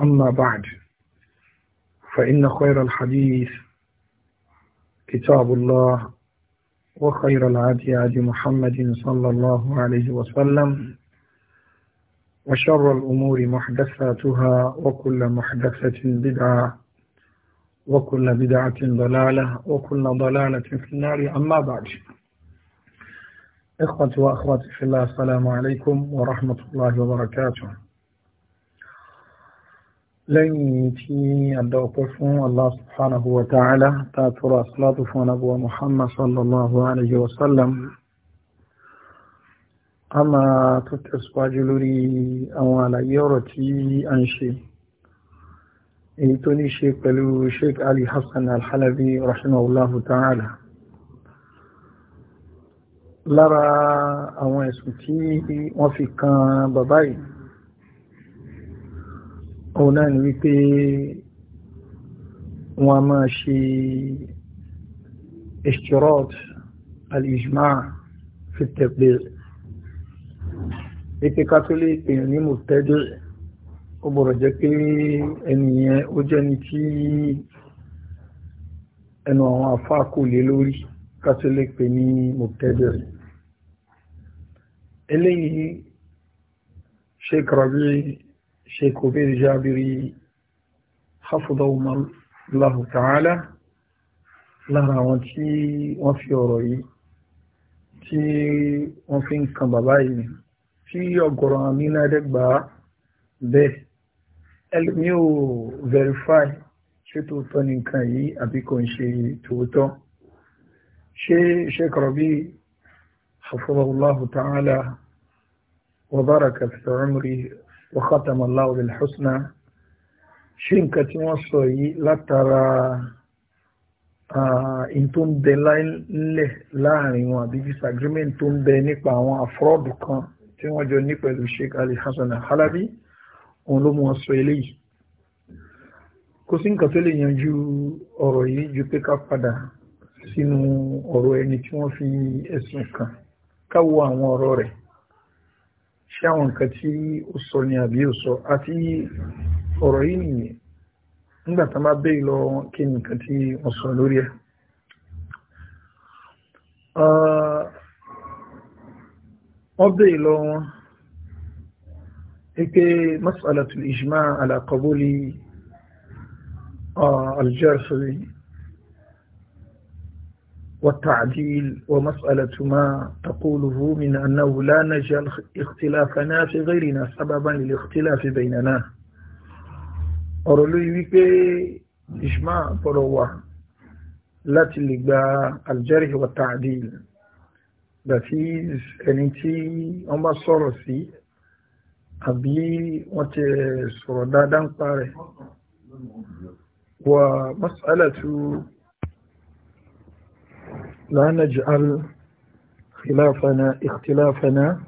أما بعد فإن خير الحديث كتاب الله وخير العادي عادي محمد صلى الله عليه وسلم وشر الأمور محدثاتها وكل محدثة بدعة وكل بدعة ضلالة وكل ضلالة في النار أما بعد إخوة وأخواتي في الله السلام عليكم ورحمة الله وبركاته lẹ́yìn tí àdá ọ̀pẹ́ fún Allah subhanahu wa ta'ala ta tọrọ àsìlátù fún anábúwa Muhammad sallallahu alayhi wa sallam a máa tó tẹ̀síwájú lórí àwọn àlàyé ọ̀rọ̀ tí a ń ṣe èyí tó ní ṣe pẹ̀lú Sheikh Ali Hassan al-Halabi ta'ala lára àwọn ẹ̀sùn tí wọ́n fi kan bàbá òun náà ni wípé wọ́n máa ṣe ishtirot al-ijma fi at-tabligh ètè kátólé èèyàn ní mọ̀tẹ́dẹ̀ ó bọ̀rọ̀ jẹ́ pé ẹnìyàn ó jẹ́ ni tí ẹnu àwọn afá kò lé lórí kátólé ní mọ̀tẹ́dẹ̀ eléyìí Sheikh Rabi Sheikh Obeid Jabiri hafidhahullahu ta'ala lára àwọn tí wọ́n fi ọ̀rọ̀ yìí tí wọ́n fi ń kan bàbá yìí tí ọ̀gọ̀rọ̀ nínú ẹ̀dẹ́gbà bẹ́ẹ̀ ẹlòmí ò verify ṣé tòótọ́ ní nǹkan yìí àbí kò ń ṣe tòótọ́ ṣé Sheikh Rabi hafidhahullahu ta'ala wa baraka fi wa khatama Allahu bil husna ṣé nǹkan tí wọ́n sọ yìí látara in tó ń bẹ lálẹ̀ láàrin wọn àbí disagreement tó ń bẹ nípa àwọn afrọ́dù kan tí wọ́n jọ ní pẹ̀lú Sheikh Ali Hasan halabi òun ló mú wọn sọ eléyìí kò sí nǹkan tó lè yanjú ọ̀rọ̀ yìí ju pé ká padà sínú ọ̀rọ̀ ẹni tí wọ́n fi ẹ̀sùn kàn káwọ àwọn ọ̀rọ̀ rẹ̀ sí àwọn nǹkan tí ó sọ ní àbí ó sọ àti ọ̀rọ̀ yìí nìyẹn nígbà tá a bá bẹ́ẹ̀ lọ kí ni tí wọ́n sọ lórí ẹ̀. Ah, wọ́n bẹ́ẹ̀ lọ wọn wípé masalatul ijma ala qabuli ah, al-jarh والتعديل ومسألة ما تقوله من أنه لا نجعل اختلافنا في غيرنا سببا للاختلاف بيننا أرولي ويكي إجماع بروا لا lè gba والتعديل. wa أنتي that is ẹni tí wọ́n ومسألة لا نجعل خلافنا اختلافنا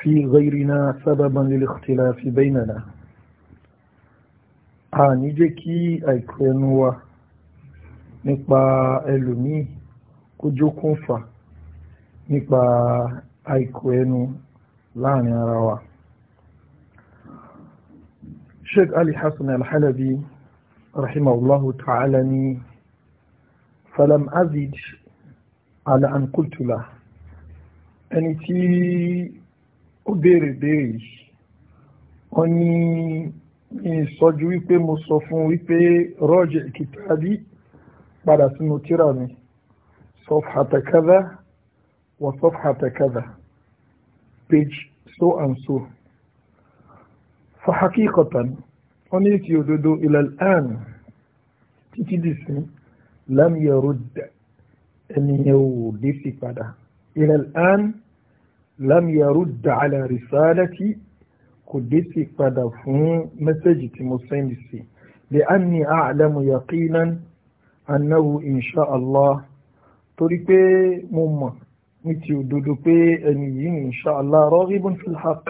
في غيرنا سببا للاختلاف بيننا اني جيكي ايكونوا نيبا الومي كوجو كونفا نيبا ايكونو لا نراوا شيخ علي حسن الحلبي رحمه الله تعالى falam azid ala an kultula ẹni tí ó béèrè béèrè yìí wọ́n ní ìsọjú wípé mo sọ fún wípé rọ́jì kìtàbí padà sínú tíra mi sọfàtà kádà wà sọfàtà kádà page so and so fahakíkọ̀tàn wọ́n ní ti òdodo ilẹ̀ àn títí dì sí lam yarud ẹni yẹn ò dé sí padà ila al-an lam yarud ala risalati kò dé sí padà fún mẹ́sẹ̀jì tí mo sẹ́ndì sí lè án ní a'lamu yaqinan annahu insha allah torí pé mo mọ̀ ní ti òdodo pé ẹni yìí ní insha allah raghibun fil haqq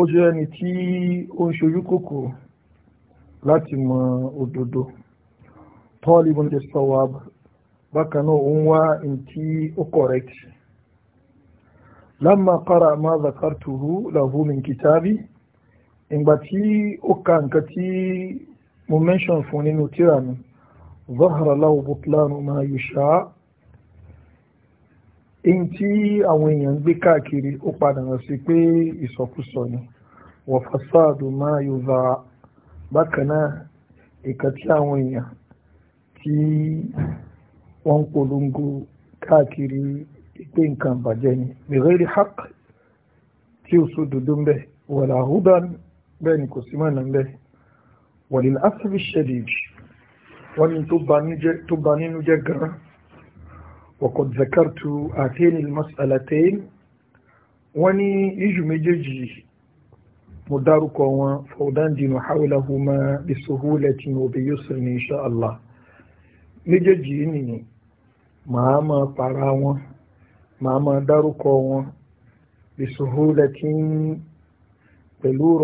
ó jẹ́ ẹni tí ó ń ṣojú kòkòrò láti mọ òdodo talibun lè sawab bákan náà òun wá ntí ó correct lamma qara ma zakartuhu lahu min kitabi ìgbà tí ó ka nǹkan tí mo mention fún nínú tíra mi zahara lahu butlanu ma yusha èyí tí àwọn èèyàn ń gbé káàkiri ó padà hàn sí pé ni wa fasadu ma yuza bákan náà ìkà tí tí wọ́n ń polongo káàkiri pé nǹkan bàjẹ́ ni bẹ̀rẹ̀ haq tí ó so dodo ń bẹ̀ wàlá hudan bẹ́ẹ̀ ni kò sí mọ̀nà ń bẹ̀ wàlil asabi shadid wọ́n ni tó ba nínú jẹ́ gan وقد ذكرت هاتين المسألتين wọ́n ní iṣu méjèèjì mo dárúkọ wọn fọ̀dán dínú hawlahuma bi suhulatin wa bi yusrin insha Allah méjèèjì yìí nìyí màá máa para wọn màá máa dárúkọ wọn بسهولة بلور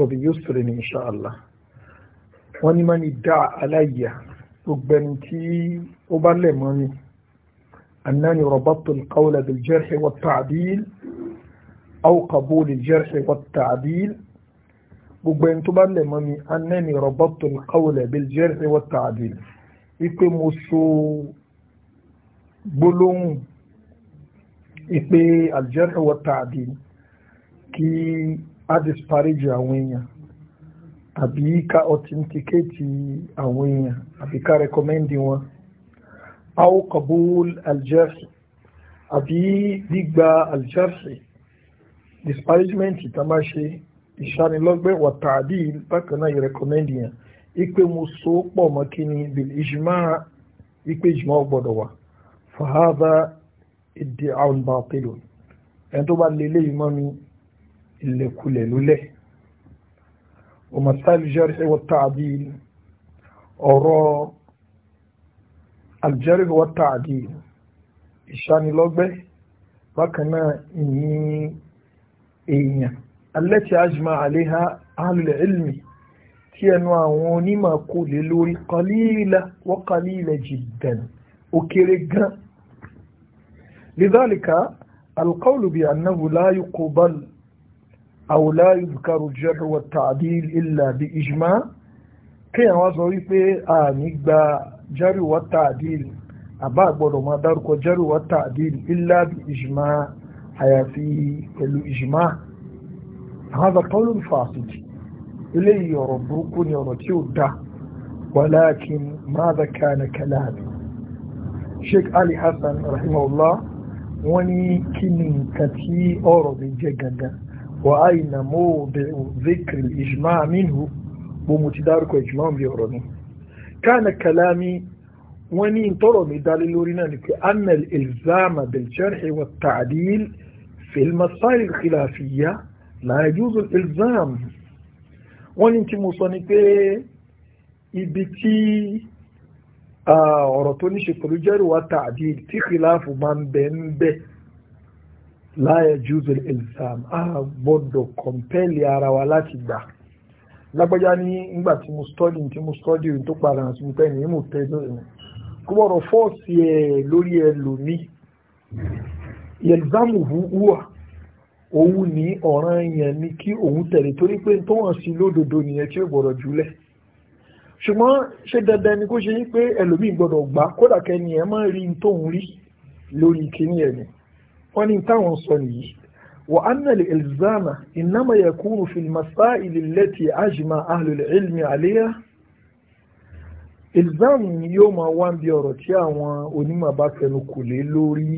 وبيسر إن شاء الله ومن ادعى علي ربنتي أبلمني أنني ربطت القول بالجرح والتعديل أو قبول الجرح والتعديل بقبين تبلمني أنني ربطت القول بالجرح والتعديل wípé mo so gbólóhùn ìpè aljarh wa ta'dil kí a disparage àwọn èèyàn àbí ká authenticate àwọn èèyàn àbí ká recommend wọn aw qabul aljarh àbí gbígba aljarh disparagement ìtàmáṣe ìṣánilọ́gbẹ̀ wa ta'dil bákan náà ìrecommend yẹn ipe mo so pọ̀ mọ́ kíni bil ijma ipe ijma gbọ́dọ̀ wà fahadha iddi'un batilun ẹni tó bá lélẹ̀ yìí mọ́ mi ìlẹ̀kulẹ̀ lólẹ̀ wa masail al-jarh wa at-ta'dil ọ̀rọ̀ al-jarh wa ìṣánilọ́gbẹ́ bákan náà ìyìn èèyàn tí ẹnu àwọn onímọ̀ kò lè lórí kọlíìlà wọ́n kọlíìlà jìdàn ó kéré gan. lidhalika alqawlu bi annahu la yuqbal aw la yudhkaru al-jarh wa at-ta'dil illa bi ijma' kéèyàn wá sọ wípé àní gba jarh wa àbá àgbọ̀dọ̀ máa dárúkọ jarh wa at-ta'dil illa àyàfi pẹ̀lú ijma' hadha qawlun fasid إلي ربكني ونتيو دا ولكن ماذا كان كلامي شيخ علي حسن رحمه الله وني كنين كتي أورو دي وأين موضع ذكر الإجماع منه ومتدارك إجماع بي كان كلامي وني انطرو من دليل أن الإلزام بالجرح والتعديل في المسائل الخلافية لا يجوز الإلزام wọ́n ní tí mo sọ ni pé ibi tí ọ̀rọ̀ tó níṣe pẹ̀lú jẹ́rù wa tàbí tí kìláàfù máa ń bẹ̀ ń bẹ̀ láyé jùzọ ìlsàm á gbọ́dọ̀ kọ̀m̀pẹ́lì ara wa láti gbà lágbájá ní ìgbà tí mo stọ́dì tí mo stọ́dì tó padà sí mo tẹ́ni mo tẹ́ni kó gbọ́dọ̀ fọ́ọ̀sì ẹ̀ lórí ẹlòmíì ìlsàmù hùwà òun ní ọ̀ràn yẹn ni kí òun tẹ̀lé torí pé tó hàn sí lódodo nìyẹn tí ó gbọ́dọ̀ jùlẹ̀ ṣùgbọ́n ṣé dandan ni kó ṣe yí pé ẹlòmíì gbọ́dọ̀ gbà kódà kẹ́ni ẹ̀ máa rí tóun rí lórí kíní ẹ̀ ni wọ́n ní táwọn sọ nìyí وأن الإلزام إنما يكون في المسائل التي أجمع أهل العلم عليها إلزام yóò máa wà bí ọ̀rọ̀ tí àwọn onímọ̀ bá fẹnu kò lé lórí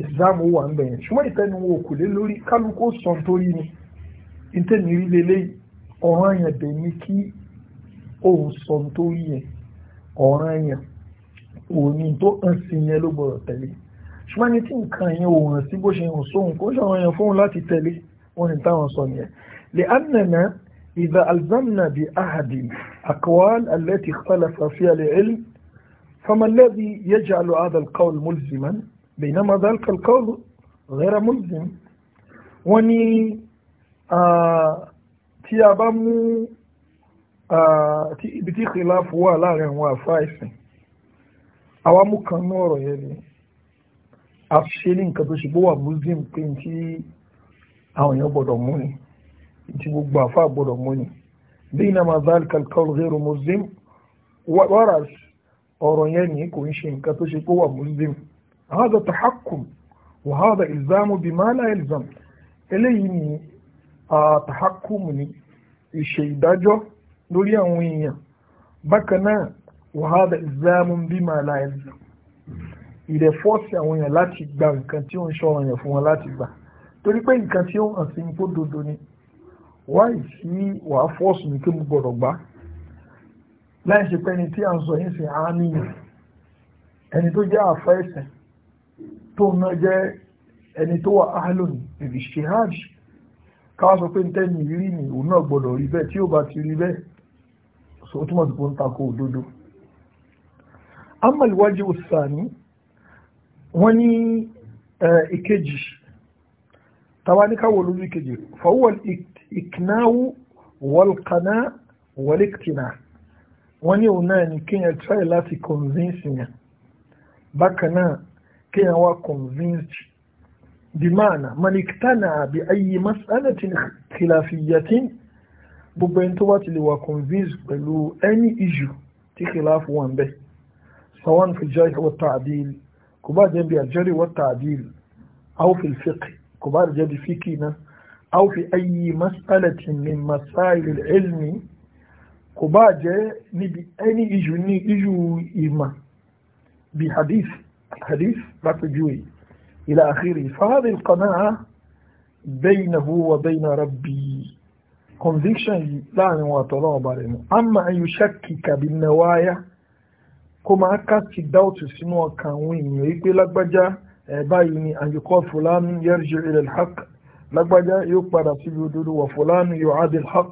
ìsìláàmù wà ń bẹ̀yẹn ṣùgbọ́n ìtẹ́nu wo kò lé lórí kálukó sàn torí ni ìtẹ́nìrí lélẹ́ ọ̀ràn yẹn dẹ̀ ní kí òun sàn torí yẹn ọ̀ràn yẹn òun ní tó hàn sí yẹn ló gbọ́dọ̀ tẹ̀lé ṣùgbọ́n ní tí nǹkan yẹn ò hàn sí bó ṣe hàn sóhun kó ṣọ̀ràn yẹn fóun láti tẹ̀lé wọn ní táwọn sọ nìyẹn lè ánàna ìdá alzamna bi ahadi akwal alẹ́tì khalafa fi alẹ́ ẹ̀lì famalẹ́bi yẹjà lọ́ adàl kawul mulziman بينما ذلك القول غير ملزم wọ́n ní tí a bá mú ibi tí khilafu wà láàrin àwọn àfa ẹ̀sìn àwa mú kan ní ọ̀rọ̀ yẹn ni a ṣe ní nǹkan tó ṣe bó wà muslim pé ní tí àwọn èèyàn gbọ́dọ̀ mú ni tí gbogbo àfa gbọ́dọ̀ mú ni بينما ذلك القول غير muslim whereas ọ̀rọ̀ yẹn ni kò ń ṣe nǹkan tó ṣe bó wà muslim. هذا تحكم وهذا إلزام بما لا يلزم eléyìí ni àtàkùnmù ni ìṣe ìdájọ́ lórí àwọn èèyàn bákan náà wàhálà ìzámù bí máa la ẹ̀zá ìrẹ̀ fọ́ọ̀sì àwọn èèyàn láti gba nǹkan tí ó ń ṣọ́ra yẹn fún wọn láti gbà torí pé nǹkan tí ó hàn sí ipò dodo ni wáyé sí wàá fọ́ọ̀sì ní kí mo gbọ́dọ̀ gbá láì ṣe pé ẹni tí à ń sọ yín sí àánìyàn ẹni tó jẹ́ àfẹ́ ẹ̀sìn tó ná jẹ́ ẹni tó wà áhàlùn ìbí ṣehaj káwá sọ pé ń tẹ́ni rí ni òun náà gbọ́dọ̀ rí bẹ́ẹ̀ tí ó bá ti rí bẹ́ẹ̀ so ó túmọ̀ sí pé ó ń takò òdodo amaliwájú òsàní wọ́n ní ìkejì tàbá ní káwọ̀ lórí ìkejì fawwal ìknáwó wọlkaná wọlékìtìnà wọ́n ní òun náà ní kíyàn try láti convince yẹn bákan náà kéèyàn wá convinced bimana manikitana àbí ayé masalatin khilafiyatin gbogbo ẹni tó bá ti lè wá convinced pẹ̀lú any issue tí khilafu wà ń bẹ sawan fi jarh wa ta'dil kò bá jẹ́ bí àjẹ́rì wa ta'dil aw fi fiqh kò bá jẹ́ bí fiqh náà aw fi ayé masalatin min masail ilmi kò bá jẹ́ níbi any issue ní issue ìmọ̀ bí hadith hadith lápẹjúwe ila akhiri fahadhi al-qana'a baynahu wa bayna rabbi conviction yìí láàrin wọn àtọ́lọ́ ọba rẹ̀ nù amma an yushakkika bin nawaya kó máa ká ti dáòtù sínú ọkàn àwọn èèyàn yìí pé lágbájá ẹ̀ báyìí ni àyùkọ́ fulan yarji ila al-haqq lágbájá yóò padà síbi òdodo wà fúlánì yóò adé haq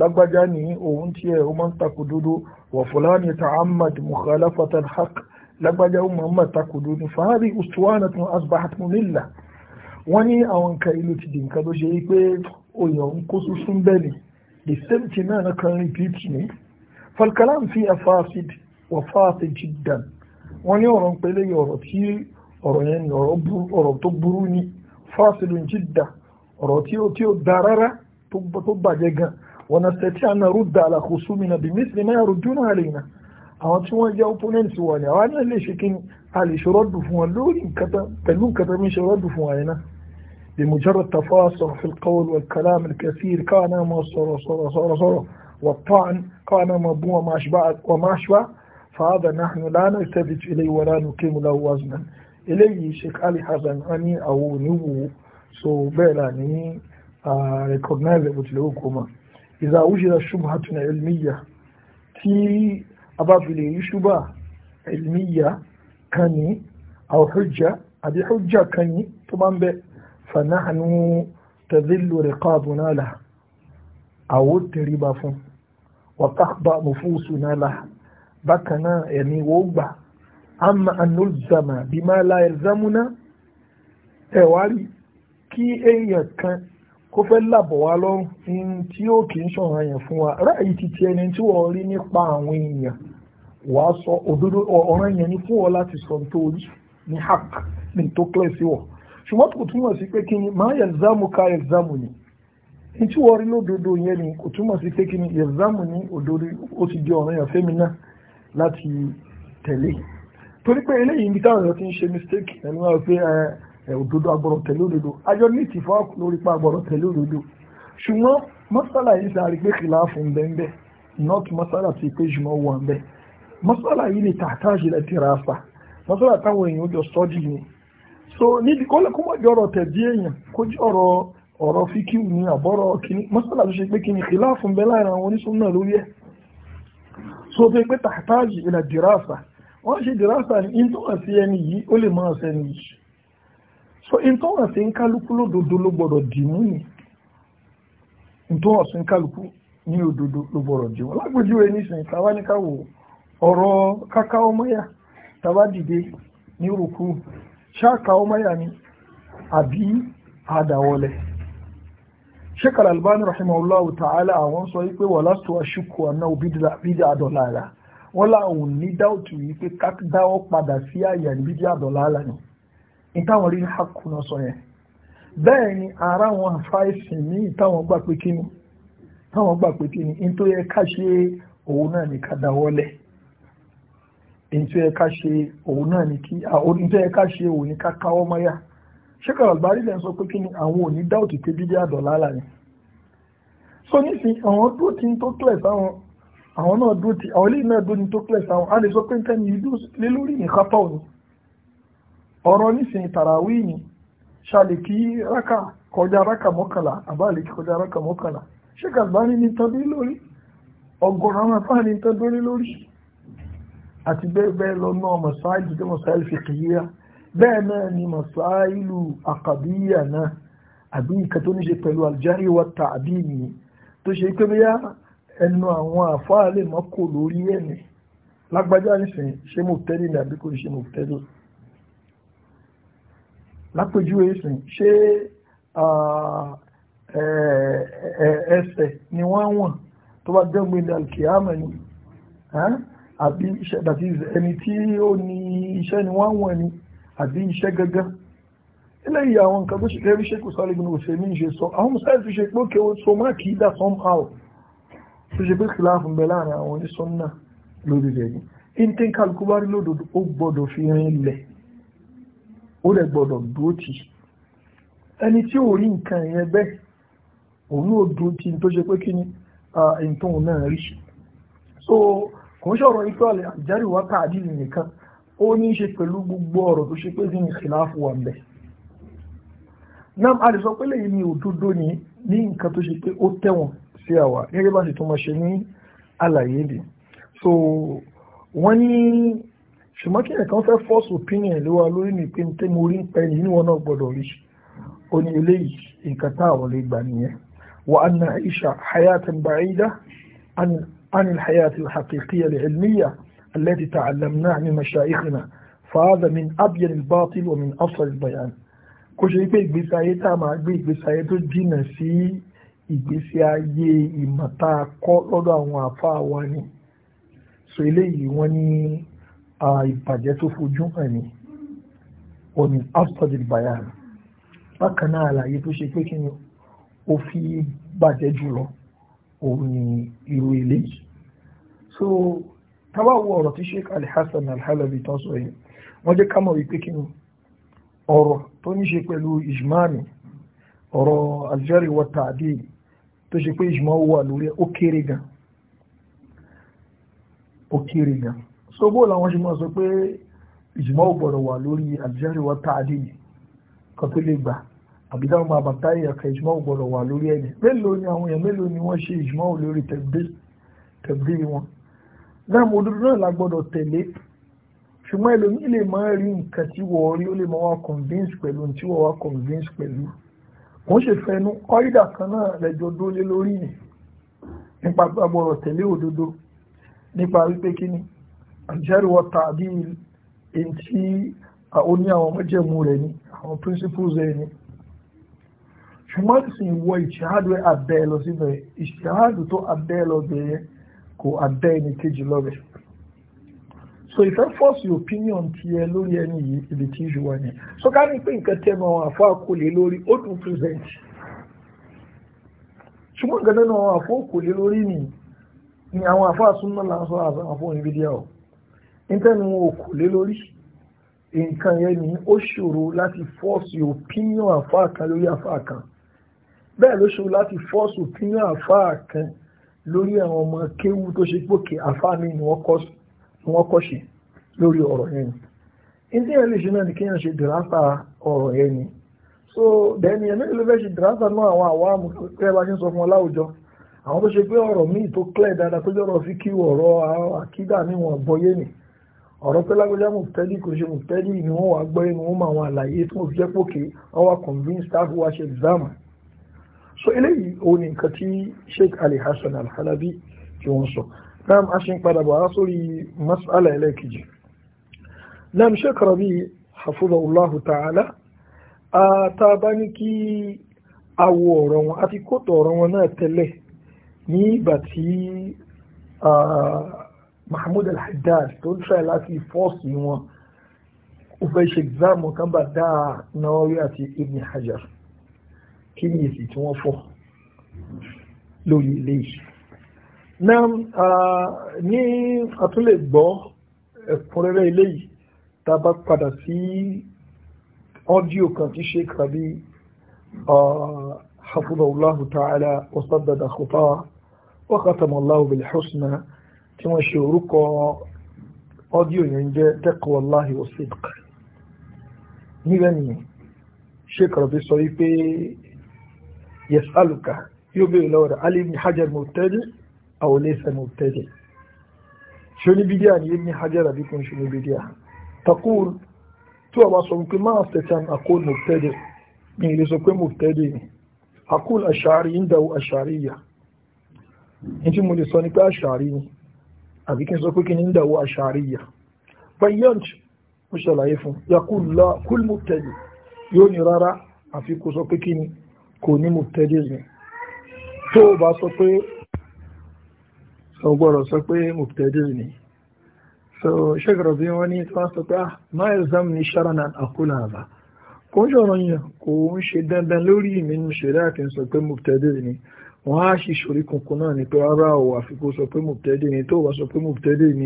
lágbájá ní òun tí ẹ̀ o máa ń takò dodo wà fúlánì ta'ammad mukhalafatan haq lágbájá ó máa ń mọ̀tàkùdù ní fàárì ustuwana tún asbahat mumilla wọ́n ní àwọn nǹkan ìlú ti di nǹkan tó ṣe yí pé oyàn ń kó sunsun bẹ́ẹ̀ ni the same thing náà na kan repeat ni falkalam fi afasid wa fasid jiddan wọ́n ní ọ̀rọ̀ ń pè lé ọ̀rọ̀ tí ọ̀rọ̀ yẹn ni ọ̀rọ̀ tó burú ni fasid jidda ọ̀rọ̀ tí ó tí ó da rárá tó gan wọn na sẹ́tí àná rúdà àlàkóso mi na bí mísìlì máa àwọn tí wọ́n jẹ́ opponent wọ̀ ni àwọn náà lè ṣe kí ni a lè ṣe rọ́dù fún wọn lórí pẹ̀lú nǹkan tó ń ṣe rọ́dù fún wọn náà بمجرد تفاصل في القول والكلام الكثير كان ما صر صر صر صر والطعن كان ما بو وما أشبع وما أشبع فهذا نحن لا نلتفت إليه ولا نقيم له وزنا إليه شيخ علي حسن أني أو نبو سو بيلاني آه ريكورنال بتلوكما إذا وجد شبهة علمية تي abáfilẹ̀ yìí ṣúbà ilmiya kan ní aw hujja àbí hujja kan ní tó bá ń bẹ fa nahnu tadhillu riqabuna lah àwò tẹríba fún wa takhba nufusuna lah bákan náà ẹ̀mí wọ́n gbà amma an nulzama bima la yalzamuna ẹ̀wárí kí èèyàn kan kó fẹ́ làbọ̀ wá lọ́rùn ní tí ó kì í ṣọ̀ràn yẹn fún wa ráàyè ti ti ẹni tí wọ́n rí nípa àwọn èèyàn wà á sọ òdodo ọ̀ràn yẹn ni fún ọ láti sọ nítorí ní hak ní tó kílẹ̀ sí wọ̀ ṣùgbọ́n kò túmọ̀ sí pé kí ni máa yẹ̀zámù ká yẹ̀zámù ni ní tí wọ́n rí lódodo yẹn ni kò túmọ̀ sí pé kí ni yẹ̀zámù ni òdodo ó ti di ọ̀ràn yẹn fẹ́mi náà láti tẹ̀lé torí pé eléyìí ibi táwọn ti ń ṣe mistake ẹni wọn pé òdodo agbọ̀rọ̀ tẹ̀lé òdodo ayọ́ ní ìtìfọ́ lórí pa agbọ̀rọ̀ tẹ̀lé òdodo ṣùgbọ́n mọ́sálà yìí sáré pé kìláàfù ń bẹ́ẹ̀ bẹ́ẹ̀ not mọ́sálà ti pé jùmọ̀ wọ̀ bẹ́ẹ̀ masala yi ne tàtàjì lè tẹ̀ràfà masala táwọn èèyàn ó jọ sọ́dí ni so níbi kọ́lẹ̀ kó mọ̀jọ́ ọ̀rọ̀ tẹ̀dí èèyàn kó jẹ́ ọ̀rọ̀ ọ̀rọ̀ fíkíù ní àbọ̀rọ̀ kìíní masala tó ṣe pé kìíní khilafun bẹ́ láàrin àwọn oníṣòwò náà lórí ẹ̀ so tó pé tàtàjì lè dìràfà wọ́n ṣe dìràfà ní intanet ẹni yìí ó lè máa yìí so lódodo ló ni intanet ń kálukú ní òdodo ló ní ọ̀rọ̀ káká ọmọyà tàbá dìde ní rùkú ṣáàkà ọmọyà ni àbí àdàwọlẹ̀ sheikh al-albani rahimahullahu ta'ala àwọn sọ wípé wà lásìkò àṣùkò àná òbídì àdọ̀lára wọ́n láwọn ní dáòtù wípé dáwọ́ padà sí àyà ní àdọ̀lára ni ìtàwọn rí hakuna sọ yẹn bẹ́ẹ̀ ni ara wọn àfáìsìn ní ìtàwọn gbà pé kíni táwọn gbà pé kíni ní yẹ ká òun náà ní ká nítorí ẹ̀ka ṣe òun náà ní kí nítorí ẹ̀ka ṣe òun ní ká káwọ́ mọ́yà ṣékàrà àgbárí lẹ́ sọ pé kí ni àwọn ò ní dá òtítẹ́ bídí àdọ̀lá láàrin so nísìn àwọn dúró ti ń tó kílẹ̀ sáwọn àwọn náà dúró ti àwọn ilé náà dúró ti ń tó kílẹ̀ sáwọn a lè sọ pé ń tẹ́ni ìlú lé lórí nìkan tọ̀ ni ọ̀rọ̀ nísìn tàràwí ni ṣàlẹ̀ kí rákà kọjá rákà mọ́kànlá àbáàlẹ̀ kí kọjá rákà mọ́kànlá ṣékàrà àgbárí ní tán àti bẹ́ẹ̀ bẹ́ẹ̀ lọ náà masáìlì tó masáìlì fiqhiyya bẹ́ẹ̀ náà ni masáìlì àkàdíyà náà àbí nǹkan tó ní ṣe pẹ̀lú al-jarh wa ta'dil tó ṣe pé bóyá ẹnu àwọn àfáà lè má kò lórí ẹ̀mí lágbájá nìsín ṣé mo tẹ́lì ní àbí kò ṣe mo tẹ́lì lápèjúwe sìn ṣé ẹsẹ̀ ni wọ́n wọ̀n tó bá dẹ́gbẹ̀ẹ́ ní alkiyama ni àbí iṣẹ́ that is ẹni tí ó ní iṣẹ́ ni wọ́n wọ̀n ni àbí iṣẹ́ gangan eléyìí àwọn nǹkan tó ṣe kẹ́rí ṣe kò sáré gbìnà òṣèlú ní ṣe sọ àwọn mùsáì tó ṣe pé òkè ó so má kì í dà somehow tó ṣe pé kìláàfù bẹ láàrin àwọn oníṣọ́nà lórí rẹ̀ ni intan kálukú bá rí lódodo ó gbọ́dọ̀ fi rin lẹ̀ ó rẹ̀ gbọ́dọ̀ dúró tì ẹni tí ò rí nǹkan yẹn bẹ́ẹ̀ òun ò dúró tì tó ṣe pé kí ni nǹkan náà rí so kò ń ṣọ̀rọ̀ ìtọ́lẹ̀ àjẹ́rì wá káàdì nìkan ó ní í ṣe pẹ̀lú gbogbo ọ̀rọ̀ tó ṣe pé sí ní ìlàfù wà ń bẹ̀. náà a lè sọ pé lẹ́yìn ní òdodo ní ní nǹkan tó ṣe pé ó tẹ̀wọ̀n sí àwa gẹ́gẹ́ bá ṣe tó máa ṣe ní àlàyé bì. so wọ́n ní ṣùgbọ́n kí ẹ̀kan fẹ́ force opinion lé wa lórí ní pé tẹ́ mo rí ń pẹ́ yìí níwọ̀n náà gbọ́dọ̀ rí ó ní eléyìí nǹkan táwọn lè gbà nìyẹn wa anna aisha hayatan ba'ida عن الحياة الحقيقية العلمية التي تعلمناها من مشايخنا فهذا من أبين الباطل ومن أصل البيان kò ṣe pé ìgbésí ayé tá a máa gbé ìgbésí ayé tó jìnnà sí ìgbésí ayé ìmọ̀ta kọ́ lọ́dọ̀ àwọn àfa wa ni so eléyìí wọ́n ní ìbàjẹ́ tó fojú hàn ní omi after bayan bákan náà àlàyé tó ṣe pé kí ni ó fi bàjẹ́ jùlọ òun ni irú eléyìí so tábà wo ọ̀rọ̀ tí Sheikh Al-Hasan Al-Halabi tán sọ yìí wọ́n jẹ́ ká mọ̀ wípé kí ni ọ̀rọ̀ tó ní ṣe pẹ̀lú ìjùmọ́ni ọ̀rọ̀ al wa ta'dil tó ṣe pé ìjùmọ́ wà lórí ó gan ó gan so bó làwọn ṣe mọ̀ sọ pé ìjùmọ́ gbọ́dọ̀ wà lórí al wa ta'dil kan tó lè gbà àbídáwọn máa bàtà ìyàkà ìjùmọ̀ gbọ́dọ̀ wà lórí ẹ̀yìn mélòó ni àwọn èèyàn mélòó ni wọ́n ṣe ìjùmọ̀ lórí tẹ̀bí wọn náà mo dúdú náà la gbọ́dọ̀ tẹ̀lé ṣùgbọ́n ẹlòmí lè máa rí nǹkan tí wọ́n rí ó lè máa wá convince pẹ̀lú tí wọ́n wá convince pẹ̀lú wọ́n ṣe fẹnu kọ́ídà kan náà lẹ́jọ́ dólé lórí ni nípa gbọ́dọ̀ tẹ̀lé òdodo nípa wípé kí ni àjẹ́rù ọ̀tà àbí èyí tí ó ní àwọn ọmọ jẹ̀mú rẹ̀ ni àwọn principles rẹ̀ ni ṣùgbọ́n sì wọ ìṣáàdù abẹ́ lọ síbẹ̀ ìṣáàdù tó abẹ́ lọ bẹ̀rẹ̀ kò abẹ́ ẹni kejì lọ́bẹ̀ so if I force your opinion tiẹ̀ lórí ẹni yìí ibi tí ìṣù wà ní so ká ní pé nǹkan tẹnu àwọn àfọ àkọlé lórí ó tún present ṣùgbọ́n nǹkan tẹnu àwọn àfọ àkọlé lórí ni ni àwọn àfọ àsúnmọ́ là ń sọ àwọn àfọ ìbílẹ̀ ọ̀ nítẹ̀nu wọn ò kò lé lórí nǹkan yẹn ni ó ṣòro force your opinion àfọ àkan lórí àfọ àkan bẹ́ẹ̀ ló ṣòro láti fọ́ọ̀sù kí ní àfáà kan lórí àwọn ọmọ kéwú tó ṣe pókè àfáà mi ni wọ́n kọ́ ṣe lórí ọ̀rọ̀ yẹn ni ní ẹ̀lẹ́ ṣe náà ni kéèyàn ṣe dìrásà ọ̀rọ̀ yẹn ni so bẹ́ẹ̀ni ẹ̀mí ló fẹ́ ṣe dìrásà náà àwọn àwa kẹ́ bá ṣe ń sọ fún ọ láwùjọ àwọn tó ṣe pé ọ̀rọ̀ míì tó clear dáadáa tó jọ̀rọ̀ fi kí ọ̀rọ̀ àkídà ní wọn gbọ́yé ni ọ̀rọ̀ pé lágbèjá mùtẹ́lì kò ṣe mùtẹ́lì ni wọ́n wá gbọ́yé ni wọ́n mọ àwọn àlàyé tó fi jẹ́ pókè wọ́n convince staff wá ṣe exam so eléyìí ó ní nǹkan tí Sheikh Ali Hasan Al-Halabi tí wọ́n sọ náà a ṣe ń padà bọ̀ á sórí mas'ala ẹlẹ́ẹ̀kejì náà Sheikh Rabi hafizahullahu ta'ala tá a bá ní kí awo ọ̀rọ̀ wọn àti kóòtù ọ̀rọ̀ wọn náà tẹ́lẹ̀ ní ìgbà tí Mahmoud Al-Haddad tó ń tẹ̀ láti fọ́ọ̀sì wọn ó fẹ́ ṣe exam kan bá dáa Nawawi àti Ibn Hajar kí ni èsì tí wọ́n fọ́ lórí ilé yìí náà ní àtúnlẹ̀ gbọ́ ẹ̀kúnrẹ́rẹ́ ilé yìí tá a bá padà sí ọ́díò kan tí Sheikh Rabi hafidhahullahu ta'ala wa saddada khutah wa khatamallahu tí wọ́n ṣe orúkọ ọ́díò yẹn jẹ́ taqwallahi wa níbẹ̀ nìyẹn Sheikh Rabi sọ wípé yẹ̀sálùkà yóò bèèrè lọ́wọ́ rẹ̀ alì ibn hajar mọ̀tẹ́dì àwòlẹ́sẹ̀ mọ̀tẹ́dì ṣoní bídíà ni ibn hajar àbí kò ń ṣoní bídíà takul tí wàá sọ wípé máa tẹ̀sán àkóòl mọ̀tẹ́dì ní ilé sọ pé mọ̀tẹ́dì ni àkóòl àṣàrí ń dàwó àṣàrí yà ní tí mo lè sọ ni pé àṣàrí ni àbí kí n sọ pé kí ni ń dàwó àṣàrí yà bayyant mo ṣàlàyé fún yakul la kul mọ̀tẹ́dì yóò ní rárá àfi kò sọ pé kí ni kò ní mubtadi'in tó o bá sọ pé sọ sọ pé mubtadi'in so Sheikh Rabi wọ́n ní tí wọ́n sọ pé ah ma yalzamni shar'an an aqula hadha kò ń ṣọ̀rọ̀ yẹn kò ń ṣe dandan lórí mi ń ṣe láti sọ pé mubtadi'in wọ́n á ṣe ìṣòrí kankan náà ni pé ara ò àfikún sọ pé mubtadi'in tó bá sọ pé mubtadi'in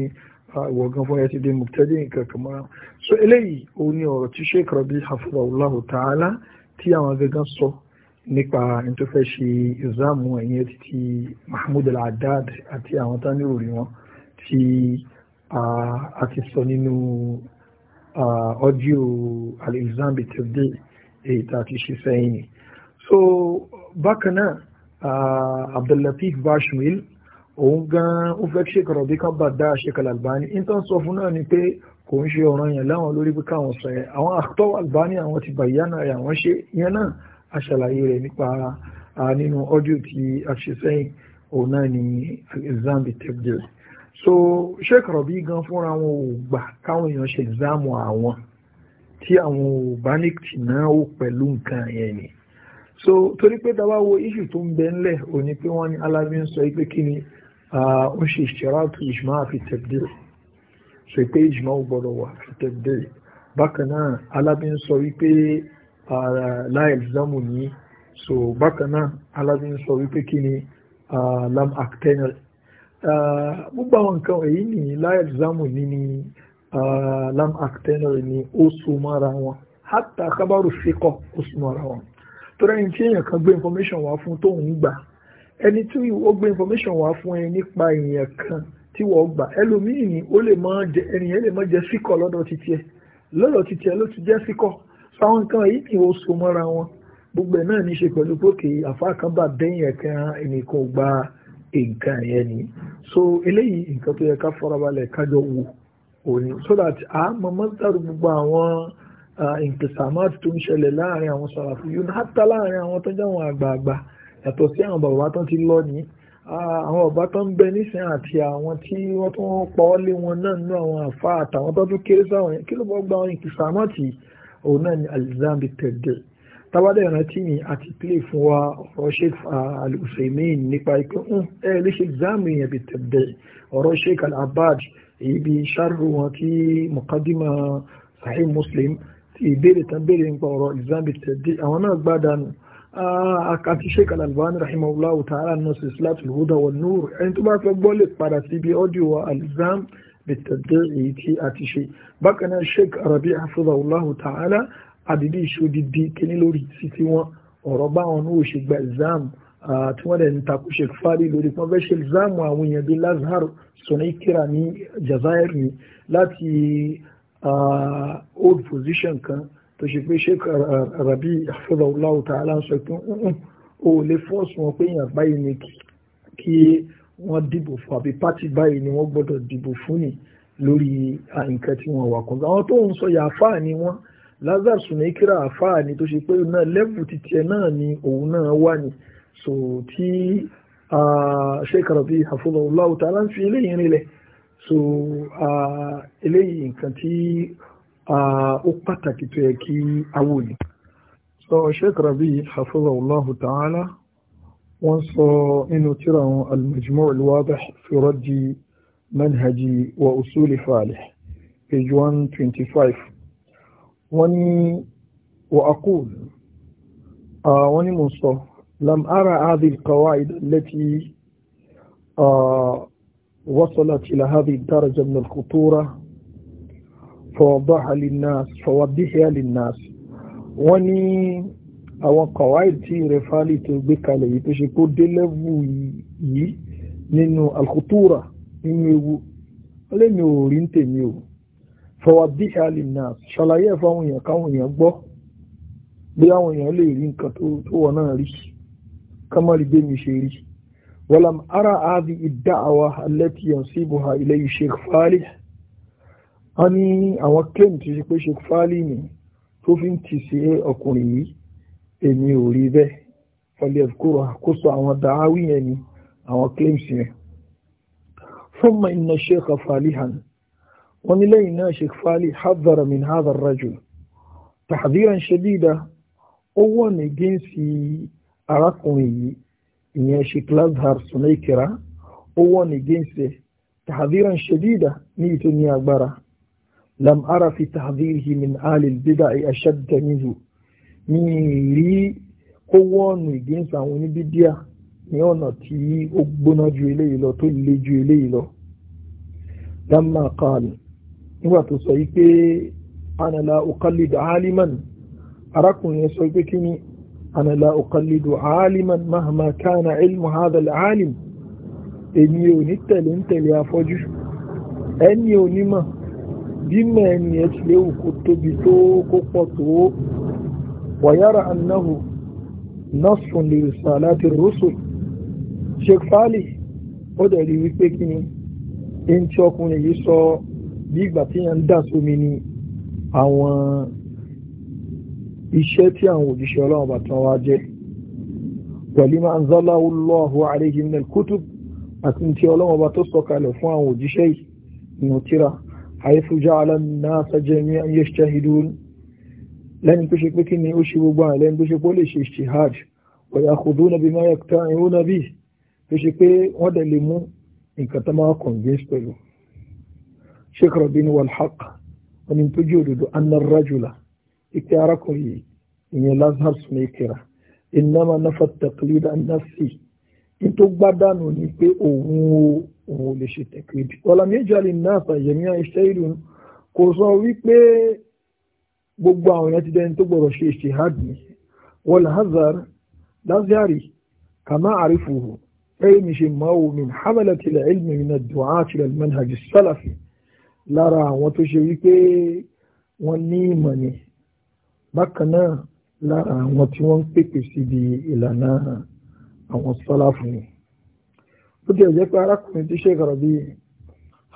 wọ̀gán fún ẹtì dín mùtẹ́dì nǹkan kan mọ́ra so eléyìí òun ni ọ̀rọ̀ tí sheikh rabi hafidhahullahu ta'ala tí àwọn gangan sọ nípa tó fẹ́ ṣe ìzáàmù ẹ̀yìn títí Mahmoud al adad àti àwọn tánú òrí wọn tí a ti sọ nínú ọdíò al-Ilzam bi-Tabdi èyí tá a ti ṣe sẹ́yìn so bákan náà Abdullatif Bashmil òun gan ó fẹ́ ṣe kọ̀rọ̀ bí kan bá dá Sheikh al-Albani intan sọ fún náà ni pé kò ń ṣe ọ̀ràn yẹn láwọn lórí bí káwọn sọ yẹn àwọn àtọ́wọ̀ Albani àwọn ti bàyánà àwọn ṣe yẹn náà aṣàlàyé rẹ̀ nípa nínú ọdíò tí a ṣe sẹ́yìn òun náà ni exam bi so sheik rabi gan fúnra wọn ò gbà káwọn èèyàn ṣe exam àwọn tí àwọn ò bá ní tì náà ó pẹ̀lú nǹkan yẹn ni so torí pé tá a bá wo issue tó ń bẹ ńlẹ̀ òní pé wọ́n ní alábí ń sọ pé kí ni ó ṣe ìṣẹ́ráàtú ìjùmọ́ àfi tẹ̀bdẹ̀ so pé ìjùmọ́ ò gbọ́dọ̀ wà àfi tẹ̀bdẹ̀ bákan náà alábí ń sọ wípé láìlzámù ní so bákan náà alábí sọ wípé kí ni lam actenal gbogbo àwọn nǹkan èyí ni láìlzámù ní ni lam actenal ni ó so mọ́ra wọn hátà kábàrù síkọ̀ ó so mọ́ra wọn torí ẹni tí èèyàn kan gbé information wá fún tóun gbà ẹni tí ó gbé information wá fún ẹ nípa èèyàn kan tí wọ́n gbà ẹlòmíì ni ó lè má jẹ ẹnìyẹn lè má jẹ síkọ̀ lọ́dọ̀ títí ẹ lọ́dọ̀ títí ẹ ló ti jẹ́ síkọ̀ táwọn nǹkan yìí kì í ó so mọ́ra wọn gbogbo ẹ̀ náà ní í ṣe pẹ̀lú pókè àfáà kan bá dẹ́yìn ẹnìkan gba nǹkan yẹn ni so eléyìí nǹkan tó yẹ ká farabalẹ̀ kájọ wò òní so that a mọ mọ́tàrú gbogbo àwọn ìpèsàmáàtì tó ń ṣẹlẹ̀ láàrin àwọn sàràfù yìí hátà láàrin àwọn tó jẹ́ àwọn àgbààgbà yàtọ̀ sí àwọn bàbá tán ti lọ ní àwọn ọba tó ń bẹ nísìn àti àwọn tí wọ́n tó ń pa ọ́ lé wọn náà nínú àwọn àfa àtàwọn tó tún kéré sáwọn yẹn kí ló bọ́ gba àwọn ìpèsàmáàtì yìí òun náà ni alizan bi tẹ̀dẹ̀ tábàdà ìrántí mi àti plé fún wa ọ̀rọ̀ sheik al-usaimin nípa ikú hmm, ẹ lè ṣe exam yẹn bi tẹ̀dẹ̀ ọ̀rọ̀ sheik al-abad èyí bi ṣáàrù wọn tí mọ̀kádìmọ̀ sahih muslim ti ìbéèrè tán béèrè nípa ọ̀rọ̀ exam bi tẹ̀dẹ̀ àwọn náà gbádànù ah, àkàtí sheik al-albani rahimahullah ta'ala nọ́ọ̀sì islatul huda wan nur ẹni tó bá fẹ́ gbọ́ lè padà síbi ọ́díò wa al bẹ̀tẹ̀tẹ̀ èyí tí a ti ṣe bákan náà sheik arabi hafizahullahu ta'ala àdìdí ìṣòdìdí kíní lórí títí wọn ọ̀rọ̀ báwọn ní òṣè gba exam tí wọ́n dẹ̀ ń takú sheik fari lórí pọ́n fẹ́ ṣe exam àwọn èèyàn bíi lazhar sonaikira ní jazair ni láti old position kan tó ṣe pé sheik arabi hafizahullahu ta'ala ń sọ pé ó lè fọ́ọ̀sì wọn pé èèyàn báyìí ni kí wọ́n dìbò fún àbí pátì báyìí ni wọ́n gbọ́dọ̀ dìbò fún ni lórí nǹkan tí wọ́n wà kan àwọn tó ń sọ yà àfáà ni wọ́n Lazar Sunekira àfáà ni tó ṣe pé náà lẹ́bù títí ẹ̀ náà ni òun náà wà ní so tí Sheikh Rabi hafizahullah ta'ala ń fi eléyìí rinlẹ̀ so eléyìí nǹkan tí ó pàtàkì tó yẹ kí awò ni so Sheikh Rabi hafizahullah ta'ala. وانصر إنه ترى المجموع الواضح في رد منهجي وأصول فالح page 125 وني وأقول آه وني منصر لم أرى هذه القواعد التي آه وصلت إلى هذه الدرجة من الخطورة فوضحها للناس فوضحها للناس وني àwọn kọ̀wáì tí rẹ̀fálì tó gbé kalẹ̀ yìí tó ṣe kó dé lẹ́vù yìí nínú alkhutura nínú ewu ọlẹ́mi ò rí ń tèmi o fọwọ́ bí alì náà ṣàlàyé ẹ̀fọ́ àwọn èèyàn káwọn èèyàn gbọ́ bí àwọn èèyàn lè rí nǹkan tó wọ̀ náà rí kámọ́rì bí mi ṣe rí ولم أرى هذه الدعوة التي ينسبها إليه الشيخ فالح أني أوكلمت الشيخ فالح tó fi ń tì sí ọkùnrin yìí èmi ò rí bẹ́ fọlẹ́ ẹ̀kúrò àkóso àwọn dàáwí yẹn ni àwọn claims yẹn fọ́nmà iná sheikh falihan wọ́n ní lẹ́yìn náà sheikh fali hadhara min hadha rajul tahdiran shadida ó wọ́n ní gẹ́ǹsì arákùnrin yìí ìyẹn ṣe sheikh lazhar sunaykira ó wọ́n ní gẹ́ǹsì tahdiran shadida ní ìtò ní agbára lam ara fi tahdirihi min alil bida'i ashadda minhu ní ìrí kówó ọ̀nà ìgbésẹ̀ àwọn oníbídíà ní ọ̀nà tí ó gbóná ju eléyìí lọ tó le ju eléyìí lọ dámà kan nígbà tó sọ yí anàlá òkàlìdò aliman arákùnrin sọ pé kí ni anàlá òkàlìdò aliman mahama kana ilmu hadal alim èmi ò ní tẹ̀lé ń tẹ̀lé afọ́jú ẹni onímọ̀ bí mẹ́rin ẹ̀ tilẹ̀ òkú tóbi tó kó tó ويرى أنه نص لرسالة الرسل Sheikh Fali ó dẹ̀rí wípé kí ni ẹni tí ọkùnrin yìí sọ bí ìgbà tí yẹn ń dà sómi ni àwọn iṣẹ́ tí àwọn òjíṣẹ́ ọlọ́run bá tán wá jẹ́ pẹ̀lú máa ń zọ́lá Allahu alayhim min al-kutub àti tí ọlọ́run bá tó sọ̀kalẹ̀ fún àwọn òjíṣẹ́ yìí nù tíra haythu ja'ala an-nasa jami'an yashtahidun lẹ́ni tó ṣe pé kí ni ó ṣe gbogbo àwọn lẹ́ni tó ṣe pé ó lè ṣe jihad wa yakhuduna bima yaqta'una bi tó ṣe pé wọ́n dẹ̀ lè mú nǹkan tó máa convince pẹ̀lú sheikh rabin walhaq oní tó jẹ́ òdodo annar rajula ike arákùnrin ìyẹn lazarus mekera innama nafa taqlid an nafsi in tó gbádànù ni pé òun ò lè ṣe taqlid walam yaj'al an gbogbo àwọn èèyàn ti dẹni tó gbọ́dọ̀ ṣe ìṣèhádì ní wal hazar lazari kama àrífòhò ẹ̀yìn mi ṣe máa wo min hamalati la ilmi min ad-du'ati ila al-manhaj as-salafi lára àwọn tó ṣe wípé wọ́n ní ìmọ̀ ni bákan náà lára àwọn tí wọ́n ń pèpè síbi ìlànà àwọn sọ́láfù ni ó ti ẹ̀jẹ̀ pé arákùnrin tí ṣe kàrọ̀ bíi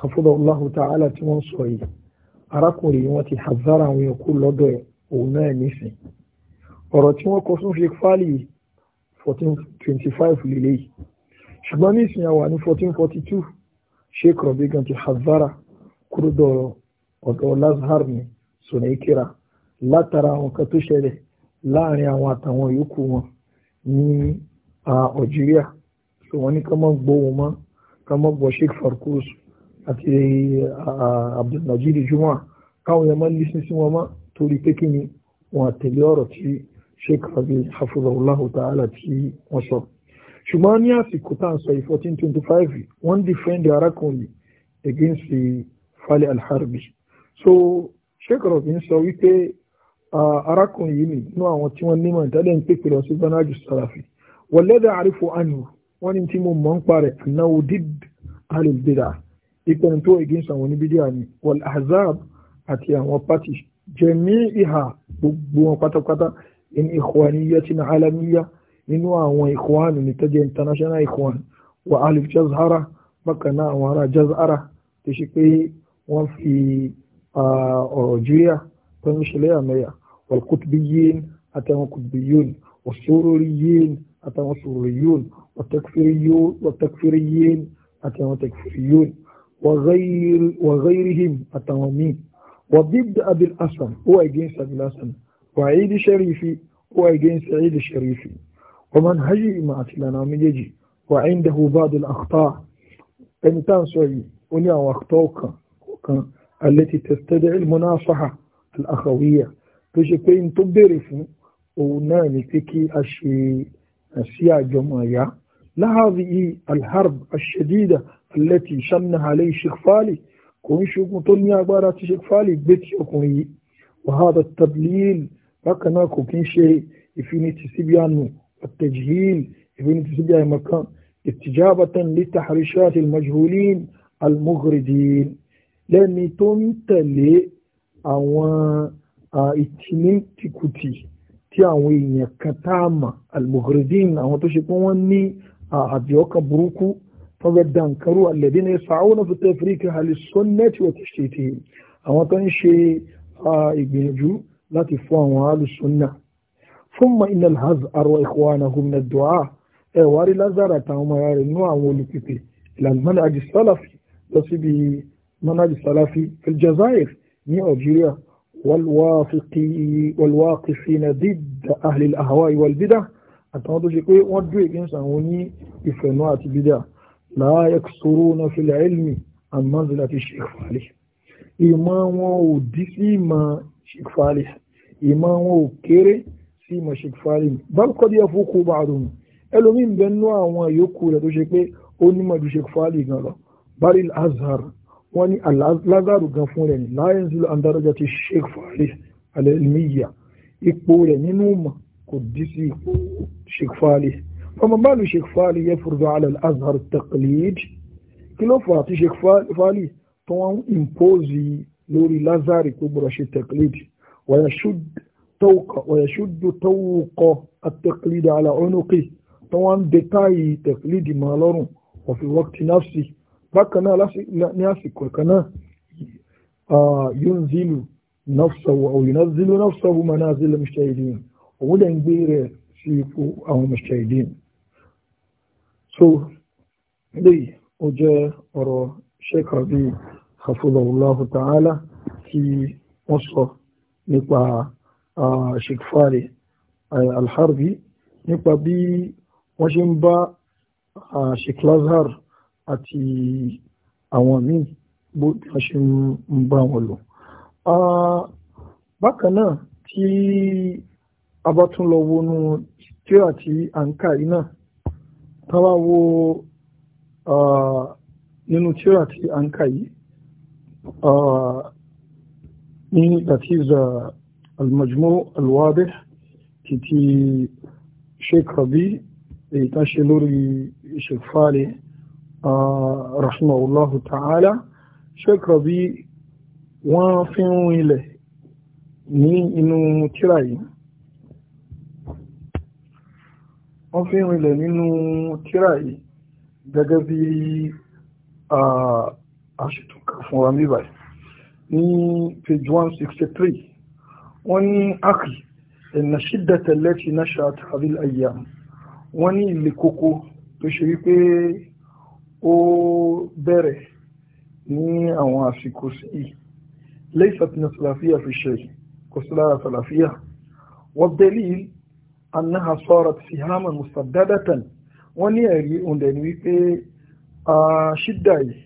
hafidhahullahu ta'ala tí wọ́n sọ yìí arákùnrin wọn ti hazara àwọn yòókù lọ́dọ̀ ẹ̀ òun náà nísìn ọ̀rọ̀ tí wọ́n kọ fún Sheikh Fali fourteen twenty five lélẹ́yìí ṣùgbọ́n nísìn àwa ní fourteen forty two Sheikh Rabi gan ti hazara kúrò dọ̀rọ̀ ọ̀dọ̀ Lazhar ní Sunaykira látara àwọn kan tó ṣẹlẹ̀ láàrin àwọn àtàwọn yòókù wọn ní Algeria so ní ká gbọ́ wọn mọ́ ká gbọ́ Sheikh Farkouh àti Abdulmajid Juma káwọn yẹn máa ń lísìn sí wọn mọ́ torí pé kí ni wọn àtẹ̀lé ọ̀rọ̀ tí Sheikh Rabi hafizahullahu ta'ala tí wọ́n sọ ṣùgbọ́n ní àsìkò tá à ń sọ yìí fourteen twenty five wọ́n dìfẹ́ǹdì arákùnrin against Fali al-Harbi so Sheikh Rabi ń sọ wípé arákùnrin yìí nínú àwọn tí wọ́n nímọ̀ ìtàlẹ̀ ń pèpè lọ sí gbanájú sàràfì wọ̀lẹ́dà àrífò ànú wọ́n ní tí mo mọ̀ ń parẹ̀ ànáwó díd alùbídà ìpẹ̀rùn tó against àwọn oníbídíà ni wal ahzab àti àwọn pati jẹ̀mí ìhà gbogbo wọn pátápátá in ikhwaniyatin alamiyya nínú àwọn ikhwan ní tẹ́jẹ́ international ikhwan wa alif jazhara bákan náà àwọn ará jazhara tó ṣe pé wọ́n fi ọ̀rọ̀ jíríà tó ń ṣẹlẹ̀ àmẹ́yà wal qutbiyyin àtàwọn qutbiyyun wa sururiyyin àtàwọn sururiyun wa takfiriyyin àtàwọn takfiriyun وغير وغيرهم التوامين وضد أبي الأسلم هو اجين سعيد الأسلم وعيد الشريفي هو against عيد الشريفي هجي مع تلانا من يجي وعنده بعض الأخطاء يعني تنسوي ونيا وأخطوك التي تستدعي المناصحة الأخوية تجيبين تبرف وناني فيكي أشي أشياء جمعية لهذه الحرب الشديدة التي شنها عليه الشيخ فالي كون شوكو تنيا عبارة الشيخ فالي بيتي أكوني وهذا التدليل فكنا كوكين شيء يفيني تسبيانو التجهيل يفيني تسبيان مكان استجابة لتحريشات المجهولين المغرضين لأني تنتلي àwọn ìtìlẹ́tìkùtì tí àwọn èèyàn kan tá a mọ̀ almugridin àwọn tó ṣe pé wọ́n ní àbíọ́kan burúkú tó fẹ́ dá nǹkan rú alladhina yas'auna fi tafriqiha lis-sunnati wa tashtitiha àwọn tó ń ṣe ìgbìyànjú láti fún àwọn alùsùnà thumma inna al-Hazara wa ikhwanahum min ad-du'a ẹ̀ wárí Lazaro àtàwọn ọmọ rẹ̀ nú àwọn olùpìpì ìlànà manhaj salafi lọ síbi manhaj salafi fil-Jazair ní Algeria والواقفين ضد أهل الأهواء والبدع أتمنى أن تكون ودوا إجنسا وني إفنوات بدع la yaksuruna fil ilmi an manzilati Sheikh Falih ìmọ̀ wọn ò dí sí ìmọ̀ Sheikh Falih ìmọ̀ wọn ò kéré sí ìmọ̀ Sheikh Falih bal qad yafuqu ba'dhum ẹlòmí ń bẹ nú àwọn yòókù rẹ̀ tó ṣe pé ó ní mọ̀jú Sheikh Falih gan lọ bari al-azhar wọ́n ní al-azharu gan fún rẹ̀ ní la yanzilu an darajati Sheikh Falih al-ilmiyya ipò rẹ̀ nínú mọ̀ kò dí sí ipò Sheikh Falih فما بال شيخ فالي يفرض على الأزهر التقليد كلو فاتي شيخ فالي طوان إمبوزي لوري لازاري كبرى شي التقليد ويشد طوق ويشد طوق التقليد على عنقه طوان ديتاي تقليدي مالورو وفي وقت نفسي فكنا ناسي كنا آه ينزل نفسه أو ينزل نفسه منازل المشاهدين ومدن بير سيفو أو المشاهدين so léyìí ó jẹ́ ọ̀rọ̀ sheikh rabi hafizahullahu ta'ala tí wọ́n sọ nípa sheikh fari alharbi nípa bí wọ́n ṣe ń bá sheikh lazar àti àwọn míì bó bí wọ́n ṣe ń bá wọn lò bákan náà tí a bá tún lọ wọnú tí à ń kà náà tàbá wo nínú tíra tí a ń kàyí ní latiza al-majmu' al-wadih títí sheik rabi èyí tán ṣe lórí ìṣèfàlẹ rahimahullahu ta'ala sheik rabi fi ń rinlẹ̀ ní inú tíra yìí wọ́n fi ń rinlẹ̀ nínú tírà yìí gẹ́gẹ́ bí aṣètùkà fún wa níbà ní page one sixty three wọ́n ní akhi ẹ̀nà ṣídẹ̀tẹ̀ lẹ́tì náṣà tàbí àyà wọ́n ní ilé kókó tó ṣe wípé ó bẹ̀rẹ̀ ní àwọn àsìkò sí lẹ́yìn sàtìnà sàlàfíà fi ṣe kò sí wọ́n dẹ́lí annaha sarat sihaman musaddadatan wọ́n ní ẹ̀rí òǹdẹ̀ ni wípé ṣídà yìí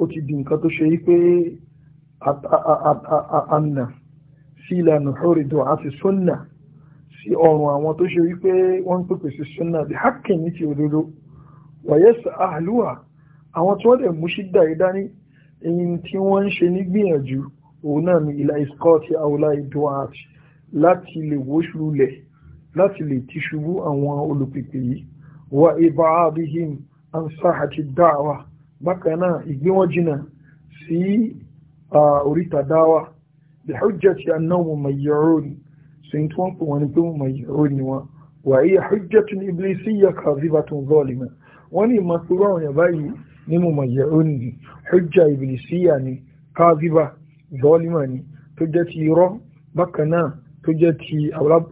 ó ti di nǹkan tó ṣe wípé àna sí ìlànà òrìdò àti sunna sí ọrùn àwọn tó ṣe wípé wọ́n pèpè sí sunna bí hakin ní ti òdodo wàyẹ́sì àlúwà àwọn tí wọ́n dẹ̀ mú ṣídà yìí dání èyí tí wọ́n ń ṣe ní gbìyànjú òun náà ni ìlà ìskọ́ọ̀tì àwòlá ìdùn àti láti lè wóṣù lẹ̀ láti lè ti ṣubú àwọn olùpèpè yìí wa ibadihim an sahati da'wa bákan náà ìgbé wọn jìnnà sí oríta dáwà bí hujjati annahu mayyarun sun tí wọ́n pè wọ́n ní pé mayyarun ni wọ́n wa hiya hujjatun iblisiyya kadhibatun zalima wọ́n ní ìmọ̀ pé wọ́n yà báyìí nínú mayyarun ni hujja iblisiyya ni kadhiba zalima ni tó jẹ́ ti irọ́ bákan tó jẹ́ ti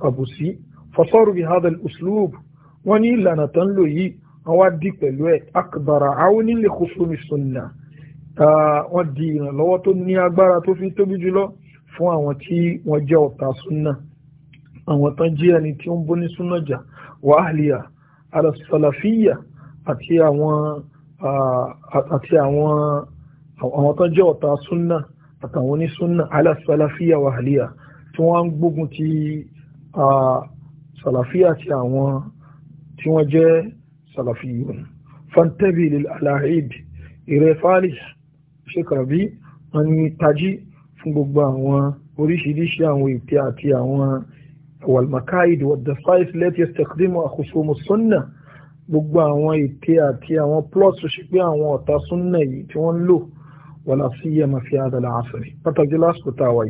àbùsí fasaru bi hadha al-uslub wọ́n ní ìlànà tó ń lò yìí wọ́n wá di pẹ̀lú ẹ̀ akbara awni li khusumi sunnah wọ́n di ìrànlọ́wọ́ tó ní agbára tó fi tóbi jùlọ fún àwọn tí wọ́n jẹ́ ọ̀tá súnà àwọn tán jẹ́ ẹni tí ó ń bó ní jà wà áhìlìyà àti àwọn tán jẹ́ ọ̀tá súnà àtàwọn onísúnà alàsàlàfíyà wà tí wọ́n ń gbógun ti sàlàfí àti àwọn tí wọ́n jẹ́ sàlàfí yìí fantabi lil alahid ìrẹ́ fáàlì ṣekàbí wọn ni tají fún gbogbo àwọn oríṣiríṣi àwọn ètè àti àwọn walmakaid wadafais lẹ́tí ẹ̀sẹ̀kìdìmọ̀ àkóso sunna gbogbo àwọn ète àti àwọn plus ṣe pé àwọn ọ̀tá súnnà yìí tí wọ́n ń lò wala siyama fi hadha al-asr pàtàkì lásìkò táwa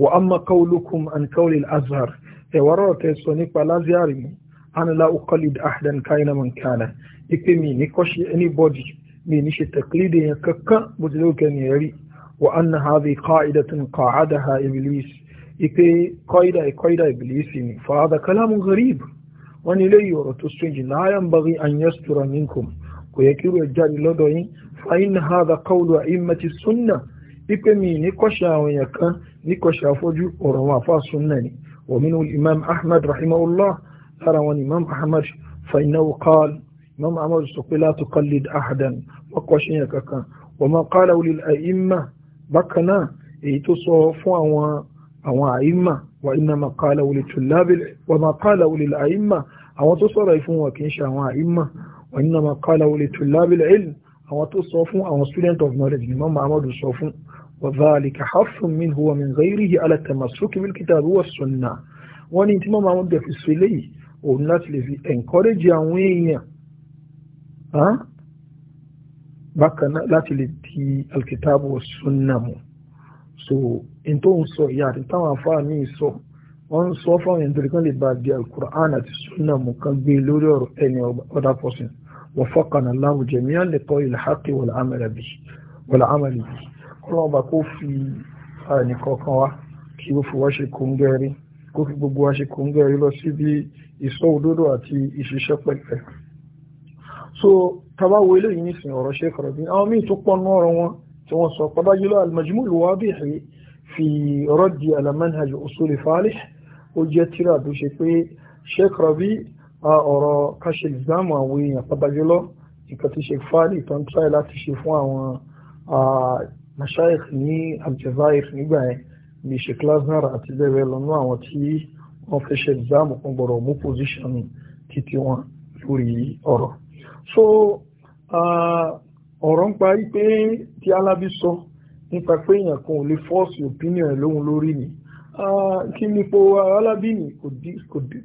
wa amma qawlukum an qawli azhar ẹ̀wọ́rọ̀ tẹ sọ nípa lázíárì mú anula ukalid ahdan kaina man kana ipe mi ní kọ́ṣe anybody mi ní ṣe tẹ̀klídì yẹn kankan bó ti lókè ní ẹ̀rí wa anna hadhi qa'idatun qa'adaha iblis ipe qaida qaida iblis ni fa hada kalamun gharib wani eléyìí ọ̀rọ̀ tó strange la yanbaghi an yastura minkum kò yẹ kí irú ẹ̀ jáde lọ́dọ̀ yín fa inna hadha qawlu a'immati sunnah ipe mi ní kọ́ṣe àwọn èèyàn kan ní kọ́ṣe àfọ́jú ọ̀rọ̀ wọn àfa sunnah ni ومنه الإمام أحمد رحمه الله روى الإمام أحمد فإنه قال إمام أحمد لا تقلد أحدا وقوشينك وما قاله للأئمة بكنا يتصوفوا àwọn àìmà wà iná makala wuli tùlábìlì wà makala wuli àìmà àwọn tó sọ̀rọ̀ ìfún wọn kìí ṣe àwọn àìmà wà iná makala wuli tùlábìlì ilm àwọn tó sọ fún àwọn student of knowledge ni mọ́ muhammadu sọ fún وذلك من هو من غيره على التمسك بالكتاب والسنة وان انتما ما مدى في السلي والناس اللي في انكوريج يانوين ها بكنا لا تلتي الكتاب والسنة مو سو انتو انسو يار انتو انفاني انسو وان صوفا ينتلقان لبعض القرآن والسنة مو كان بيلوري ورؤيني ودافوسين وفقنا الله جميعا لقول الحق والعمل به والعمل به ọlọ́run bá kó fi àìní kọ̀ọ̀kan wá kí ó fi wá ṣe kóńgẹ́rí kó fi gbogbo wá ṣe kóńgẹ́rí lọ síbi ìsọ òdodo àti ìṣiṣẹ́ pẹ̀pẹ̀. so tàbá wo eléyìí nísìnyí ọ̀rọ̀ ṣe kọ̀rọ̀ bí àwọn míì tó pọnú ọ̀rọ̀ wọn tí wọ́n sọ pàdá jùlọ al-Majmu' al-Wadih fi raddi ala manhaj usul falih ó jẹ́ tíra tó ṣe pé ṣe kọ̀rọ̀ bí ọ̀rọ̀ káṣe ìgbàmù àwọn èèyàn pàdá jùlọ nǹkan tí ṣe fálì tó ń tráì láti ṣe fún àwọn mashaikh ní aljazair nígbà yẹn ní sheikh laznar àti bẹ́ẹ̀ bẹ́ẹ̀ lọ́nà àwọn tí wọ́n fẹ́ ṣe exam kan gbọ́dọ̀ mú position títí wọn lórí ọ̀rọ̀ so ọ̀rọ̀ ń parí pé tí alábí sọ nípa pé èèyàn kan ò lè force opinion ẹ̀ lóhun lórí ni kí ni ipò alábí ni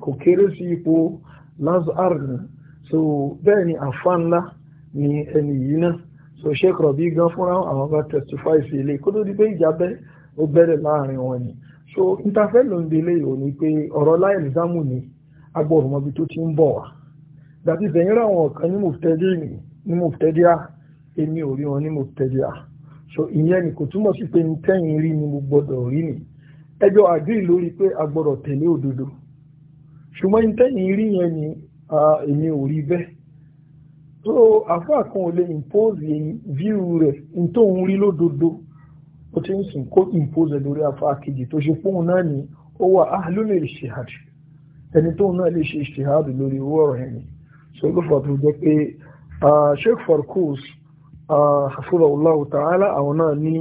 kò kéré sí ipò lazar ni so bẹ́ẹ̀ ni àfa ńlá ni ẹni yìí náà so sheikh rabi gan fúnra àwọn kan testify sí ilé kó tó di pé ìjà bẹ́ ó bẹ̀rẹ̀ láàrin wọn ni so interfẹ́ ló ń délé ìwò ni pé ọ̀rọ̀ láì nìzámù ni agbọ̀rọ̀ mọ́bi tó ti ń bọ̀ wá dàbí ìfẹ̀yìn ra àwọn kan ní mùtẹ́dí ní mùtẹ́díà èmi ò rí wọn ní mùtẹ́díà so ìyẹn ni kò túmọ̀ sí pé ní tẹ́yìn rí ni mo gbọ́dọ̀ rí ni ẹjọ́ àdúrà lórí pé agbọ̀rọ̀ tẹ̀lé òdodo ṣùgbọ́n ní tẹ́yìn rí yẹn ni èmi ò rí bẹ́ẹ̀ so àfáà kan ò lè impose view rẹ̀ n tó ń rí lódodo ó ti ń sìn kó impose lórí àfáà kejì tó ṣe fóun náà ni ó wà á ló lè ṣe àdì ẹni tóun náà lè ṣe ṣe àdì lórí owó ọ̀rọ̀ ẹni so ló fà tó jẹ́ pé Sheikh Farkous hafizahullahu ta'ala àwọn náà ní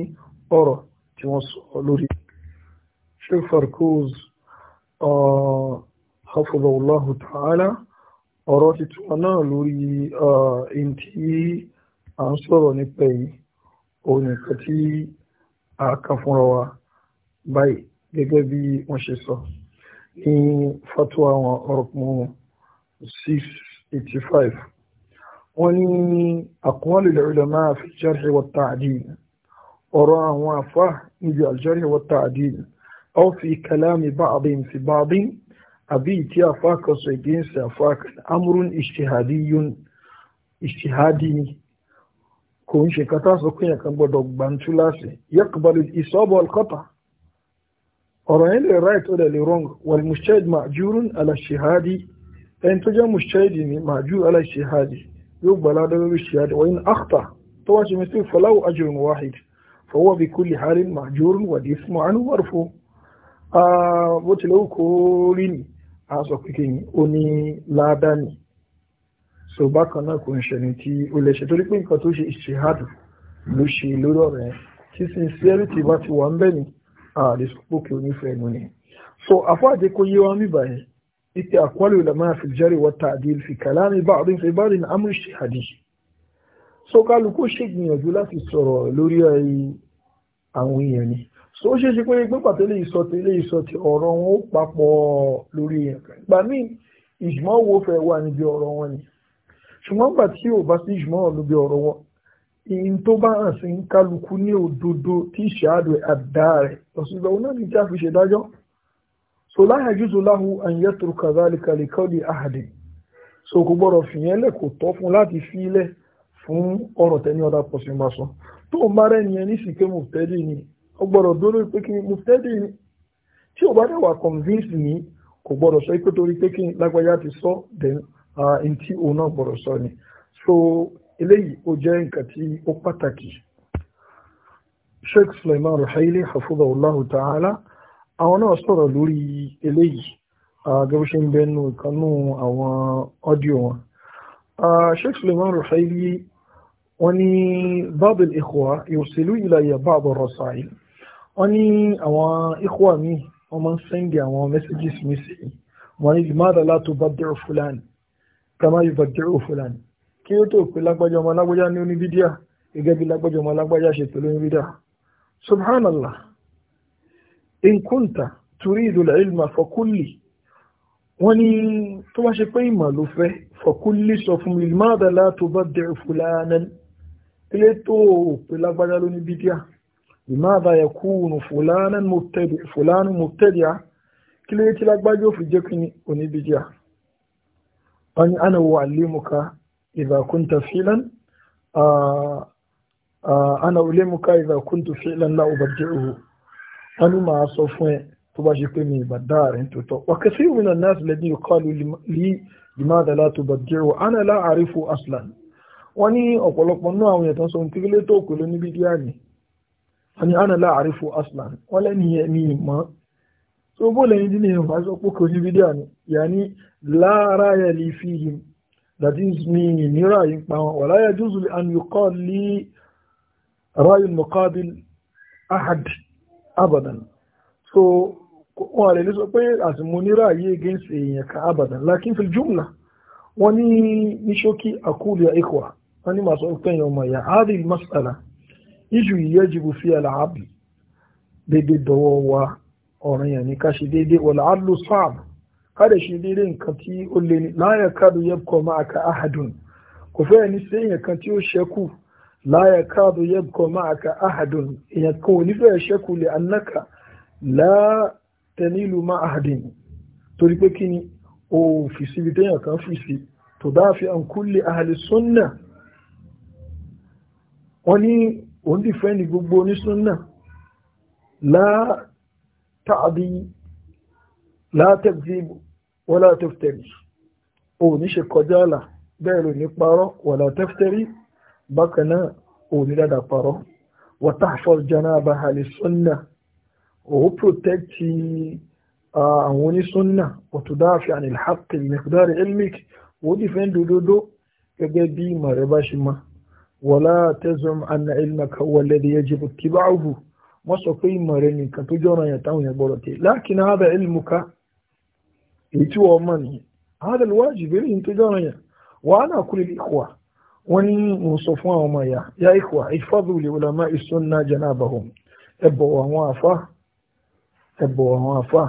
ọ̀rọ̀ tí wọ́n sọ lórí Sheikh Farkous hafizahullahu ta'ala ọ̀rọ̀ ti túmọ̀ náà lórí ẹni tí à ń sọ̀rọ̀ nípa yìí òun nìkan tí a kà fúnra wa báyìí gẹ́gẹ́ bí wọ́n ṣe sọ ní fatwa àwọn ọ̀rọ̀kùn 685 wọ́n ní àkọọ́lù ulama fi jarh wa ta'dil ọ̀rọ̀ àwọn àfá níbi al-jarh wa ta'dil aw fi kalami ba'din fi ba'din àbí ìtí àfáàkọsọ against àfáàkọsọ amúrún ìṣtìhádì ni kò ń ṣe kátà sọ pé ẹ̀kan gbọ́dọ̀ gbàǹtú láti yẹ́kùbọ̀lù ìsọ́bọ̀ ọ̀kọ́ta ọ̀rọ̀ yẹn lè right ó lè wrong wal mustahid ma'jurun ala ṣtìhádì ẹni tó jẹ́ mustahid ni ma'jur ala ṣtìhádì yóò gbà ládọ́ lórí ṣtìhádì wọ́n yín akhta tó wá ṣe mistake falahu ajrun wahid fọwọ́ bí kulli halin ma'jurun wà dé fún àánú wàrfọ́ bó tilẹ̀ ó kó rí ni a sọ pé kí ni ó ní ládàáni so bákan náà kò ń ṣẹni tí ó lè ṣe torí pé nǹkan tó ṣe ìṣèhádùn ló ṣe lórí ọ̀rọ̀ tí sincerity bá ti wà ń bẹ̀ ni ààrẹ sọpọ́kì onífẹ̀ẹ́ nu ni so àfọ́àjẹ kó yé wa mí báyìí ite àkọọ́lẹ̀ ulama fi jari wa ta'dil fi kalami ba'din fi ba'din amr ìṣèhádì so kálukú ṣègbìyànjú láti sọ̀rọ̀ lórí àwọn èèyàn ni so ó ṣeéṣe pé pé pàtó lè sọ ti lè sọ ti ọ̀rọ̀ wọn ó papọ̀ lórí yẹn gbà mí ìjùmọ̀ wo fẹ́ wà níbi ọ̀rọ̀ wọn ni ṣùgbọ́n gbà tí ò bá sí ìjùmọ̀ níbi ọ̀rọ̀ wọn ìyìn tó bá hàn sí kálukú ní òdodo tí ìṣáàdù àdá rẹ̀ lọ́sùgbà òun náà ní tí a fi ṣèdájọ́ so láyà jùzọ láhu àyẹ̀tòrò kàzálìkàlì kọ́lì àhàdì so kò gbọ́dọ̀ fìyẹn lẹ̀ kò tọ́ fún láti fi ilẹ̀ fún ni ó gbọ́dọ̀ dúró pé kí ni mo fẹ́ dì ní tí ò bá dẹ̀ wà convince ní kò gbọ́dọ̀ sọ pé torí pé kí ni ti sọ then n tí òun náà gbọ́dọ̀ sọ ni so eléyìí ó jẹ́ nǹkan tí ó pàtàkì sheikh suleiman ruhaili hafidhahullahu ta'ala àwọn náà sọ̀rọ̀ lórí eléyìí gẹ́gẹ́ ṣe ń bẹnu ìkanú àwọn ọ́díò wọn sheikh suleiman ruhaili wọ́n ní bábìl ikhwa yóò sílú ìlàyà bábìl rasail wọ́n ní àwọn ikhwa mi wọ́n máa ń sẹ́ndì àwọn messages mi sí wọ́n ní limadha la tubaddi'u fulani kama yubaddi'u fulani kí ó tó pé lágbájá ọmọ lágbájá ní oníbídíà gẹ́gẹ́ bí lágbájá ọmọ lágbájá ṣe pẹ̀lú oníbídíà subhanallah in kunta turidu al-ilma fakulli wọ́n ní tó bá ṣe pé ìmọ̀ ló fẹ́ fakulli sọ fún mi limadha la tubaddi'u fulani ilé tó pé lágbájá lóníbídíà لماذا يكون فلانا مبتدع فلان مبتدع كلا يتلاقباجو في جكني ونبجع أني أنا أعلمك إذا كنت فعلا آآ آآ أنا أعلمك إذا كنت فعلا لا أبدعه أنا ما أصفه تباجكني بدار أنت وكثير من الناس الذين يقالوا لي لماذا لا تبدعه أنا لا أعرفه أصلا wọ́n ní ọ̀pọ̀lọpọ̀ náà àwọn èèyàn tó ń sọ ohun kíkílé tó wọ́n ní ana láàrífò aslan wọ́n lẹ́ni ẹ̀mí ìmọ̀ tó bó lẹ́yìn dín ní ìfà sọ pé kò sí fídíò ni yà ní láàrá yẹ lè fi yìí that is mi ìnira yìí pa wọn wà láyé jùzù an yukọ́ lé ráyìn mọ́kábìl ahad abadan so wọn lè lè sọ pé àsìmọ́ nira yìí against èèyàn kan abadan lakin fi jumla wọ́n ní ní ṣókí àkúlẹ̀ ikwa wọ́n ní màá sọ pé èèyàn ọmọ yà á masala iṣu yìí yajibu fi àlàábì dédé dọwọ́ wa ọ̀ràn yẹn ní ká ṣe dédé wọ̀lá àlù sáàbù ká lè ṣe dédé nǹkan tí ó lè ní láyà káàdù yabqa ma'aka ahadun kò fẹ́ ní séèyàn kan tí ó ṣẹ́kù láyà káàdù yabqa ma'aka ahadun èèyàn kan ò nífẹ̀ẹ́ ṣẹ́kù lè annaka látẹ̀nílù má ahadin torí pé kí ni ó fi síbi téèyàn kan fi sí tòdáàfi an kulli ahli sunna wọ́n ní òun dìfẹ́ndì gbogbo onísúnnà látàbí látẹ̀bíbù wọ́lá tẹ́fẹ́tẹ̀rí òun ní ṣe kọjá àlà bẹ́ẹ̀ lò ní parọ́ wọ́lá tẹ́fẹ́tẹ̀rí bákan náà òun ní dáadáa parọ́ wọ́tá àfọ́jọ́nà àbáhàlì súnnà òun protẹ́kì àwọn onísúnnà wọ́túdáàfì ànìlhàkì mẹ́kúdárì elmic wọ́n wala tazum anna ilmaka huwa alladhi yajibu ittiba'uhu wọ́n sọ pé ìmọ̀ rẹ nìkan tó jọ́ràn yẹn táwọn yẹn gbọ́dọ̀ tẹ̀ lakin hadha ilmuka èyí tí wọ́n mọ̀ nìyẹn hadha alwajib eléyìí tó jọ́ràn yẹn wa ana aqulu lil ikhwa wọ́n ní mo sọ fún àwọn ọmọ ẹ̀yà ya ikhwa ihfadhu li ulama'i sunna janabahum ẹ bọ̀wọ̀ àwọn àfa ẹ bọ̀wọ̀ àwọn àfa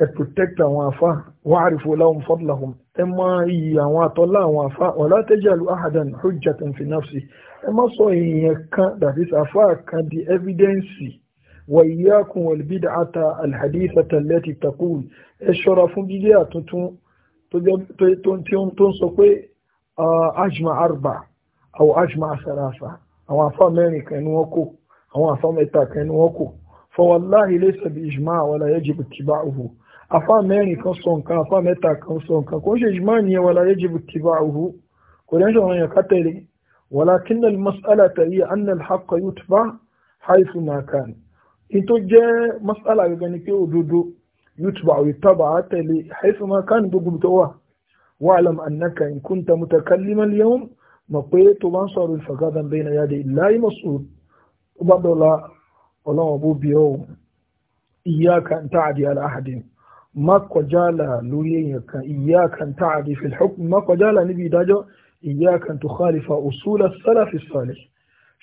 ẹ protect àwọn àfa wa'rifu lahum fadlahum ẹ má iyì àwọn àtọ́lá àwọn àfa wala tajalu ahadan hujjatan fi nafsi ẹ má sọ èèyàn kan dàbí àfa kan di evidence wa iyyakum wal bid'ata al hadithata allati taqul ẹ ṣọ́ra fún bídí àtúntún tó ń sọ pé ajma arba aw ajma sarasa àwọn àfa mẹ́rin kan ni wọ́n kò àwọn àfa mẹ́ta kan ni wọ́n kò fa wallahi laysa bi ijma' wala yajibu ittiba'uhu afá mẹ́rin kan sọ nǹkan afá mẹ́ta kan sọ nǹkan kò ń ṣe ìjùmọ̀ ni wà láyé jìbù ti bá òhu kò dẹ́ ń ṣọ̀rọ̀ yàn ká tẹ̀lé walakin al-mas'ala ta iya annal haqqa yutba haifu ma kan in tó jẹ́ mas'ala gẹ́gẹ́ ni pé òdodo yutba yutaba á tẹ̀lé haifu ma kan gbogbo tó wà wa'lam annaka in kunta mutakalliman al-yawm mọ̀ pé tó bá ń sọ̀rọ̀ ìfagadan bayna yadayi llahi mas'ul ó bá dọ̀la ọlọ́wọ́n bó bí ọ́ ìyá kan tá má kọjá là lórí èèyàn kan iyyakan ta'adi fil hukm má kọjá là níbi ìdájọ́ iyyakan tukhalifa usula salafi salih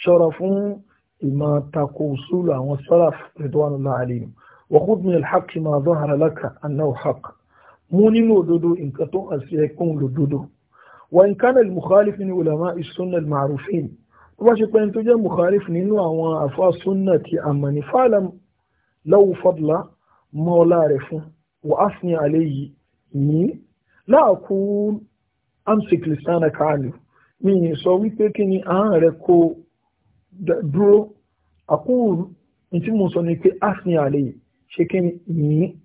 ṣọ́ra fún ìmọ̀ tako usula àwọn salaf ridwanullahi alayhim wa khudh min al-haqqi ma dhahara laka annahu haqq mú nínú òdodo nǹkan tó hàn sí ẹkùn lòdodo وإن كان المخالف من علماء السنة المعروفين وباش كان تجا مخالف نينو أو أفا سنة أمني فعلم لو فضل مولا رفون وأثني عليه مي لا أقول أمسك لسانك عنه مي سوي تكني أعرفه درو أقول أنت مصنك أثني عليه شكني مي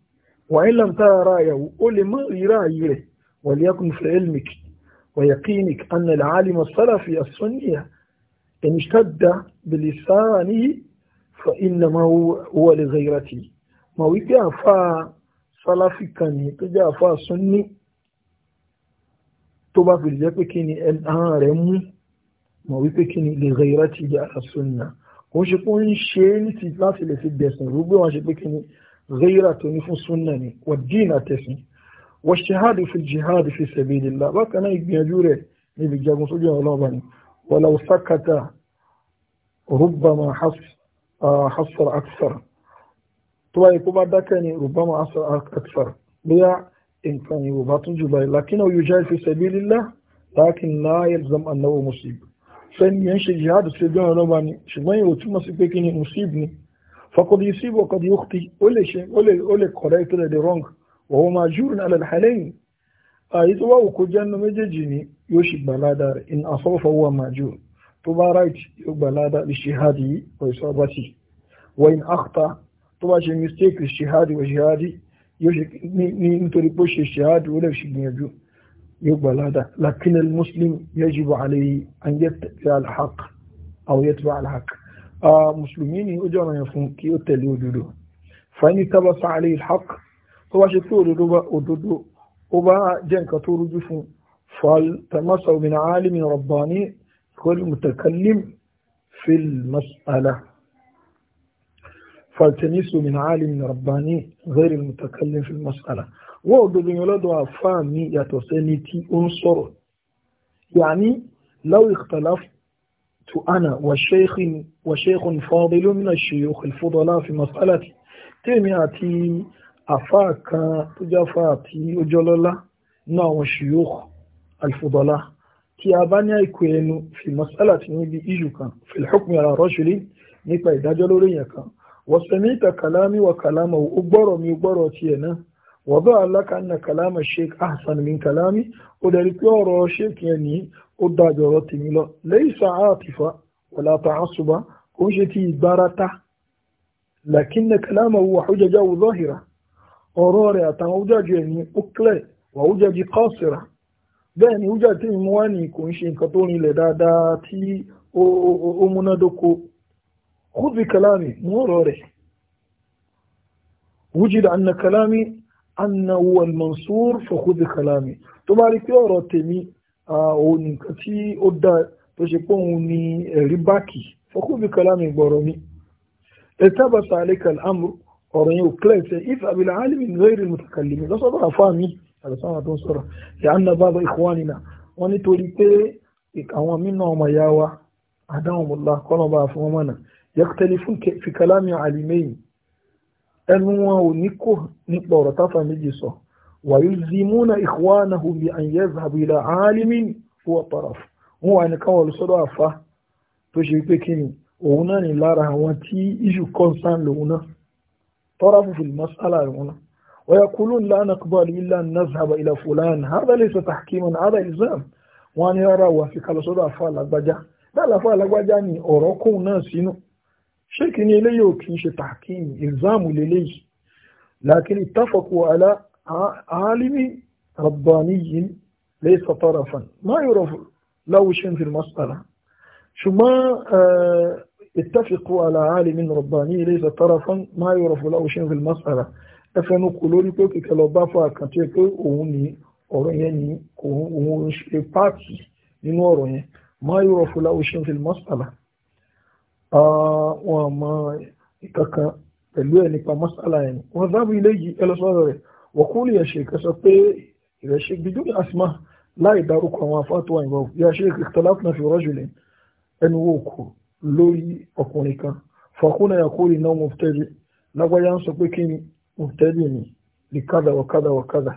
وإن لم ترى رأيه قل ما يرى وليكن في علمك ويقينك أن العالم السلفي السنية إن اشتد بلسانه فإنما هو لغيرته ما ويكي أفا sálàfì kan ní tó jẹ́ àfáà sunni tó bá fi jẹ́ pé kí ni ẹ̀hán rẹ̀ mú mọ̀ wípé kí ni lè rẹ̀ ìrẹ́ ti jẹ́ àsunna kò ń ṣe pé ó ń ṣe é ní ti láti lè fi gbẹ̀sìn rúgbẹ́ wọn ṣe pé kí ni غيرة تنف سنة والدين تسن والشهاد في الجهاد في سبيل الله وكان يبين جوره نبي جاكم سجن الله بني ولو سكت ربما حص حصر أكثر tó wáyé kó bá dákẹ́ ni rubama asa akthar bóyá nǹkan yìí bá tún jù báyìí lakinahu yujahidu fi sabilillah lakin la yalzam annahu musib fẹ́ni yẹn ṣe jihad sí ojú ọ̀nà ọba ni ṣùgbọ́n yóò túmọ̀ sí pé kí ni musib ni faqad yusibu wa qad yukhti ó lè ṣe ó lè correct tó lè dé wrong wa huwa majurun ala al-halayn àyè tó wà wò kó jẹ́nu méjèèjì ni yóò ṣì gbà ládàá rẹ̀ in asaba fa huwa majur tó bá right yóò gbà ládàá lè ṣe hadi wa isabati wa in akhta طواجه مستيك الشهاد وجهاد يوجد ني نتوري الشهاد ولا شيء يجو يقبل هذا لكن المسلم يجب عليه أن يتبع الحق أو يتبع الحق آه مسلمين يجونا يفهم كي يتلي ودودو فإن تبص عليه الحق هو شكور دوبا ودودو وبا جنك تور جفن فالتمسوا من عالم رباني كل متكلم في المسألة فالتمسوا من عالم رباني غير المتكلم في المسألة وأدل يولد فامي يتسنيتي أنصر يعني لو اختلفت أنا والشيخ وشيخ فاضل من الشيوخ الفضلاء في مسألتي تيمياتي أفاك تجافاتي وجلالة نو الشيوخ الفضلاء تيابانيا يكون في مسألة نبي إيجوكا في الحكم على رجل نبي دجلوريكا wasamita kalami wa kalama o gbọ́rọ̀ mi gbọ́rọ̀ tiẹ̀ náà wọ́dọ̀ aláka nna kalama sheikh ahsan min kalami ó dẹ̀rí pé ọ̀rọ̀ sheikh yẹn ní ó dájọ́ ọ̀rọ̀ tèmi lọ laysa àtìfà wala ta'assuba kò ń ṣe ti ìgbárata lakinna kalamahu wa hujjajahu zahira ọ̀rọ̀ rẹ̀ àtàwọn hujjajú ẹ̀ ní ó clear wà hujjajú qasira bẹ́ẹ̀ ni hujjajú خذ بكلامي مو روري وجد أن كلامي أنه هو المنصور فخذ بكلامي tó bá rí pé ọ̀rọ̀ tèmi òun nìkan tí ó dá tó ṣe pé òun ni ẹ̀rí báàkì fọkúbi kalami gbọ̀rọ̀ mi ẹ̀tàbà sàlẹ̀kà al'amur ọ̀rọ̀ yẹn ò kílẹ̀sẹ̀ ife abilà alimi lórí mutakalimi lọ́sọ̀rọ̀ àfáà mi àlùsọ́nà tó ń sọ̀rọ̀ yà á nàbà bá ikú wọn nìna wọn nítorí pé àwọn mínà ọmọ yá wa adáwọn mọ̀lá kọ́nà bá fún wọn mọ̀nà yẹ́kítẹ́lifún fi kalami àlìmẹ́yìn ẹnu wọn ò ní kò nípa ọ̀rọ̀ táfà méjì sọ wàyí zimúna ìkwána hùbí àyẹ́ zàbílà àlìmín wọ́n taraf wọn wà nìkan wọ̀lú sọ́dọ̀ àfa tó ṣe pé kí ni òun náà ní lára àwọn tí iṣu kọ́nsán lòun náà tarafu fil mas'ala lòun náà ويقولون لا نقبل إلا أن نذهب إلى فلان هذا ليس تحكيما هذا إلزام وأن يرى وفي كل صدى فعل لا لا فعل أجبجاني أوروكو ناسينو شك إن إليه كنش تحكيم إلزام لليه لكن اتفقوا على عالم رباني ليس طرفا ما يعرف له شيء في المسألة شو ما آه، اتفقوا على عالم رباني ليس طرفا ما يعرف له شيء في المسألة أفنو كلوري كوكي كلو بافا كنتيكو أوني أورياني كوهو أوني شكي باتي ما يعرف له شيء في المسألة wọn mọ ìkankan pẹ̀lú ẹ̀ nípa mọ́sálà ẹ̀ wọn dábò ilé yìí ẹ lọ sọ́dọ̀ rẹ̀ wọ́kúnlé ṣe kẹsọ pé ìrẹsẹ̀ bíjú ní asma láì dárúkọ àwọn afáàtọ̀ àyìnbá yà ṣe ìtàláfínà fi rọ́jùlẹ̀ ẹnu wò kù lórí ọkùnrin kan fàkúnà yàkúrì náà mọ̀tẹ́rì lágbáyà ń sọ pé kí ni mọ̀tẹ́rì ni lè kádà wàkádà wàkádà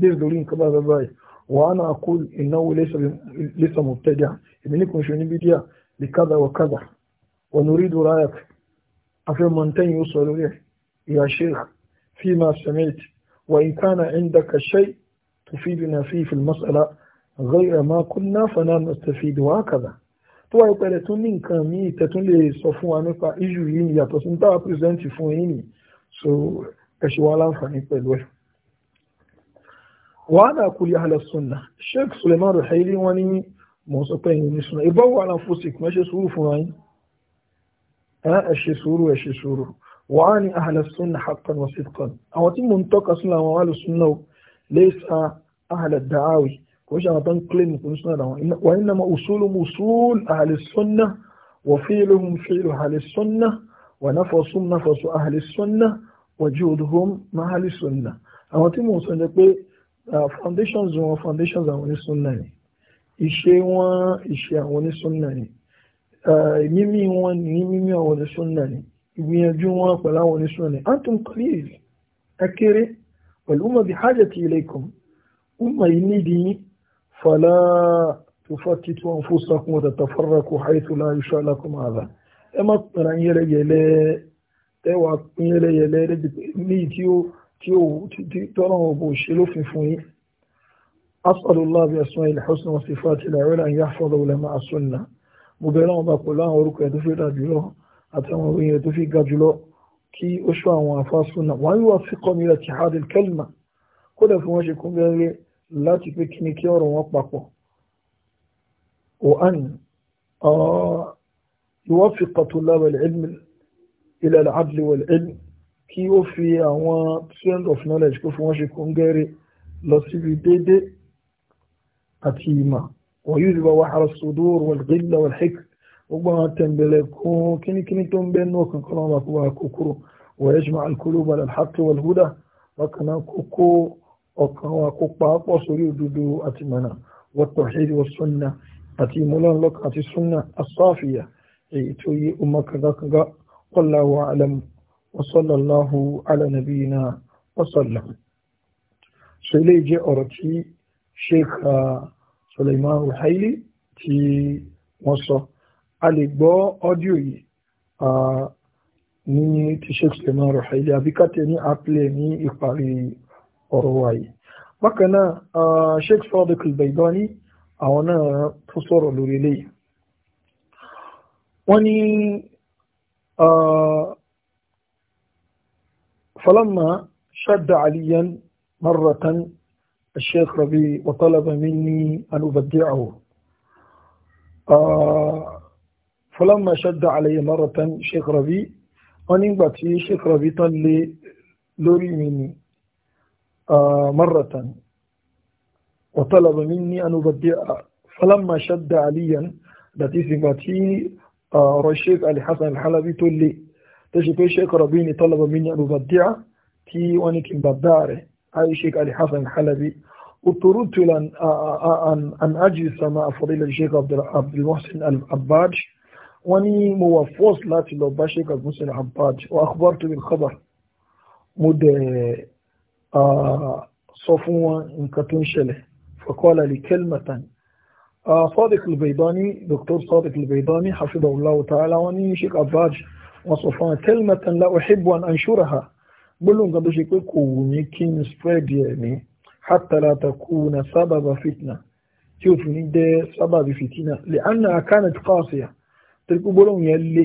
dé lórí nǹkan bá bá báyìí wàhánà àkúrì ìnáwó lẹ́sà mọ̀tẹ́rì à èmi ní kò ń ṣe oníbídíà lè kádà wàkádà ونريد رأيك أفهم من يوصل إليه يا شيخ فيما سمعت وإن كان عندك شيء تفيدنا فيه في المسألة غير ما كنا فلا نستفيد وهكذا tó wáyé pẹ̀lẹ́ tún ní nǹkan míì tẹ́tún lè sọ fún wa nípa iṣu yìí ni yàtọ̀ sí dáwà pírẹsẹ̀ntì fún yìí ni so ẹ̀ṣẹ̀ wa láǹfààní pẹ̀lú ẹ̀. wàhálà kúlẹ̀ ahlẹ̀ sunna sheikh suleiman ruhaili wọn ní mọ̀ ní sunna ìbọ̀wọ̀ aláǹfọ̀sì kìí mẹ́ṣẹ̀ sùúrù fún wa yín. أشي سورو أشي سورو وعاني أهل السنة حقا وصدقا أو تي منطقة سنة وعال السنة ليس أهل الدعاوي وش أنا تنقلين مكون سنة وإنما أصول مصول أهل السنة وفيلهم فيل أهل السنة ونفس نفس أهل السنة وجودهم مع أهل السنة أو تي منطقة فاونديشنز وفاونديشنز أهل السنة إشي وإشي أهل السنة Eh, mímí wọn ní mímí àwọn oníṣúnà ni ìgbìyànjú wọn pẹ̀lú àwọn oníṣúnà ni antum qalil akéré pẹ̀lú umma bihajati ilaykum umma yìí nídìí fala tufattitu anfusakum wa tatafarraqu haythu la yusha lakum hadha ẹ má pẹ̀lú ayẹlẹyẹlẹ ẹ wà pín yẹlẹyẹlẹ ní tí ó tí ó tọ́nà ọ̀bọ̀ òṣèlú fífún yìí as'alullahi bi asma'ihi al-husna wa sifatihi al-ula an yahfaza ulama as-sunnah mo bẹ̀rẹ̀ àwọn ọba pẹ̀lú àwọn orúkọ ẹ̀ tó fi dà jùlọ àti àwọn òyìn ẹ̀ tó fi ga jùlọ kí ó ṣọ́ àwọn àfáàsùnà wọ́n yóò fi kọ́ mi rẹ̀ ti hadil kelma kódà fún wọn ṣe kún bẹ́ẹ̀rẹ́ láti pé kí ni kí ọ̀rọ̀ wọn papọ̀ وأن يوفق طلاب العلم إلى العدل والعلم kí ó fi àwọn student of knowledge kó fún wọn ṣe kún gẹ́rẹ́ lọ síbi déédéé àti ìmọ̀ ويذب وحر الصدور والغلة والحكر وما تنبلكو كني كني تنبنو وكن كلام كوكرو ويجمع الكلوب على الحق والهدى وكنا كوكو وكنا كوكبا وصولي ودودو أتمنى والتوحيد والسنة أتي مولان لك أتي السنة الصافية أي توي أمك ذاك والله أعلم وصلى الله على نبينا وسلم سيلي جي أورتي شيخ Suleiman Ruhaili tí wọ́n sọ a lè gbọ́ ọ́díò yìí ní ti Sheikh Suleiman Ruhaili àbíkàtẹ̀ ní àpilẹ̀ ní ìparí ọ̀rọ̀ wa yìí bákan náà Sheikh Sadiq al-Baydani àwọn náà tó sọ̀rọ̀ lórí eléyìí wọ́n ní falamma shadda aliyan marratan الشيخ ربي وطلب مني أن أبدعه فلما شد علي مرة شيخ ربي ونبت شيخ ربي طل لوري مني مرة وطلب مني أن أبدع فلما شد عليا التي سمتي آه الشيخ علي حسن الحلبي طل تشكي شيخ ربي طلب مني أن أبدع تي ونكي بداره أي شيخ علي حسن الحلبي اضطررت أن أن أجلس مع فضيلة الشيخ عبد المحسن العباج وأني موفوس لا لو عبد المحسن العباج وأخبرت بالخبر مد صفوة إن كتون شله فقال لي كلمة صادق البيضاني دكتور صادق البيضاني حفظه الله تعالى وأني شيخ عباج وصفوان كلمة لا أحب أن أنشرها gbólóhùn kan tó ṣe pé kò wù mí kí n spread ẹ̀ ní hátàlátà kú na sábàbà fitna tí ó fi ní jẹ́ sábàbí fitina lè anna akánà tí kọ́ ọ̀sẹ̀ yà torí pé gbólóhùn yẹn lé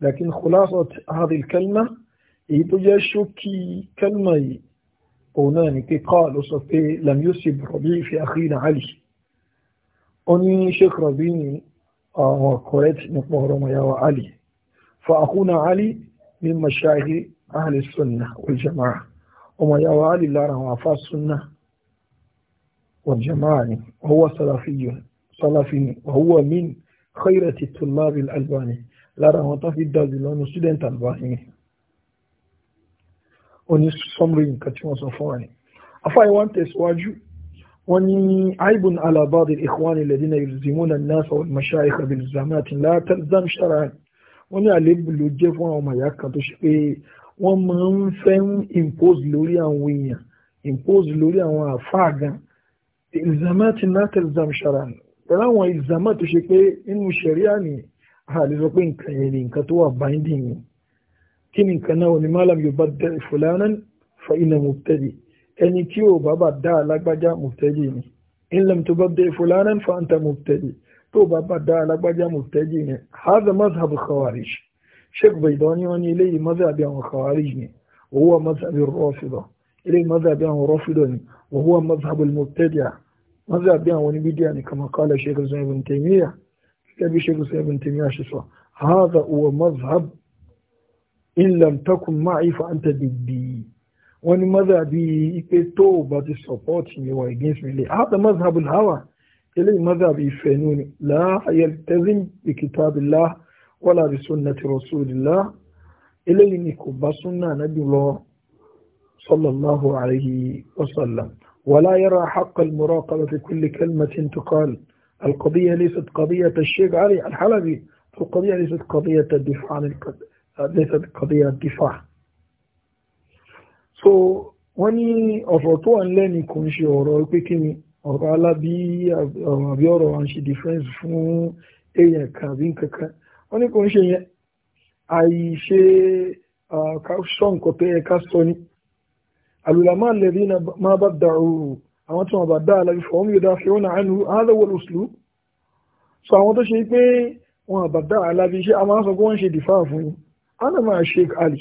lakin kùlásọ̀ àhàdì kẹlmà èyí tó jẹ́ ṣókí kẹlmà yìí òun náà ni pé kọ́ ló sọ pé lam yusuf rọ̀bí fi àkíyàn àlì ó ní sheikh rọ̀bí ni àwọn correct nípa ọ̀rọ̀ mọ̀yàwó àlì fa àkúnà àlì ní mashahiri ahli sunna wal jamaa ọmọ ìyá wa alì lára àwọn afá sunna wal jamaa ni ọwọ́ salafiyun salafi ni ọwọ́ min khayrati tullabi albani lára àwọn tó fi dájú lọ́nu student albani ni ó ní sọmrí nǹkan tí wọ́n sọ fún wa ni afá ìwọ́n tẹ̀síwájú وني عيب على بعض الإخوان الذين يلزمون الناس والمشايخ بالزامات لا تلزم شرعا وني عليب لجف وما يكتش في wọ́n máa ń fẹ́ ń impose lórí àwọn èèyàn impose lórí àwọn àfáà gan ìlzàmá ti náà tẹ̀lzàm ṣara pẹ̀lú àwọn ìlzàmá tó ṣe pé nínú ṣẹ̀ríà ni àlè sọ pé nǹkan yẹn ni nǹkan tó wà binding ni kí ni nǹkan náà ni malam yorùbá dẹ ìfòlànà fa iná mubtadi ẹni tí ò bá bá dá alágbájá mubtadi ni in lam tubaddi fulanan fa anta mubtadi tó bá bá dá alágbájá mubtadi ni hadha mazhabu khawarij. شيخ بيضاني واني إليه مذهب يعني خوارجني وهو مذهب الرافضة إليه مذهب يعني رافضني وهو مذهب المبتدع مذهب يعني ونبيد يعني كما قال شيخ الإسلام بن تيمية كتاب شيخ الإسلام بن تيمية شسوة هذا هو مذهب إن لم تكن معي فأنت ضدي wani mazhabi ipe tó bá ti support mi wà against mi lè hada mazhabul hawa ilé mazhabi ìfẹ́nu ni la ولا بسنة رسول الله إليني كبسنا نبي الله صلى الله عليه وسلم ولا يرى حق المراقبة في كل كلمة تقال القضية ليست قضية الشيخ علي الحلبي القضية ليست قضية الدفاع عن ليست قضية الدفاع so when he of our two and learn in kunshi or all picking or all be or be or and she difference from a can be wọ́n ní kò ń ṣe yẹn àìṣe sọ nǹkan tó yẹ ká sọ ni alùlámà lẹ́rí máa bá dà òru àwọn tí wọ́n bá dá alábi fọ́ọ̀mù yóò dá fi wọn àánú àádọ́wọ́lù sùlù so àwọn tó ṣe pé wọn bá dá alábi iṣẹ́ a máa sọ pé wọ́n ṣe dìfà fún yín ana máa Sheikh Ali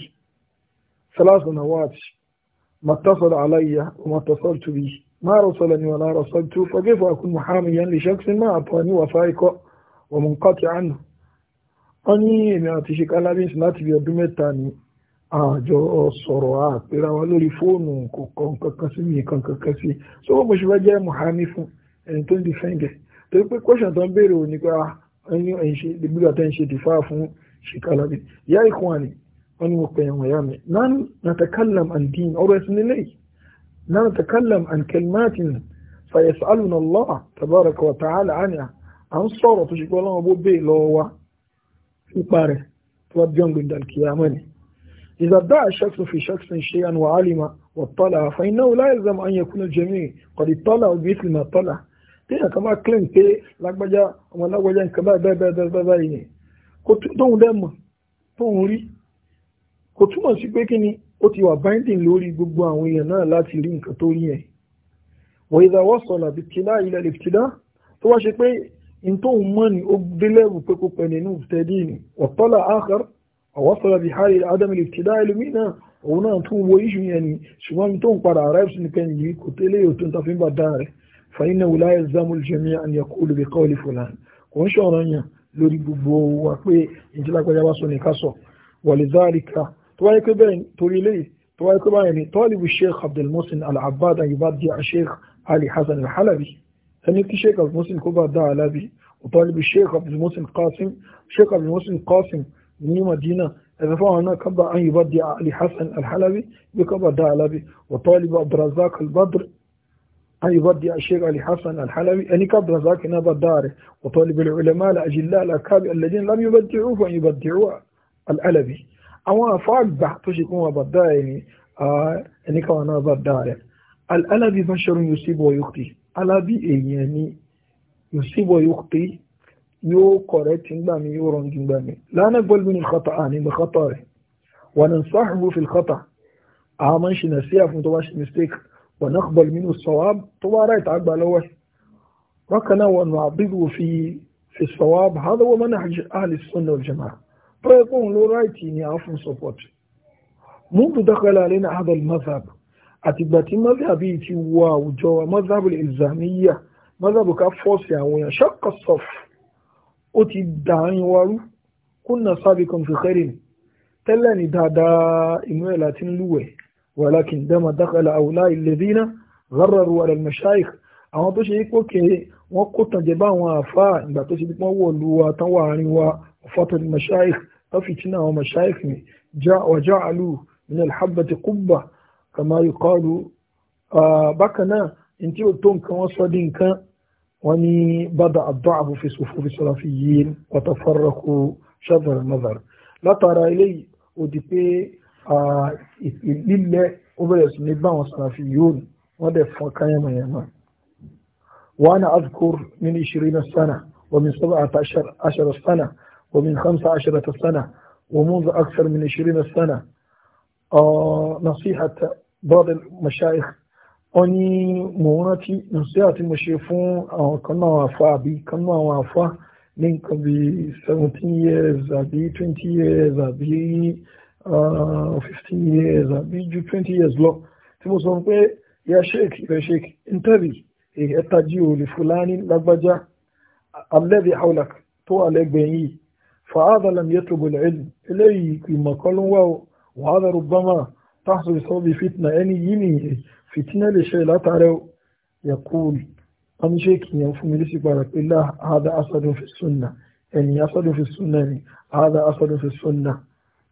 salasu nawati matasala alayya matasal tubi ما رسلني ولا رسلت فكيف أكون محاميا لشخص ما أعطاني وثائق ومنقطع عنه wọ́n ní èmi àti ṣe kálábíyèsí láti bí ọdún mẹ́ta ni àjọ sọ̀rọ̀ àpèrà wa lórí fóònù kò kàn kankan sí mi kàn kankan sí so wọ́n mo ṣe fẹ́ jẹ́ mohami fún ẹni tó ń di fẹ́ǹgẹ̀ torí pé kóṣàn tó ń béèrè òní pé ẹni ah, ẹ̀yìn ṣe gbígbà tó ń ṣe dìfá fún ṣe kálábí ìyá ìkùnwàní wọ́n ní mo pè ẹ̀wọ̀n ìyá mi náà nàtàkàlàm àǹdín ọ̀rọ̀ ẹ̀sìn nílé náà nàtàkàlàm àǹkẹlmáàtì fàyẹ̀sálùnà lọ́à tàbárẹ̀kọ̀ tààlà àníà à ń sọ̀rọ̀ tó ṣe pé ọlọ́run bó bèè lọ́wọ́ wa nípa rẹ̀ tó bá jọ́ gbẹ̀dà kìyàmọ́ ni. إذا ادعى الشخص في شخص شيئا وعلم واطلع فإنه لا أن يكون الجميع قد اطلعوا بمثل ما اطلع téèyàn kan bá claim pé lágbájá ọmọ lágbájá nǹkan báyìí bẹ́ẹ̀ bẹ́ẹ̀ bẹ́ẹ̀ báyìí yẹn kò tóun dẹ́ mọ̀ tóun rí kò túmọ̀ sí pé wà binding lórí gbogbo àwọn èèyàn náà láti rí nǹkan وإذا وصل بالابتلاء إلى الابتداء tó wá ṣe pé nítorí mọ́ ni ó délẹ́rù pé kó pẹ̀lú inú tẹ́lẹ̀ ni ọ̀tọ́là ákàr ọ̀wọ́sọ̀rọ̀ bí harry adam lè ti dá ẹlòmí náà òun náà tún wo iṣu yẹn ni ṣùgbọ́n mi tó ń padà arrives nìkan yìí kò tẹ́lẹ̀ yóò tó ń tafi ń bá dá rẹ̀ fàyínà wùlá ẹ̀zámù jẹ́mi àyẹ̀kọ́ olùbẹ̀kọ́ olè fòlàn kò ń ṣọ̀rọ̀ yàn lórí gbogbo wa pé ìjìlágbájá bá sọ nìkan sọ wàlìzáàríkà tó wáyé pé bẹ́ẹ̀ torí eléyìí tó wáyé pé báyìí ni tọ́lìbù sheikh abdulmusin al-abbad ayubadi sheikh ali hasan al-halabi هنيك الشيخ عبد المحسن كوبا دا علابي وطالب الشيخ عبد المحسن قاسم الشيخ عبد المحسن قاسم من مدينة الرفاع هنا كبا أن يبدع علي حسن الحلبي بكبا دا علابي وطالب عبد الرزاق البدر أن يبدع الشيخ علي حسن الحلبي أن كبا رزاق نبا داره وطالب العلماء الأجلاء الأكابر الذين لم يبدعوه فأن يبدعوا العلبي أما فاق بحثوش يكون بدا أن آه، يكون أني الألبي بشر يصيب ويخطئ alábí èèyàn ni yòsíbọ̀ yóò pé yóò kọ̀rẹ́ tí ń gbà mí yóò rọ̀ ń gbà mí lánàá gbọ́dọ̀ ní kọ́tà àní ní kọ́tà rẹ̀ wà ní sáàbù fi kọ́tà àmọ́ ń ṣe nà sí àfún tó bá ṣe mistake wà náà gbọ́dọ̀ ní sọ̀wáb tó bá rà ìta gbà lọ́wọ́ rọ́kànnà wà nù àbígbò fi fi sọ̀wáb hádà wọ́n mọ́nà àjẹ́ àlè sọ́nà ọ̀jọ̀mà pẹ́ẹ́kùn ló ráìtì ni àfún support. mú منذ دخل علينا هذا المذهب àtìgbà tí mọ́sàbí ti wọ àwùjọ wa mọ́sàbí ìzàmíyà mọ́sàbí ká fọ́ọ̀sì àwọn èèyàn ṣọ́kọ̀sọ̀f ó ti dàárín wa rú kúnà sábì kan fi kẹ́rin tẹ́lẹ̀ ní dáadáa inú ẹ̀ láti ń lúwẹ̀ wàlákin dama dákàlà àwùlá ilẹ̀dínà gáràrú àrẹ mẹ́ṣáìk àwọn tó ṣe é kókè wọn kó tànjẹ bá àwọn àfáà ìgbà tó ṣe pé wọn wọ lu wa tán wà àárín wa ọfọtò mẹ́ṣáìk tó fi tínà àwọn mẹ́ṣáìk mi já ọjà àlù ní alhábàtì kúbà kàmá yùkọ́lù bákan náà ntí o tó nǹkan wọ́n sọ di nǹkan wọ́n ní bàdà àdọ́àbò fi sòfò fi sọ̀rọ̀ fi yí wọ́tà fọ́rọ̀kù ṣàbẹ̀rẹ̀ nazar látara eléyìí ó di pé lílẹ̀ ó bẹ̀rẹ̀ sí ní báwọn sọ̀rọ̀ fi yóò wọ́n dẹ̀ fọ́n káyàmọ̀yàmọ̀. وأنا أذكر من عشرين سنة ومن سبعة عشر, عشر سنة ومن خمسة عشرة سنة ومنذ أكثر من عشرين سنة آه نصيحة brother mashayikh wọ́n ní mò ń rántí nàìjíríà tí mo ṣe fún àwọn kan náà àfa àbí kan náà àwọn àfa ní nǹkan bí seventeen years àbí twenty years àbí uh, fifteen years àbí ju twenty years lọ tí mo sọ pé ya sheik ya sheik ntẹ́bì ẹ̀ẹ́tají òòlù fúlàní lágbájá alẹ́bí haulak tó alẹ́gbẹ̀ẹ́ yìí fàáza lam yẹtùbọ̀lẹ̀ ẹ̀lì eléyìí ìmọ̀kọ́lùwà wàhálà rúbámà. تحصل بسبب فتنة يعني يمي فتنة لشيء لا تعرف يقول أنا شيك ينفهم لسي بارك إلا هذا أصل في السنة يعني أصل في السنة يعني هذا أصل في السنة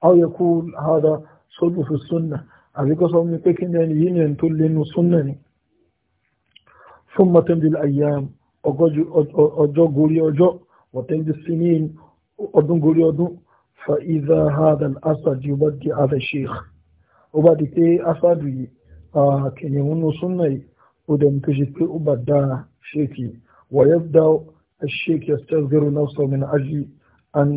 أو يقول هذا صد في السنة أبيك صوم يقولك يعني يمي تقول لأنه سنة يعني. ثم تمضي الأيام أجو قولي أجو وتمضي السنين أدن قولي أدن فإذا هذا الأصل يبدي هذا الشيخ ó bá di pé afáàdù yìí kìnìún nù súnmọ́ yìí ó dẹ̀ mú tó ṣe pé ó bá dá ṣéèkì ويبدأ الشيخ يستغفر نفسه من أجل أن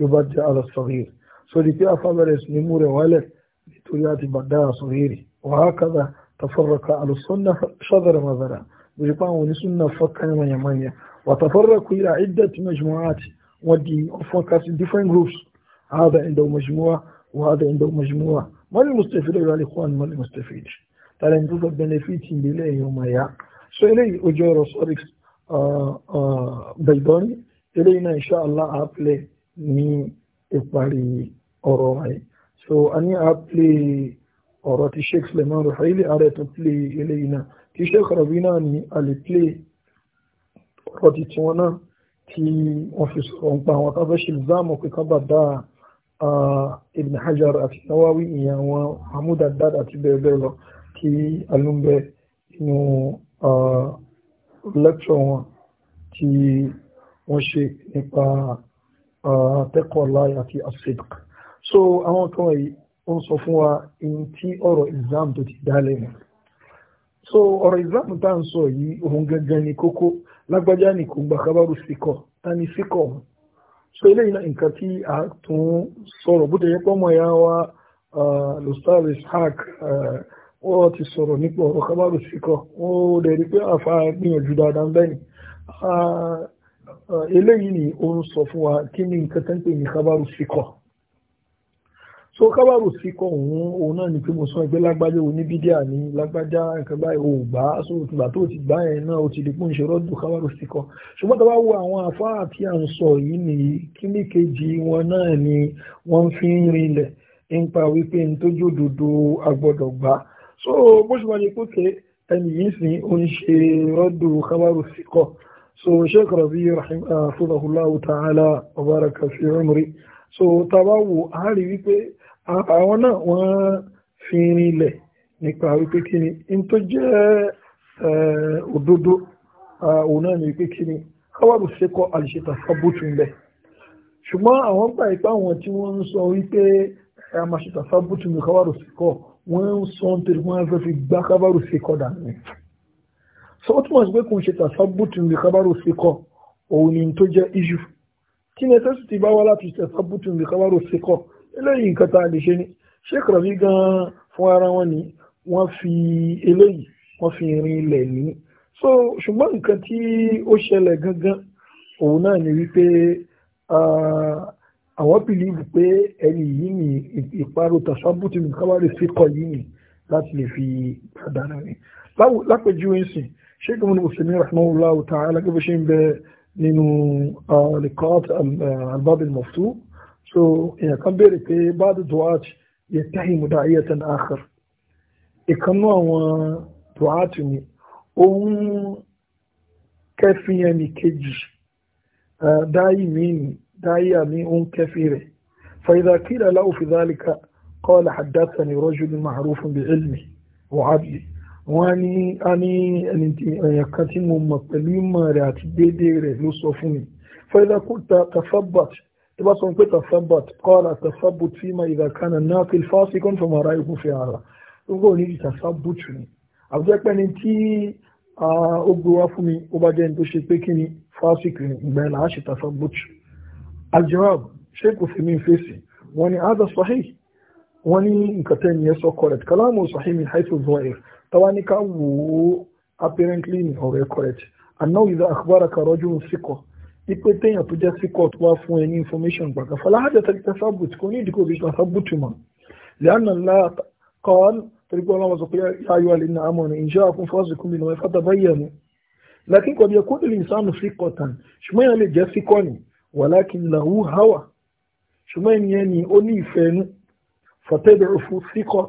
يبدأ على الصغير سوريكي أفضل يسلمور ولد لتريات بدأ صغيري وهكذا تفرق على السنة شذر مذرا بجبان ونسنة فكنا من يمانيا وتفرقوا إلى عدة مجموعات ودي أفكاس different groups هذا عنده مجموعة وهذا عنده مجموعة mọ́lì mustafid ọ̀rọ̀ alikwan mọ́lì mustafid tààrà ní tó fẹ́ bẹnẹfìtì ìdílé ẹ̀yìn ọmọ ẹ̀yà so eléyìí ojú ọ̀rọ̀ sọ́rí bẹ̀dọ́ni eléyìí náà insha Allah àápìlẹ̀ ní ìparí ọ̀rọ̀ rẹ̀ so a ní àápìlẹ̀ ọ̀rọ̀ ti sheikh suleiman ruhaili ààrẹ tó pìlẹ̀ eléyìí náà ti sheikh rabi náà ní àlèpìlẹ̀ ọ̀rọ̀ ti tiwọn náà tí wọ́n fi sọ̀rọ̀ nípa àwọn tábẹ́ṣì zámọ̀ pé kábàdá ibn hajar àti nawawi ìyẹn wọn mahmud haddad àti bẹ́ẹ̀ bẹ́ẹ̀ lọ kí alúmbẹ inú lẹ́kṣọ̀ wọn tí wọ́n ṣe nípa taqwallahi àti as so àwọn kan yìí wọ́n sọ fún wa in tí ọ̀rọ̀ exam tó ti dálẹ̀ mọ́ so ọ̀rọ̀ exam tá à ń sọ yìí òun gangan ni kókó lágbájá ni kò gbà síkọ̀ ta síkọ̀ wọn so eléyìí náà nǹkan tí a tún sọ̀rọ̀ bó ti yẹ pọ́nmọ́ ya wa lustaz ishaq wọ́n ti sọ̀rọ̀ nípa ọ̀rọ̀ kábàrò síkọ̀ wọ́n dẹ̀ rí pé àfa gbìyànjú dáadáa bẹ́ẹ̀ ni eléyìí ni ó ń sọ fún wa kí ni nǹkan tó ń pè ní kábàrò síkọ̀ so kábàrò sí kọ òun òun náà ni pé mo sọ ẹgbẹ́ lágbájá oníbídíà ní lágbájá nǹkan báyìí ò gbà á so ìgbà tó ti gbà yẹn náà ó ti di pé ń ṣe kábàrò sí kọ ṣùgbọ́n tó bá wo àwọn àfáà tí à yìí nìyí kíní kejì wọn náà ni wọ́n fi ń rinlẹ̀ nípa wípé n tó jódodo agbọ́dọ̀ gbà so bó ṣe wà ní kókè ẹni yìí sìn ó ń ṣe rọ́dùn kábàrò sí kọ so sheikh rabi rahim uh, afudahulawo ta'ala mubarak fi umri so tabawo a rí wípé àwọn náà wọ́n fi rinlẹ̀ nípa wípé kí ni in tó jẹ́ òdodo òun náà ni wípé kí ni káwàrù sékọ́ àlìṣètà sábùtù ńlẹ̀ ṣùgbọ́n àwọn gbà ipá wọn tí wọ́n ń sọ wípé àmàṣètà sábùtù ní káwàrù sékọ́ wọ́n ń sọ ń tẹ̀lé wọ́n fẹ́ fi gbá káwàrù sékọ́ dànù so ó túmọ̀ sí pé kò ń ṣe tàṣàbùtù ní kábàrò síkọ̀ òun ni tó jẹ́ iṣu kí ni ẹsẹ̀ sì ti bá wá láti ṣe eléyìí nǹkan tá a lè ṣe ni sheik rabi gan fún ara wọn ni wọ́n fi eléyìí wọ́n fi rin ilẹ̀ ní so ṣùgbọ́n nǹkan tí ó ṣẹlẹ̀ gangan òun náà ni wípé àwọn bìlíìfù pé ẹni yìí ni ìparò tàṣàbùtì nìkanwárì síkọ yìí ni láti lè fi dáadáa ni lápẹjúwe ń sìn sheik mu ni muslimin rahmanulahu ta'ala gẹ́gẹ́ bó ṣe ń bẹ nínú liqaat albab al so èèyàn kan béèrè pé ba duwat du'at ya tahi dáa yẹtẹ ní àkàr ìkànnú wa du'at ni òun kẹfìn ẹnì kejì dáyì míì dai àmì òun kẹfìn rẹ فإذا قيل له في ذلك قال حدثني رجل معروف بعلمه وعدله wọ́n ní a ní ẹni tí èèyàn kan tí mo mọ̀ rẹ̀ àti déédéé rẹ̀ ló فإذا قلت تثبت يبصون كي تثبت قال التثبت فيما إذا كان الناقل فاسقا فما رأيكم في هذا يقول نيجي تثبت شنو àbújá pé ní tí ó gbé wá fún mi ó bá jẹ́ ní tó ṣe pé kí ni fásitì ní ìgbà ẹ̀là á ṣe tàfà gbòòtù aljawab ṣé kò fi mí fèsì wọ́n ní adha sahih wọ́n ní nǹkan tẹ́ ni ẹ sọ correct kalamu sahih min haythu zahir tàwa ní ká wò ó apparently ní ọ̀rọ̀ ẹ correct annahu idha akhbaraka rajulun thiqa ipe téèyàn tó jẹ́ sí court wá fún ẹ ní information gbàgbà fọláhàjẹ́ tẹ́lẹ̀ tẹ́sàbùt kò ní ìdíkò bí tẹ́sàbùt mọ̀ lẹ́yìn ńlá kan torí pé ọlọ́wọ́ sọ pé ayọ̀ alẹ́ ní àmọ́ ní ìjọ àkún fọ́ọ̀sì kún mi lọ́wọ́ ẹ̀fọ́ tàbá yẹ̀ mu lakin kò ní ẹkún tó lè sánú sí kọ̀tàn ṣùgbọ́n yẹn lè jẹ́ sí kọ́ni wàlákin làwù hawa ṣùgbọ́n yẹn ni ó ní ìfẹ́ nu fọ̀tẹ́bẹ̀rẹ̀ fún síkọ̀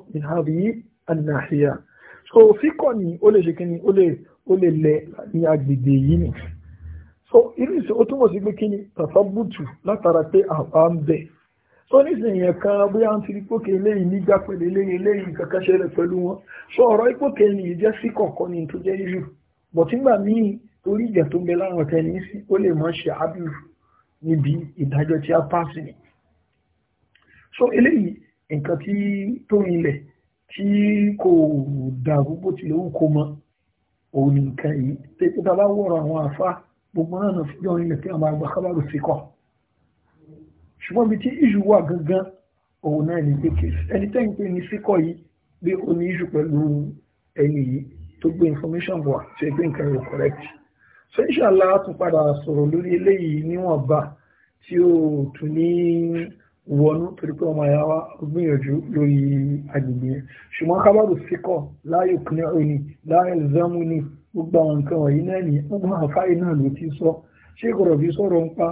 ní so irú ìṣòro túmọ̀ sí pé kí ni tàfábùtù látara pé àpá ń bẹ̀ so nísìnyí kan bóyá ń tiri pókè eléyìí nígbà pẹ̀lú eléyìí eléyìí kankan ṣẹlẹ̀ pẹ̀lú wọn so ọ̀rọ̀ ìpókè ni ìjẹ́ sí kọ̀ọ̀kan ni tó jẹ́ irú bọ̀tígbà míì torí ìjà tó ń bẹ láwọn ọ̀tẹ̀ sí ó lè mọ́ ṣe ábìrù níbi ìdájọ́ tí a pàṣẹ ni so eléyìí nǹkan tí tó rinlẹ̀ tí kò dàrú bó tilẹ̀ wù kó mọ òun nìkan yìí tẹ́tẹ́ bá wọ̀rọ̀ àwọn àfáà gbogbo náà fi jọ ilẹ̀ tí a máa gba kábàrù sí kọ́ ṣùgbọ́n bí tí ìṣù wà gangan òun náà ní pé kìí ẹni tẹ́yìn pé ní síkọ́ yìí bí o ní ìṣù pẹ̀lú ẹni yìí tó gbé information bọ̀ àti ẹgbẹ́ nǹkan rẹ̀ correct so inshallah a tún padà sọ̀rọ̀ lórí eléyìí níwọ̀nba tí ó tún ní wọnú torí pé ọmọ ẹ̀yà wa gbìyànjú lórí agbègbè yẹn ṣùgbọ́n kábàrù síkọ̀ láyò kìnìún ni láyò gbogbo àwọn nǹkan wọ̀nyí náà ni ọmọ àfáì náà ló ti sọ ṣé gbọ́dọ̀ fi sọ̀rọ̀ ń pa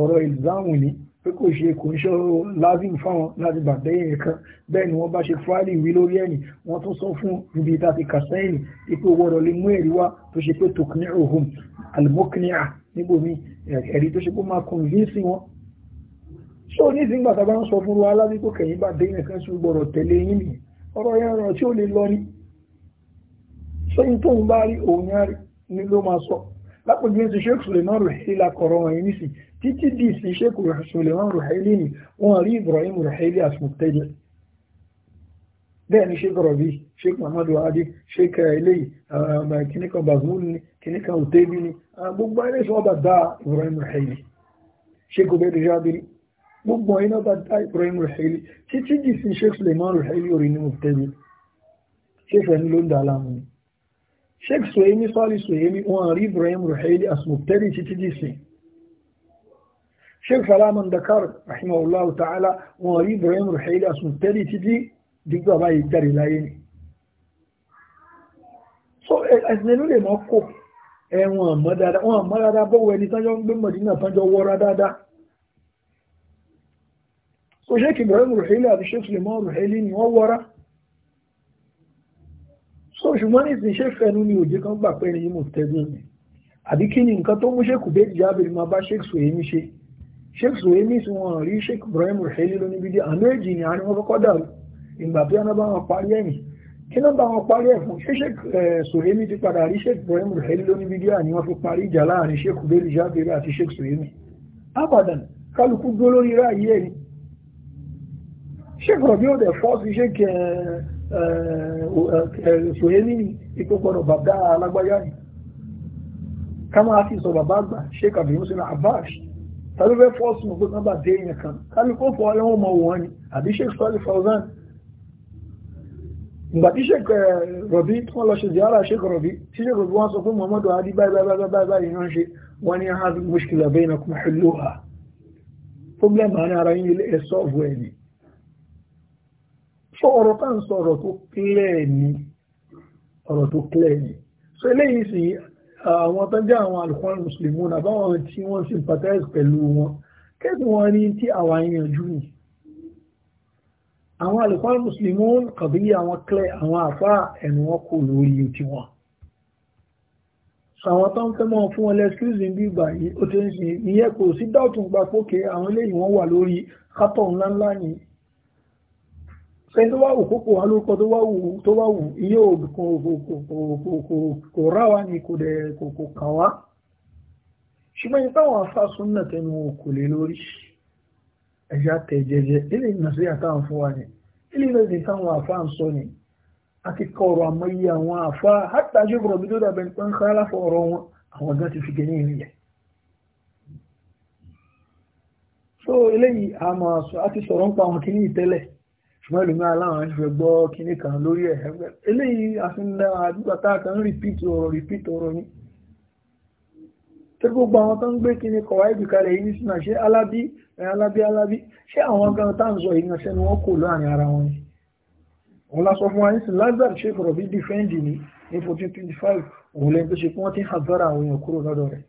ọ̀rọ̀ ìlzáàmù ni pé kò ṣe kò ń ṣọ́ lázìm fáwọn láti bàbá yẹn kan bẹ́ẹ̀ ni wọ́n bá ṣe fúrálì wí lórí ẹ̀yìn wọ́n tún sọ fún ibi tá a ti kà sẹ́yìn ipò wọ̀rọ̀ lè mú ẹ̀rí wá tó ṣe pé tòkìní òhun àlùmọ́kìníà níbòmí ẹ̀rí tó ṣe pé máa kọ̀ǹvínsì wọn so ní ìsìngbà tá bá ń sọ fún wa lábí kò kẹ̀yìn bá dé kan sí gbọ́dọ̀ tẹ̀lé yín nìyẹn ọ̀rọ̀ yẹn ọ̀rọ̀ tí ó le lọ ni so in tóun bá rí òun yá rí ni ló máa sọ lápòjú ní ti sheikh suleiman ruhaili lakọrọ wọn yìí nísì títí di sí sheikh suleiman ruhaili ni wọn rí ibrahim ruhaili as mubtadi bẹ́ẹ̀ ni sheikh rabi sheikh muhammadu adi sheikh eh, eléyìí eh, eh, kìnìkan bazmul ni kìnìkan òtẹ́bí ni gbogbo ayé sọ bá dá ibrahim ruhaili sheikh obedi jabiri gbogbo ayé náà bá dá ibrahim ruhaili títí di sí sheikh suleiman ruhaili orí ni mubtadi sheikh ẹni ló ń dà láàmú ni sheikh suhaimi sọ́ọ̀lì suhaimi wọ́n rí ibrahim ruhaili as mubtadi títí dìsìn sheikh salaman dakar rahimahullahu ta'ala wọ́n rí ibrahim ruhaili as mubtadi títí dígbà báyìí jáde láyé ni so ẹ̀sìn ló lè mọ́ kó ẹ̀wọ̀n àmọ́ dáadáa wọ́n àmọ́ dáadáa bọ́wọ́ ẹni tánjọ́ ń gbé mọ̀dínà tánjọ́ wọ́ra dáadáa so sheikh ibrahim ruhaili àti sheikh suleiman ruhaili ni wọ́n wọ́ra ṣùgbọ́n ní ìsìn ṣe fẹnu ni òjé kan gbà pé ní yìí mọ̀tẹ́gùn ni àbí kí ni nǹkan tó mú ṣèkù bẹ́ẹ̀ jábìrì máa bá ṣèkù sòyémi ṣe ṣèkù sòyémi sì wọn rí ṣèkù Ibrahim Ruhaili lóní bídí àmì èjì ni àárín wọn kọ́kọ́ dàrú ìgbà bí wọn bá wọn parí ẹ̀mí kí náà bá wọn parí ẹ̀ fún ṣé ṣèkù sòyémi ti padà rí ṣèkù Ibrahim Ruhaili lóní bídí àní wọn fi parí ìjà láàrin ṣèkù bẹ́ẹ̀ ṣòhélì ipò bàbá alágbáyá yìí ká máa sọ bàbá àgbà sheik abdul sinu abbas fọ́ọ̀sì mọ̀ pé na dé èèyàn kan kálukó fọ́ ẹlẹ́wọ̀n mọ̀ wọ́n ni àbí sheik sheik rọ̀bí tí wọ́n lọ ṣe ziyara sheik rọ̀bí tí sheik rọ̀bí muhammadu adi báyìí báyìí báyìí ara ṣé ọ̀rọ̀ tá à ń sọ ọ̀rọ̀ tó clear ni ọ̀rọ̀ tó clear ni so eléyìí sì àwọn tó jẹ́ àwọn alùpùpù mùsùlùmí náà báwọn tí wọ́n sympathize pẹ̀lú wọn kẹ́sì wọn ní tí àwa yanjú ni àwọn alùpùpù mùsùlùmí kàbí àwọn clear àwọn àfa ẹnu wọn fún wọn lẹ́skúrìsì ń bí ìgbà yìí sí dáùtù gbapókè àwọn eléyìí wọ́n wà lórí kátọ̀ ńláńlá yìí ṣe tó wá wù kókò wá tó wá tó wá wù iye kò rá wa ni kò dẹ̀ kò kàn wá ṣùgbọ́n yìí táwọn afásun náà tẹnu kò lè lórí ẹ̀yà tẹ̀ jẹjẹ ilé ìnàṣẹ́ àtàwọn fún wa ni ilé ìrẹsì táwọn afá ń sọ ni a ti so eléyìí a máa sọ a ti sọ̀rọ̀ ń pa àwọn kìíní tẹ́lẹ̀ ṣùgbọ́n ìlú mìíràn láwọn ń gbọ́ kínní kan lórí ẹ̀ eléyìí àfihàn àdúgbò tá a kan ń rìpíìtì ọ̀rọ̀ rìpíìtì ọ̀rọ̀ ni tí gbogbo àwọn tó ń gbé kínní kọ̀wá ìbí kalẹ̀ yìí sínú ṣé alábí alábí alábí ṣé àwọn gan tá à ń sọ yìí ṣe ni wọ́n kò láàrin ara wọn ni òun la fún wa nísìn Lazarus ṣe fọ̀rọ̀ bí dífẹ́ǹdì ní ní fourteen twenty five òun lẹ́yìn tó ṣe pé wọ́n ti ń hazara àwọn èèyàn kúrò lọ́dọ̀ rẹ̀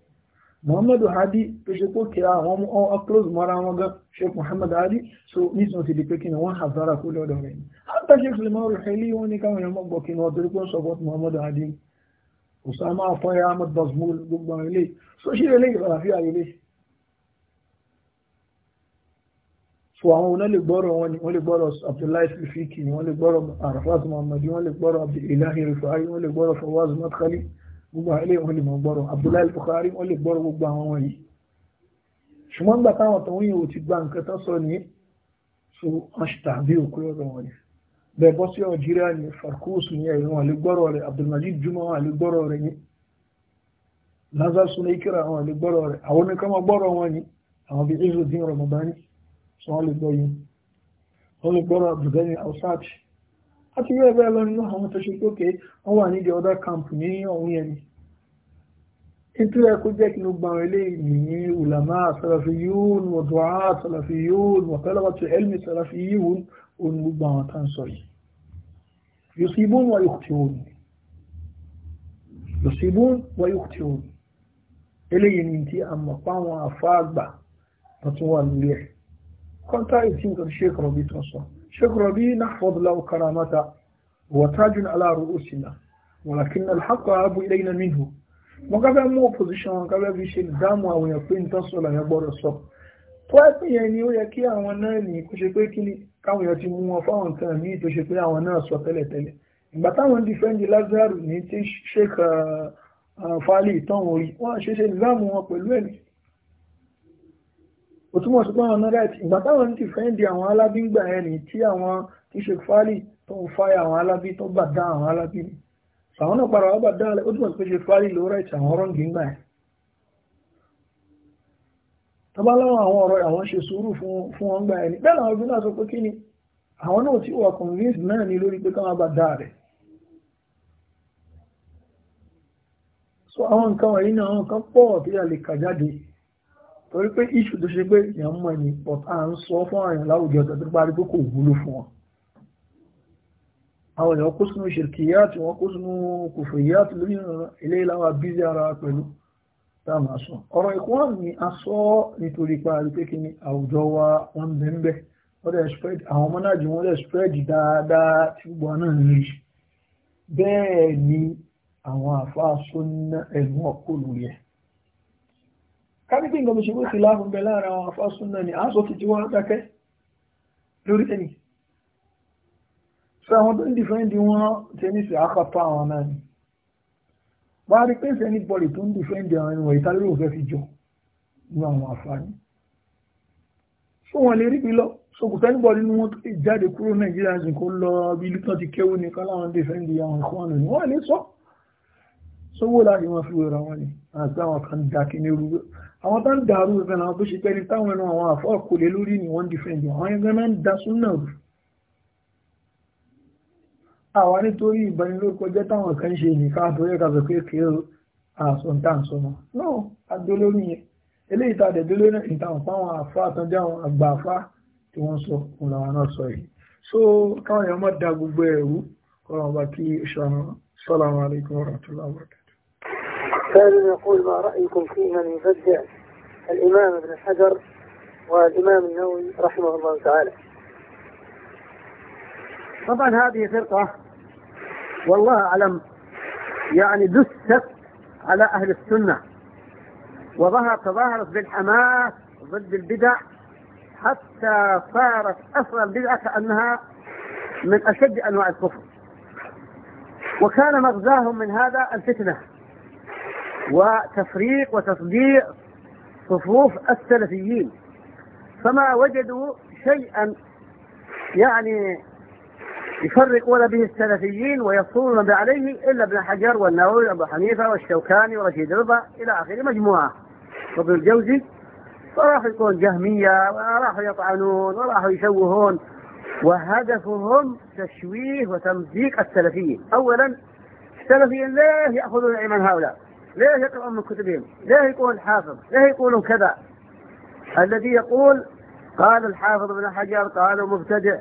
muhammadu hadi tó ṣe kó kíra àwọn ọmọ close mọ́ra wọn gan sheikh muhammadu hadi so nísìnyí ti di pé kí ni wọ́n hazara kó lọ́dọ̀ rẹ̀ ni hata sheikh suleiman ruhaili wọn ní káwọn èèyàn mọ́gbọ́ kí ni wọ́n torí support muhammadu hadi usama afọyà ahmed basmul gbogbo àwọn ilé so ṣe lè ìfàlàfíà ilé so àwọn wọn lè gbọ́rọ̀ wọn ni wọ́n lè gbọ́rọ̀ abdullahi sifiki wọ́n lè gbọ́rọ̀ arafat muhammadu wọ́n lè gbọ́rọ̀ abdullahi rifai wọ́n lè gbọ́rọ̀ fawaz madkhali gbogbo àwọn eléyìí wọn lè mọ gbọ́rọ̀ Abdullahi Bukhari wọn lè gbọ́rọ̀ gbogbo àwọn wọ̀nyí ṣùgbọ́n gbà táwọn tó ń yìí ò ti gba nǹkan tán sọ ní so wọn ṣe tàbí òkú ọ̀rọ̀ wọn ni bẹ́ẹ̀ bọ́ sí Algeria ní Farkous ní ẹ̀yìn wọn lè gbọ́rọ̀ rẹ̀ Abdulmajid Juma wọn lè gbọ́rọ̀ rẹ̀ yìí Lazar Sunaikira wọn lè gbọ́rọ̀ rẹ̀ àwọn nìkan mọ gbọ́rọ̀ wọn ni àwọn bíi àti bẹ́ẹ̀ bẹ́ẹ̀ lọ nínú àwọn tó ṣe pé wọ́n wà nídìí ọ̀dà camp ní ọ̀hún yẹn ni nítorí ẹ kó jẹ́ kí ló gba àwọn eléyìí ní ulama salafiyun wa du'a salafiyun wa talabatu ilmi salafiyun òun gbogbo àwọn tá à ń sọ yìí yusibun wa yukhti'un yusibun wa yukhti'un eléyìí ni tí a mọ̀ fáwọn àfáàgbà tó tún wà nílé kọ́ńtà ìtì nǹkan ṣe kọ̀ọ̀bí tó sọ. شيخ ربينا احفظ له كرامته هو تاج على رؤوسنا ولكن الحق أهب إلينا منه wọ́n kábẹ́ mú opposition wọn kábẹ́ fi ṣe ìdáàmú àwọn èèyàn pé nǹkan sọ̀rọ̀ àyàn gbọ́dọ̀ sọ tó ẹ̀sìn yẹn ni ó yẹ kí àwọn náà ní kó ṣe pé kí káwọn èèyàn ti mú wọn fáwọn nǹkan míì tó ṣe pé àwọn náà sọ tẹ́lẹ̀tẹ́lẹ̀ ìgbà táwọn ń dìfẹ́ǹdì Lazarus ní tí Sheikh Fali ìtàn orí wọ́n ṣe ṣe ìdáàmú wọn pẹ̀lú ẹ̀mí ó túmọ̀ sí pé àwọn right ìgbà táwọn ń dìfẹ́ǹdì àwọn alábí ń gbà ẹni tí àwọn tí ṣe fálì tó ń fáyà àwọn alábí tó bà dá àwọn alábí ni àwọn náà padà wá bà dá ó túmọ̀ sí pé ṣe fálì ló right àwọn rọ́ǹgì gbà ẹ̀ tọ́bá láwọn àwọn ọ̀rọ̀ àwọn ṣe sùúrù fún wọn gbà ẹni bẹ́ẹ̀ làwọn obìnrin náà sọ pé kí ni àwọn náà tí wà convince náà ni lórí pé káwọn bá dáa rẹ̀ so àwọn nǹkan wọ̀nyí náà àwọn kan pọ̀ tí a lè kà jáde torí pé iṣu tó ṣe pé èèyàn mọ̀ ní but à ń sọ fún àyàn láwùjọ ọ̀tọ̀ tó bá rí pé kò wúlò fún wọn àwọn èèyàn kó sínú ṣìrkíyàtì wọn kó sínú kùfìyàtì lórí ìrànlọ́ ilé ìlàwà bízí ara pẹ̀lú táàmù àṣọ ọ̀rọ̀ ìkọ́wọ́n ni a sọ nítorí parí pé kí ni àwùjọ wa wọn ń bẹ́ńbẹ́ wọ́n dẹ̀ spread àwọn mọ́nájì wọ́n dẹ̀ spread dáadáa tí gbogbo àná ń rí bẹ́ẹ̀ ni àwọn àfáà sọ ní ẹ̀gbọ́n kò lórí kábíkí nǹkan bí ṣe bó ti láàrùn bẹ láàrin àwọn afásún náà ni a sọ ti jíwá dákẹ́ lórí ẹni sọ àwọn tó ń dìfẹ́ǹdì wọn ti ní sí àkàtà àwọn náà ni bá rí pé sẹ́ni bọ́ọ̀lì tó ń dìfẹ́ǹdì àwọn ènìyàn ìtàlérò fẹ́ fi jọ ní àwọn àǹfààní sọ wọn lè rí bí lọ sọkùtà níbọ̀ nínú wọn jáde kúrò nàìjíríà sì kó lọ bí lítọ́ ti kéwú nìkan láwọn dìfẹ́ǹdì àwọn ìkọ́nà ni wọ́n lè sówó láti wọn fi wèrè wọn ni àti àwọn kan dákí ní orúgbó àwọn tá ń dàrú rẹ̀ náà tó ṣe pé ní táwọn ẹnu àwọn àfọ́ kòlé lórí ni wọ́n dìfẹ́ǹdì àwọn ẹgbẹ́ náà ń da súnà rù àwa nítorí ìbanilórúkọjẹ́ táwọn kan ṣe nìka àtòyẹ́ kàtò kéèkéé àsọ̀ntàǹsọ̀ náà adólórí yẹn eléyìí tá a dẹ̀ dólórí náà ìtàn fáwọn àfá àtọ́jú àwọn àgbà àfá tí wọ́n sọ òun làwọn náà sọ yìí so káwọn èèyàn mọ̀ da gbogbo ẹ̀rú kọ́ra wọn bá kí ṣàrán sọ́làmù alaykum wa rahmatullahi wa barakatuh. سائل يقول ما رأيكم في من يبدع الإمام ابن حجر والإمام النووي رحمه الله تعالى طبعا هذه فرقة والله أعلم يعني دست على أهل السنة وظهر تظاهرت بالحماس ضد البدع حتى صارت أصل البدعة كأنها من أشد أنواع الكفر وكان مغزاهم من هذا الفتنة وتفريق وتصديع صفوف السلفيين فما وجدوا شيئا يعني يفرقون به السلفيين ويصون عليه الا ابن حجر والنووي وابو حنيفه والشوكاني ورشيد رضا الى اخره مجموعه وابن الجوزي فراحوا يكون جهميه وراحوا يطعنون وراحوا يشوهون وهدفهم تشويه وتمزيق السلفيين اولا السلفيين ليه ياخذون العلم هؤلاء ليه يقرأون من كتبهم ليه يقول حافظ ليه يقولون كذا الذي يقول قال الحافظ ابن حجر قالوا مبتدع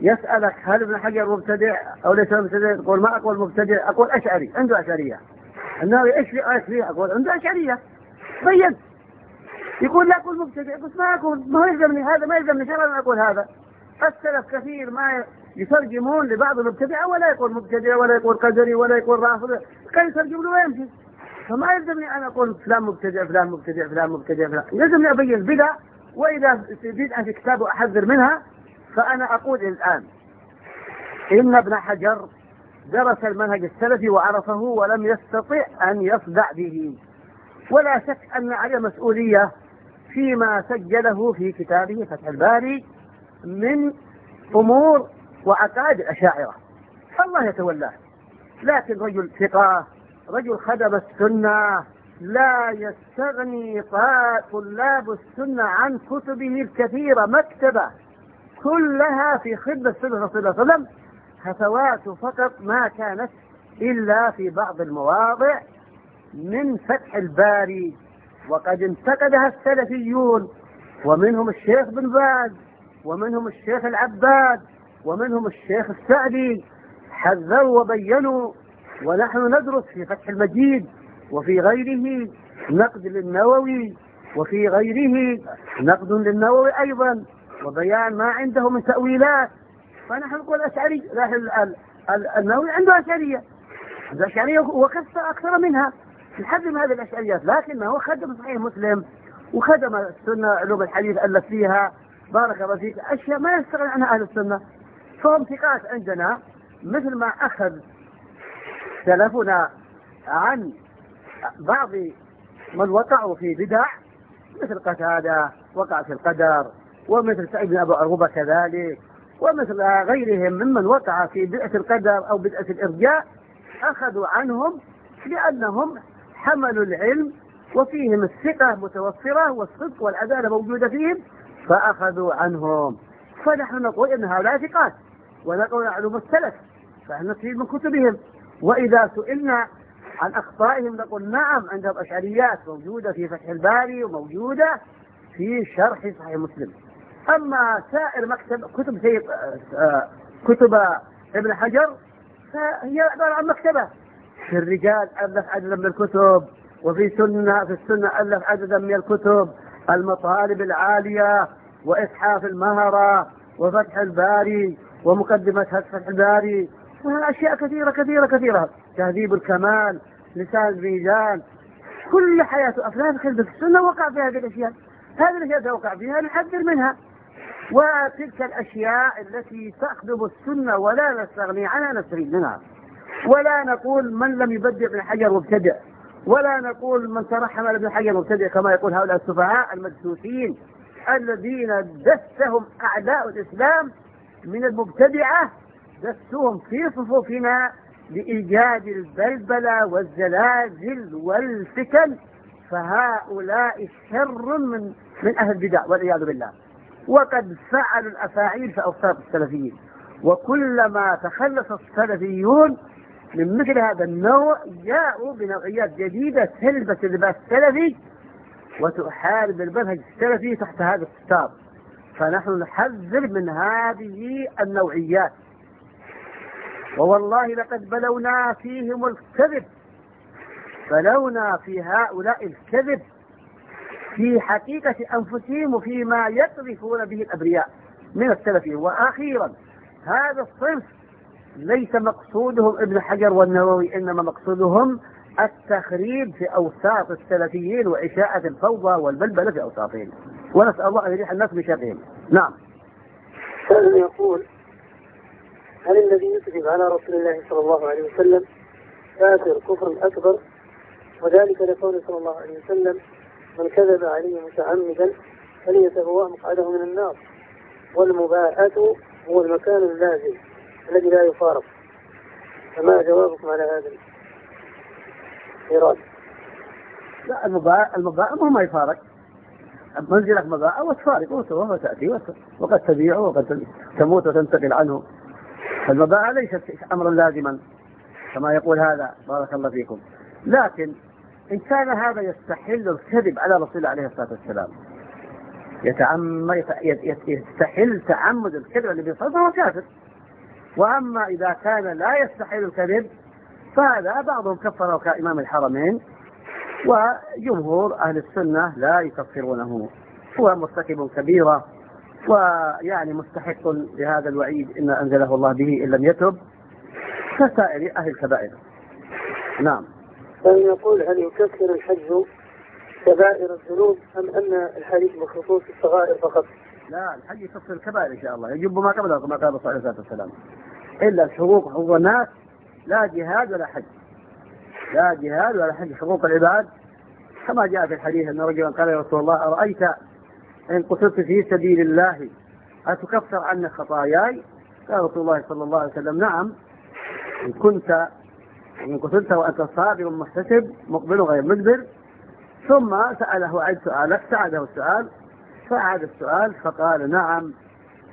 يسألك هل ابن حجر مبتدع أو ليس مبتدع تقول ما أقول مبتدع أقول أشعري عنده أشعرية الناوي إيش في إيش فيه أقول عنده أشعرية بين يقول لا أقول مبتدع بس ما أقول ما يلزمني هذا ما يلزمني شرعا أن أقول هذا السلف كثير ما يترجمون لبعض المبتدع ولا يقول مبتدع ولا يقول قدري ولا يقول رافض كان يترجم له ويمشي فما يلزمني أن أقول فلان مبتدع فلان مبتدع فلان مبتدع فلان يلزمني أبين بدع وإذا جئت في كتاب وأحذر منها فأنا أقول الآن إن ابن حجر درس المنهج السلفي وعرفه ولم يستطع أن يصدع به ولا شك أن عليه مسؤولية فيما سجله في كتابه فتح الباري من أمور وعقائد الأشاعرة الله يتولاه لكن رجل ثقة رجل خدم السنة لا يستغني طلاب السنة عن كتبه الكثيرة مكتبة كلها في خدمة السنة صلى الله عليه وسلم هفوات فقط ما كانت إلا في بعض المواضع من فتح الباري وقد انتقدها السلفيون ومنهم الشيخ بن باز ومنهم الشيخ العباد ومنهم الشيخ السعدي حذروا وبينوا ونحن ندرس في فتح المجيد وفي غيره نقد للنووي وفي غيره نقد للنووي أيضا وبيان ما عنده من تأويلات فنحن نقول أشعري النووي عنده أشعرية الأشعرية وقصة أكثر منها يحرم هذه الأشعريات لكنه خدم صحيح مسلم وخدم السنة علوم الحديث ألف فيها بارك الله فيك أشياء ما يستغني عنها أهل السنة فهم ثقات عندنا مثل ما أخذ سلفنا عن بعض من وقعوا في بدع مثل قتادة وقع في القدر ومثل سعيد بن أبو عروبة كذلك ومثل غيرهم ممن وقع في بدعة القدر أو بدعة الإرجاء أخذوا عنهم لأنهم حملوا العلم وفيهم الثقة متوفرة والصدق والعدالة موجودة فيهم فأخذوا عنهم فنحن نقول إن هؤلاء ثقات ونقول علوم السلف فنستفيد من كتبهم وإذا سئلنا عن أخطائهم نقول نعم عندهم أشعريات موجودة في فتح الباري وموجودة في شرح صحيح مسلم أما سائر مكتب كتب سيد آه، آه، كتب ابن حجر فهي عبارة عن مكتبة في الرجال ألف عددا من الكتب وفي سنة في السنة ألف عددا من الكتب المطالب العالية وإسحاف المهرة وفتح الباري ومقدمة فتح الباري أشياء كثيرة كثيرة كثيرة تهذيب الكمال لسان الميزان كل حياته أفلام خلف السنة وقع في هذه الأشياء هذه الأشياء توقع فيها نحذر منها وتلك الأشياء التي تخدم السنة ولا نستغني عنها نستغني منها ولا نقول من لم يبدع ابن حجر مبتدع ولا نقول من ترحم على ابن حجر مبتدع كما يقول هؤلاء السفهاء المدسوسين الذين دسهم أعداء الإسلام من المبتدعة دسوهم في صفوفنا لإيجاد البلبلة والزلازل والفتن فهؤلاء شر من من أهل البدع والعياذ بالله وقد فعلوا الأفاعيل في أوساط السلفيين وكلما تخلص السلفيون من مثل هذا النوع جاءوا بنوعيات جديدة تلبس اللباس السلفي وتحارب المنهج السلفي تحت هذا الكتاب فنحن نحذر من هذه النوعيات ووالله لقد بلونا فيهم الكذب بلونا في هؤلاء الكذب في حقيقة أنفسهم وفيما يقذفون به الأبرياء من السلف وأخيرا هذا الصنف ليس مقصودهم ابن حجر والنووي إنما مقصودهم التخريب في أوساط السلفيين وإشاعة الفوضى والبلبلة في أوساطهم ونسأل الله أن يريح الناس بشرهم نعم يقول هل الذي يكذب على رسول الله صلى الله عليه وسلم كافر كفر أكبر وذلك لقول صلى الله عليه وسلم من كذب عليه متعمدا فليتبوأ مقعده من النار والمباءة هو المكان اللازم الذي لا يفارق فما جوابكم على هذا الإيراد؟ لا المباء المباء ما هو ما يفارق منزلك مباء وتفارق وتأتي وقد تبيعه وقد تموت وتنتقل عنه فالمباعة ليست أمرا لازما كما يقول هذا بارك الله فيكم لكن إن كان هذا يستحل الكذب على رسول عليه الصلاة والسلام يتعمد يستحل تعمد الكذب على النبي صلى الله عليه وسلم فهو كافر وأما إذا كان لا يستحل الكذب فهذا بعضهم كفره كإمام الحرمين وجمهور أهل السنة لا يكفرونه هو مرتكب كبيرة ويعني مستحق لهذا الوعيد إن أنزله الله به إن لم يتب كسائر أهل الكبائر نعم يقول هل يكفر الحج كبائر الذنوب أم أن الحديث بخصوص الصغائر فقط لا الحج يكفر الكبائر إن شاء الله يجب ما قبله كما قال صلى الله عليه وسلم إلا الحقوق حقوق الناس لا جهاد ولا حج لا جهاد ولا حج حقوق العباد كما جاء في الحديث أن رجلا قال يا رسول الله أرأيت إن قتلت في سبيل الله أتكفر عنك خطاياي قال رسول الله صلى الله عليه وسلم نعم إن كنت إن قتلت وأنت صابر محتسب مقبل غير مدبر ثم سأله عن سؤالك سأله السؤال فأعاد السؤال فقال نعم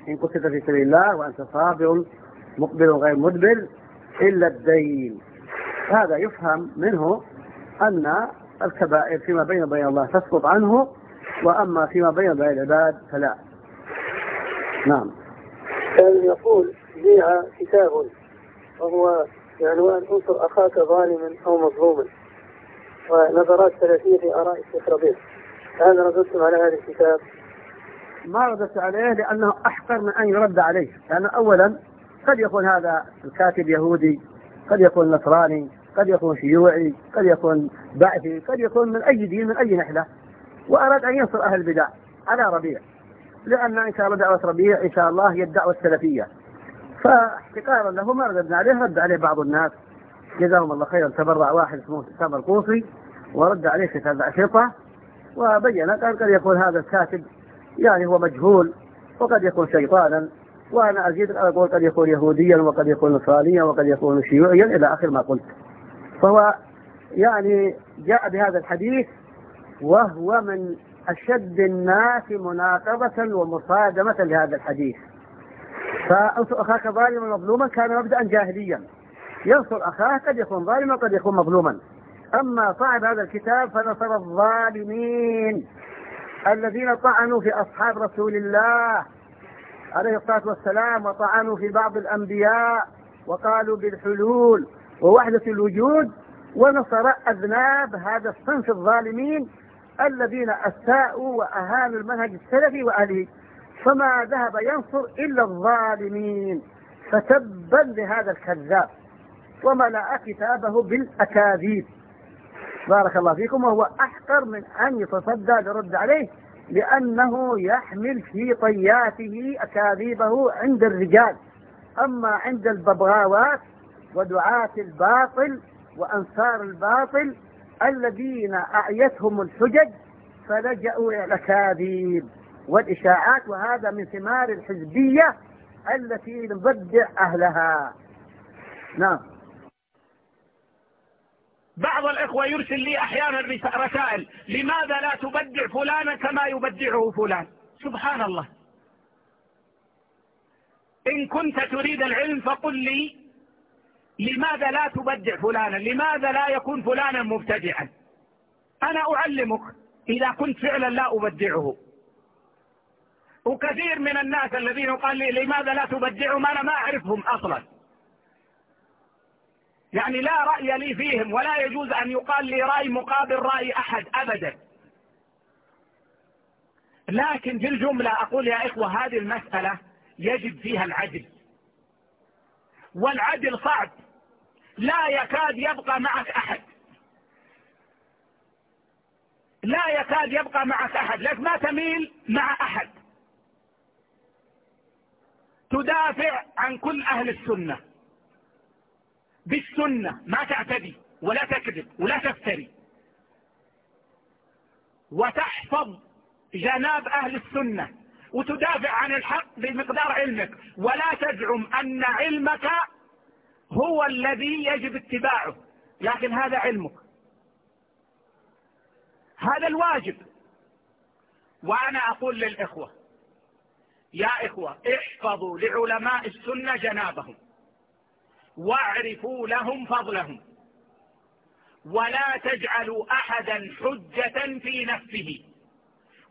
إن قتلت في سبيل الله وأنت صابر مقبل غير مدبر إلا الدين هذا يفهم منه أن الكبائر فيما بين وبين الله تسقط عنه وأما فيما بين بين العباد فلا نعم كان يقول بيع كتاب وهو بعنوان انصر أخاك ظالما أو مظلوما ونظرات ثلاثية في آراء الشيخ ربيع هل رددتم على هذا الكتاب؟ ما رددت عليه لأنه أحقر من أن يرد عليه لان أولا قد يكون هذا الكاتب يهودي قد يكون نصراني قد يكون شيوعي قد يكون بعثي قد يكون من أي دين من أي نحلة وأراد أن ينصر أهل البدع على ربيع لأن إن شاء الله دعوة ربيع إن شاء الله هي الدعوة السلفية فاحتقارا له ما رددنا عليه رد عليه بعض الناس جزاهم الله خيرا تبرع واحد اسمه حسام القوصي ورد عليه في أشرطة شرطة وبين قال قد يكون هذا الكاتب يعني هو مجهول وقد يكون شيطانا وانا ازيد اقول قد يكون يهوديا وقد يكون نصرانيا وقد يكون شيوعيا الى اخر ما قلت فهو يعني جاء بهذا الحديث وهو من أشد الناس مناقضة ومصادمة لهذا الحديث فأنصر أخاك ظالما مظلوما كان مبدأ جاهليا ينصر أخاه قد يكون ظالما قد يكون مظلوما أما صاحب هذا الكتاب فنصر الظالمين الذين طعنوا في أصحاب رسول الله عليه الصلاة والسلام وطعنوا في بعض الأنبياء وقالوا بالحلول ووحدة الوجود ونصر أذناب هذا الصنف الظالمين الذين أساءوا وأهانوا المنهج السلفي وأهله فما ذهب ينصر إلا الظالمين فتبا لهذا الكذاب وملأ كتابه بالأكاذيب بارك الله فيكم وهو أحقر من أن يتصدى لرد عليه لأنه يحمل في طياته أكاذيبه عند الرجال أما عند الببغاوات ودعاة الباطل وأنصار الباطل الذين أعيتهم الحجج فلجأوا إلى الأكاذيب والإشاعات وهذا من ثمار الحزبية التي نضجع أهلها نعم بعض الإخوة يرسل لي أحيانا رسائل لماذا لا تبدع فلانا كما يبدعه فلان سبحان الله إن كنت تريد العلم فقل لي لماذا لا تبدع فلانا لماذا لا يكون فلانا مبتدعا أنا أعلمك إذا كنت فعلا لا أبدعه وكثير من الناس الذين قال لي لماذا لا تبدعهم أنا ما أعرفهم أصلا يعني لا رأي لي فيهم ولا يجوز أن يقال لي رأي مقابل رأي أحد أبدا لكن في الجملة أقول يا إخوة هذه المسألة يجب فيها العدل والعدل صعب لا يكاد يبقى معك أحد لا يكاد يبقى معك أحد لك ما تميل مع أحد تدافع عن كل أهل السنة بالسنة ما تعتدي ولا تكذب ولا تفتري وتحفظ جناب أهل السنة وتدافع عن الحق بمقدار علمك ولا تزعم أن علمك هو الذي يجب اتباعه لكن هذا علمك هذا الواجب وأنا أقول للإخوة يا إخوة احفظوا لعلماء السنة جنابهم واعرفوا لهم فضلهم ولا تجعلوا أحدا حجة في نفسه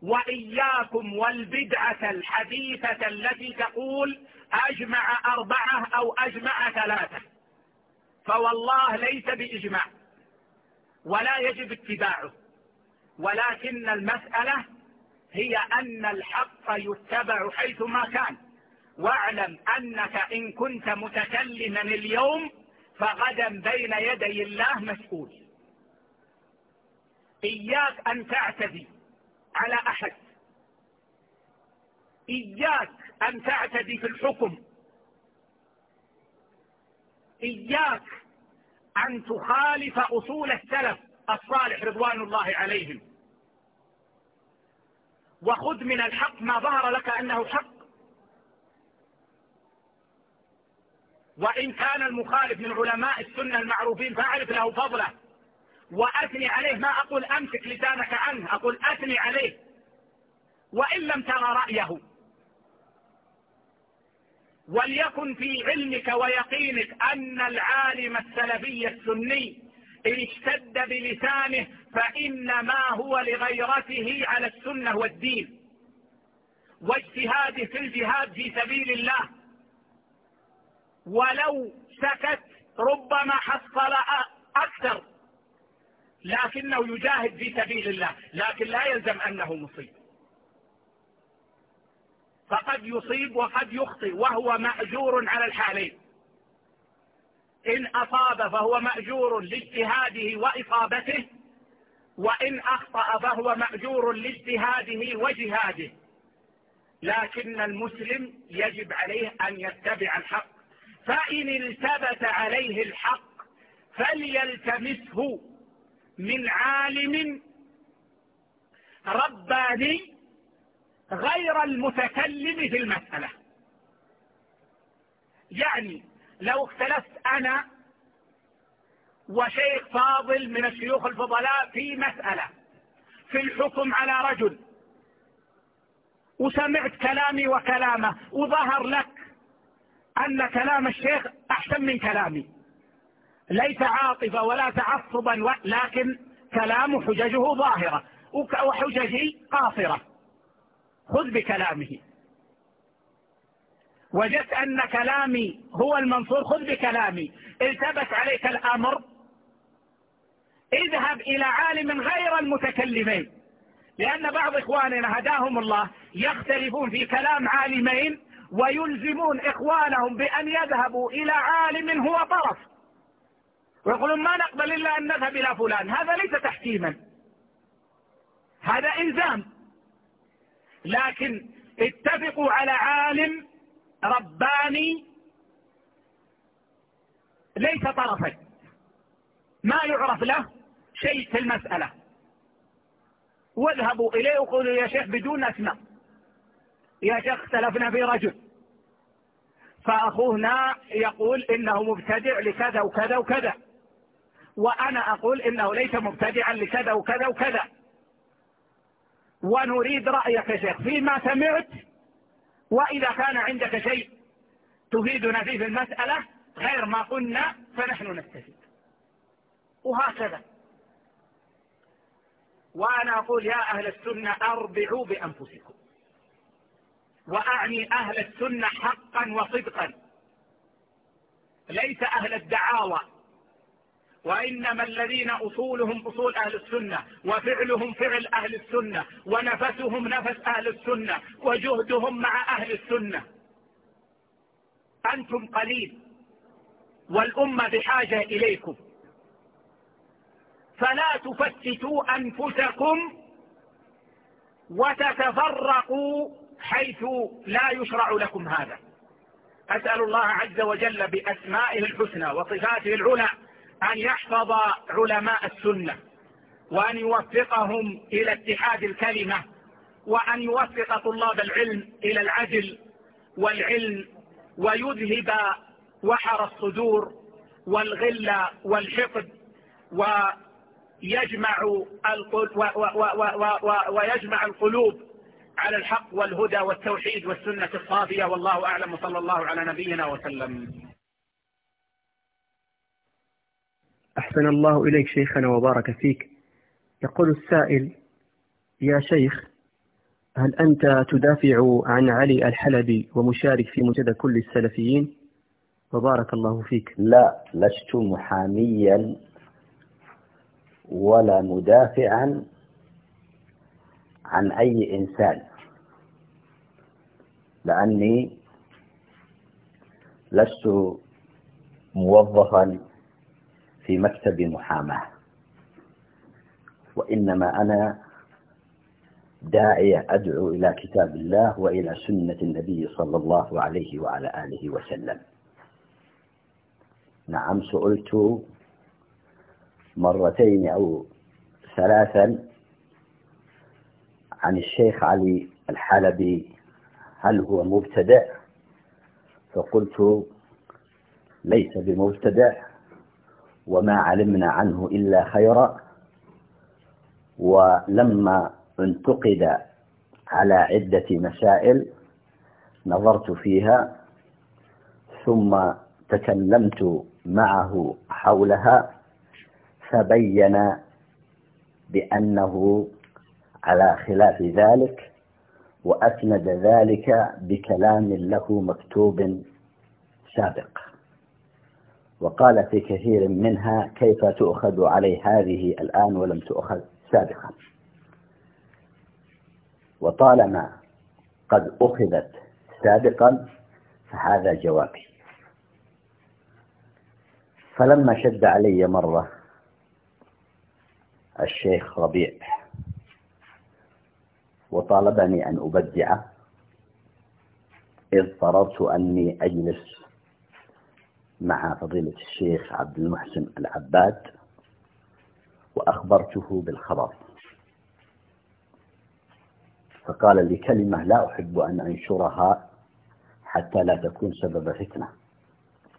وإياكم والبدعة الحديثة التي تقول أجمع أربعة أو أجمع ثلاثة فوالله ليس بإجماع ولا يجب اتباعه ولكن المسألة هي أن الحق يتبع حيثما كان واعلم أنك إن كنت متكلما اليوم فغدا بين يدي الله مسؤول إياك أن تعتدي على أحد إياك أن تعتدي في الحكم إياك أن تخالف أصول السلف الصالح رضوان الله عليهم وخذ من الحق ما ظهر لك أنه حق وإن كان المخالف من علماء السنة المعروفين فأعرف له فضله وأثني عليه ما أقول أمسك لسانك عنه أقول أثني عليه وإن لم ترى رأيه وليكن في علمك ويقينك أن العالم السلفي السني إن اشتد بلسانه فإنما هو لغيرته على السنة والدين واجتهاده في الجهاد في سبيل الله ولو سكت ربما حصل أكثر لكنه يجاهد في سبيل الله لكن لا يلزم أنه مصيب فقد يصيب وقد يخطئ وهو مأجور على الحالين إن أصاب فهو مأجور لاجتهاده وإصابته وإن أخطأ فهو مأجور لاجتهاده وجهاده لكن المسلم يجب عليه أن يتبع الحق فإن التبت عليه الحق فليلتمسه من عالم رباني غير المتكلم في المسألة يعني لو اختلفت أنا وشيخ فاضل من الشيوخ الفضلاء في مسألة في الحكم على رجل وسمعت كلامي وكلامه وظهر لك أن كلام الشيخ أحسن من كلامي ليس عاطفة ولا تعصبا لكن كلام حججه ظاهرة وحججي قاصرة خذ بكلامه وجدت أن كلامي هو المنصور خذ بكلامي التبس عليك الأمر اذهب إلى عالم غير المتكلمين لأن بعض إخواننا هداهم الله يختلفون في كلام عالمين ويلزمون إخوانهم بأن يذهبوا إلى عالم هو طرف ويقولون ما نقبل إلا أن نذهب إلى فلان هذا ليس تحكيما هذا إلزام لكن اتفقوا على عالم رباني ليس طرفا ما يعرف له شيء في المسألة واذهبوا إليه وقولوا يا شيخ بدون أسماء يا شيخ اختلفنا في رجل فأخوهنا يقول إنه مبتدع لكذا وكذا وكذا وأنا أقول إنه ليس مبتدعا لكذا وكذا وكذا ونريد رأيك يا شيخ فيما سمعت وإذا كان عندك شيء تفيدنا فيه في المسألة غير ما قلنا فنحن نستفيد وهكذا وأنا أقول يا أهل السنة أربعوا بأنفسكم وأعني أهل السنة حقا وصدقا ليس أهل الدعاوى وإنما الذين أصولهم أصول أهل السنة وفعلهم فعل أهل السنة ونفسهم نفس أهل السنة وجهدهم مع أهل السنة أنتم قليل والأمة بحاجة إليكم فلا تفتتوا أنفسكم وتتفرقوا حيث لا يشرع لكم هذا أسأل الله عز وجل بأسمائه الحسنى وصفاته العلى أن يحفظ علماء السنة وأن يوفقهم إلى اتحاد الكلمة وأن يوفق طلاب العلم إلى العدل والعلم ويذهب وحر الصدور والغل والحقد ويجمع, ويجمع القلوب على الحق والهدى والتوحيد والسنة الصافية والله أعلم صلى الله على نبينا وسلم أحسن الله إليك شيخنا وبارك فيك يقول السائل يا شيخ هل أنت تدافع عن علي الحلبي ومشارك في منتدى كل السلفيين وبارك الله فيك لا لست محاميا ولا مدافعا عن أي إنسان لأني لست موظفا في مكتب محاماة وإنما أنا داعية أدعو إلى كتاب الله وإلى سنة النبي صلى الله عليه وعلى آله وسلم نعم سئلت مرتين أو ثلاثا عن الشيخ علي الحلبي هل هو مبتدع فقلت ليس بمبتدع وما علمنا عنه إلا خيرا ولما انتقد على عدة مسائل نظرت فيها ثم تكلمت معه حولها فبين بأنه على خلاف ذلك وأسند ذلك بكلام له مكتوب سابق وقال في كثير منها كيف تؤخذ علي هذه الآن ولم تؤخذ سابقا وطالما قد أخذت سابقا فهذا جوابي فلما شد علي مرة الشيخ ربيع وطالبني أن أبدعه اضطررت أني أجلس مع فضيلة الشيخ عبد المحسن العباد وأخبرته بالخبر فقال لي كلمة لا أحب أن أنشرها حتى لا تكون سبب فتنة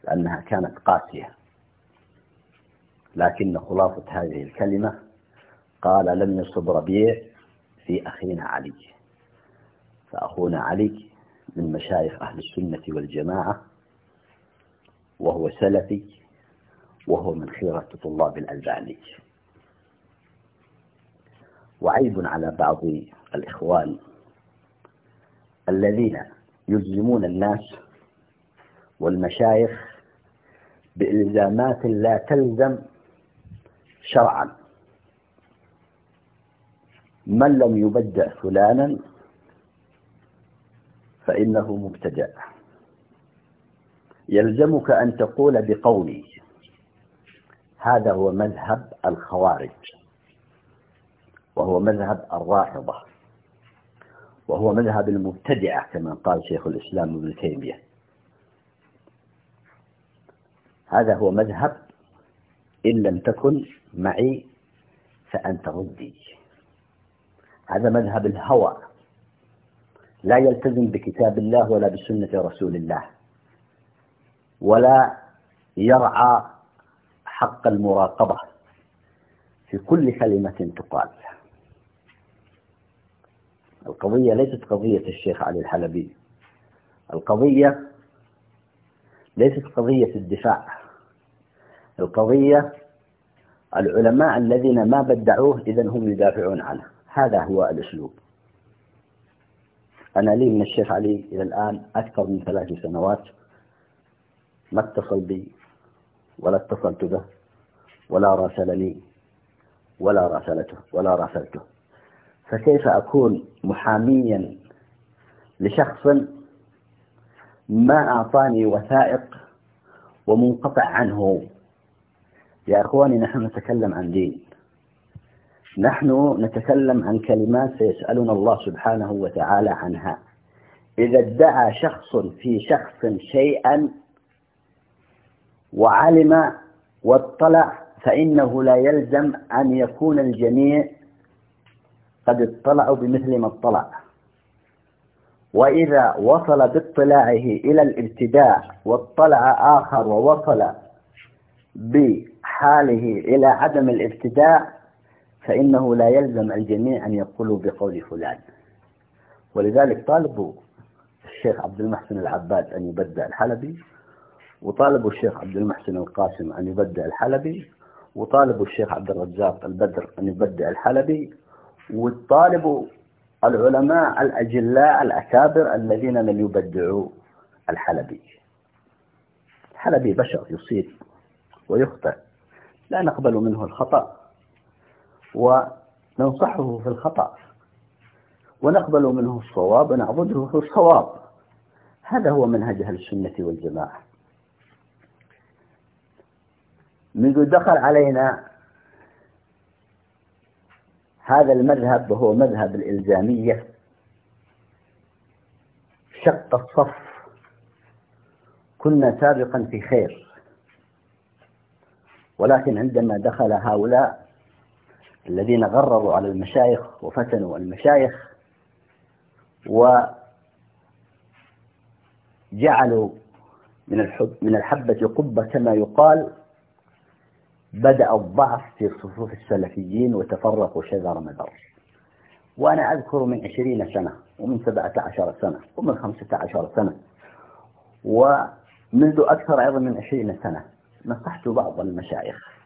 لأنها كانت قاسية لكن خلاصة هذه الكلمة قال لم يصب ربيع في أخينا علي فأخونا علي من مشايخ أهل السنة والجماعة وهو سلفي وهو من خيرة طلاب الألباني وعيب على بعض الإخوان الذين يلزمون الناس والمشايخ بإلزامات لا تلزم شرعا من لم يبدع فلانا فإنه مبتدأ يلزمك أن تقول بقولي هذا هو مذهب الخوارج وهو مذهب الراحضة وهو مذهب المبتدعة كما قال شيخ الإسلام ابن تيمية هذا هو مذهب إن لم تكن معي فأنت ردي هذا مذهب الهوى لا يلتزم بكتاب الله ولا بسنة رسول الله ولا يرعى حق المراقبة في كل كلمة تقال القضية ليست قضية الشيخ علي الحلبي القضية ليست قضية الدفاع القضية العلماء الذين ما بدعوه إذا هم يدافعون عنه هذا هو الأسلوب أنا لي من الشيخ علي إلى الآن أكثر من ثلاث سنوات ما اتصل بي ولا اتصلت به ولا راسلني ولا راسلته ولا راسلته فكيف أكون محاميا لشخص ما أعطاني وثائق ومنقطع عنه يا أخواني نحن نتكلم عن دين نحن نتكلم عن كلمات سيسألنا الله سبحانه وتعالى عنها إذا ادعى شخص في شخص شيئا وعلم واطلع فإنه لا يلزم أن يكون الجميع قد اطلعوا بمثل ما اطلع وإذا وصل باطلاعه إلى الابتداع واطلع آخر ووصل بحاله إلى عدم الابتداع فإنه لا يلزم الجميع أن يقولوا بقول فلان ولذلك طالبوا الشيخ عبد المحسن العباد أن يبدأ الحلبي وطالبوا الشيخ عبد المحسن القاسم أن يبدع الحلبي وطالبوا الشيخ عبد الرزاق البدر أن يبدع الحلبي وطالبوا العلماء الأجلاء الأكابر الذين لم يبدعوا الحلبي الحلبي بشر يصيب ويخطئ لا نقبل منه الخطأ وننصحه في الخطأ ونقبل منه الصواب ونعبده في الصواب هذا هو منهج أهل السنة والجماعة منذ دخل علينا هذا المذهب وهو مذهب الإلزامية شق الصف كنا سابقا في خير ولكن عندما دخل هؤلاء الذين غرروا على المشايخ وفتنوا المشايخ وجعلوا من من الحبة قبة كما يقال بدأ الضعف في صفوف السلفيين وتفرق شذر مذر وأنا أذكر من عشرين سنة ومن سبعة عشر سنة ومن خمسة عشر سنة ومنذ أكثر أيضا من عشرين سنة نصحت بعض المشايخ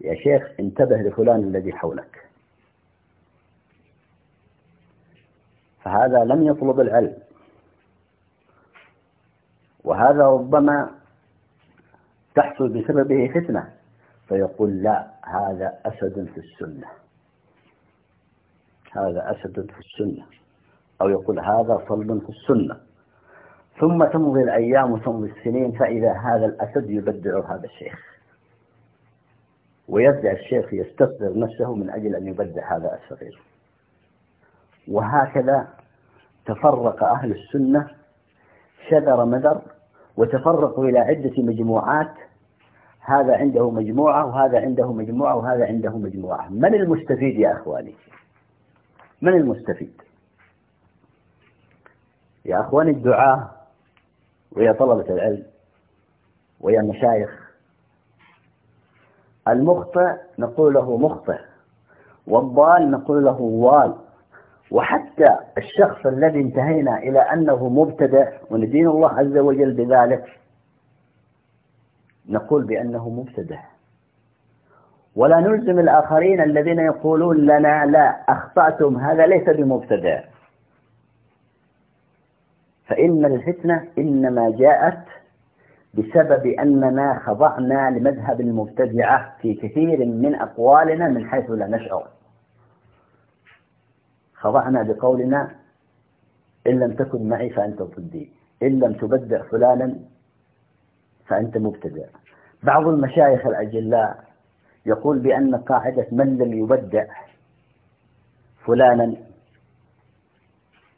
يا شيخ انتبه لفلان الذي حولك فهذا لم يطلب العلم وهذا ربما تحصل بسببه فتنة فيقول لا هذا أسد في السنة هذا أسد في السنة أو يقول هذا صلب في السنة ثم تمضي الأيام وتمضي السنين فإذا هذا الأسد يبدع هذا الشيخ ويبدأ الشيخ يستصدر نفسه من أجل أن يبدع هذا الصغير وهكذا تفرق أهل السنة شذر مذر وتفرقوا إلى عدة مجموعات هذا عنده مجموعة وهذا عنده مجموعة وهذا عنده مجموعة من المستفيد يا أخواني من المستفيد يا أخواني الدعاة ويا طلبة العلم ويا مشايخ المخطئ نقول له مخطئ والضال نقول له وال وحتى الشخص الذي انتهينا إلى أنه مبتدع وندين الله عز وجل بذلك نقول بأنه مبتدع ولا نلزم الآخرين الذين يقولون لنا لا أخطأتم هذا ليس بمبتدع فإن الفتنة إنما جاءت بسبب أننا خضعنا لمذهب المبتدعة في كثير من أقوالنا من حيث لا نشعر خضعنا بقولنا إن لم تكن معي فأنت ضدي إن لم تبدع فلانا فأنت مبتدع بعض المشايخ الأجلاء يقول بأن قاعدة من لم يبدع فلانا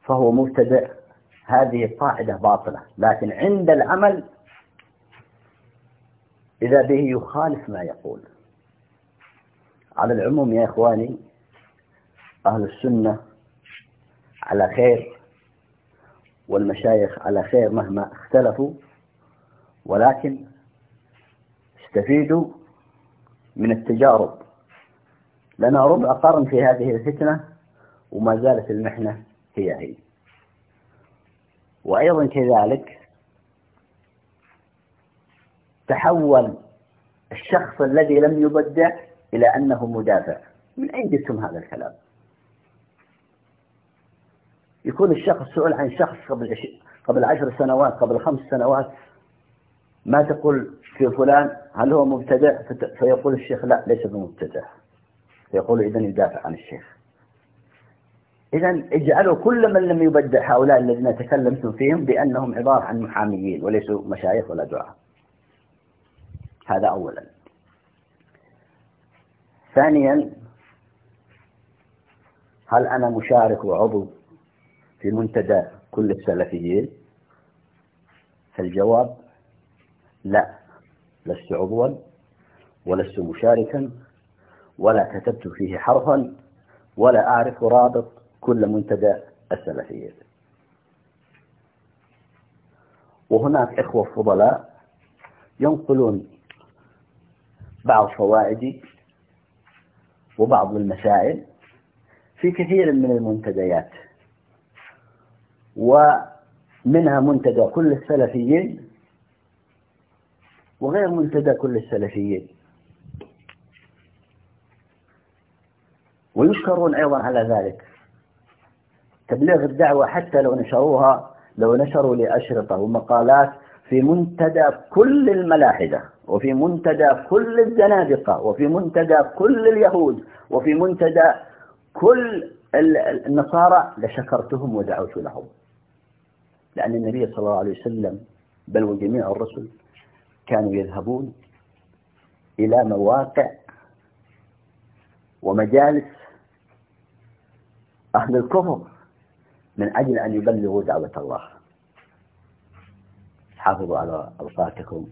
فهو مبتدع هذه قاعدة باطلة لكن عند العمل إذا به يخالف ما يقول على العموم يا إخواني أهل السنة على خير والمشايخ على خير مهما اختلفوا ولكن استفيدوا من التجارب لنا ربع قرن في هذه الفتنة وما زالت المحنة هي هي وأيضا كذلك تحول الشخص الذي لم يبدع إلى أنه مدافع من أين جبتم هذا الكلام يكون الشخص سؤال عن شخص قبل قبل عشر سنوات قبل خمس سنوات ما تقول في فلان هل هو مبتدع فيقول الشيخ لا ليس بمبتدع فيقول إذا يدافع عن الشيخ إذا اجعلوا كل من لم يبدع هؤلاء الذين تكلمتم فيهم بأنهم عبارة عن محاميين وليسوا مشايخ ولا دعاء هذا أولا ثانيا هل أنا مشارك وعضو في منتدى كل السلفيين فالجواب لا لست عضوا ولست مشاركا ولا كتبت فيه حرفا ولا أعرف رابط كل منتدى السلفية وهناك إخوة فضلاء ينقلون بعض فوائدي وبعض المسائل في كثير من المنتديات ومنها منتدى كل السلفيين وغير منتدى كل السلفيين ويشكرون أيضا على ذلك تبليغ الدعوة حتى لو نشروها لو نشروا لأشرطة ومقالات في منتدى كل الملاحدة وفي منتدى كل الزنادقة وفي منتدى كل اليهود وفي منتدى كل النصارى لشكرتهم ودعوت لهم لأن النبي صلى الله عليه وسلم بل وجميع الرسل كانوا يذهبون إلى مواقع ومجالس أهل الكفر من أجل أن يبلغوا دعوة الله حافظوا على أوقاتكم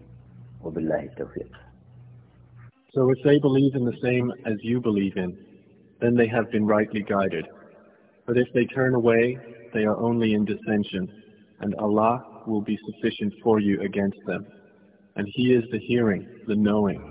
وبالله التوفيق So if they believe in the same as you believe in, then they have been rightly guided. But if they turn away, they are only in dissension, and Allah will be sufficient for you against them. and He is the hearing, the knowing.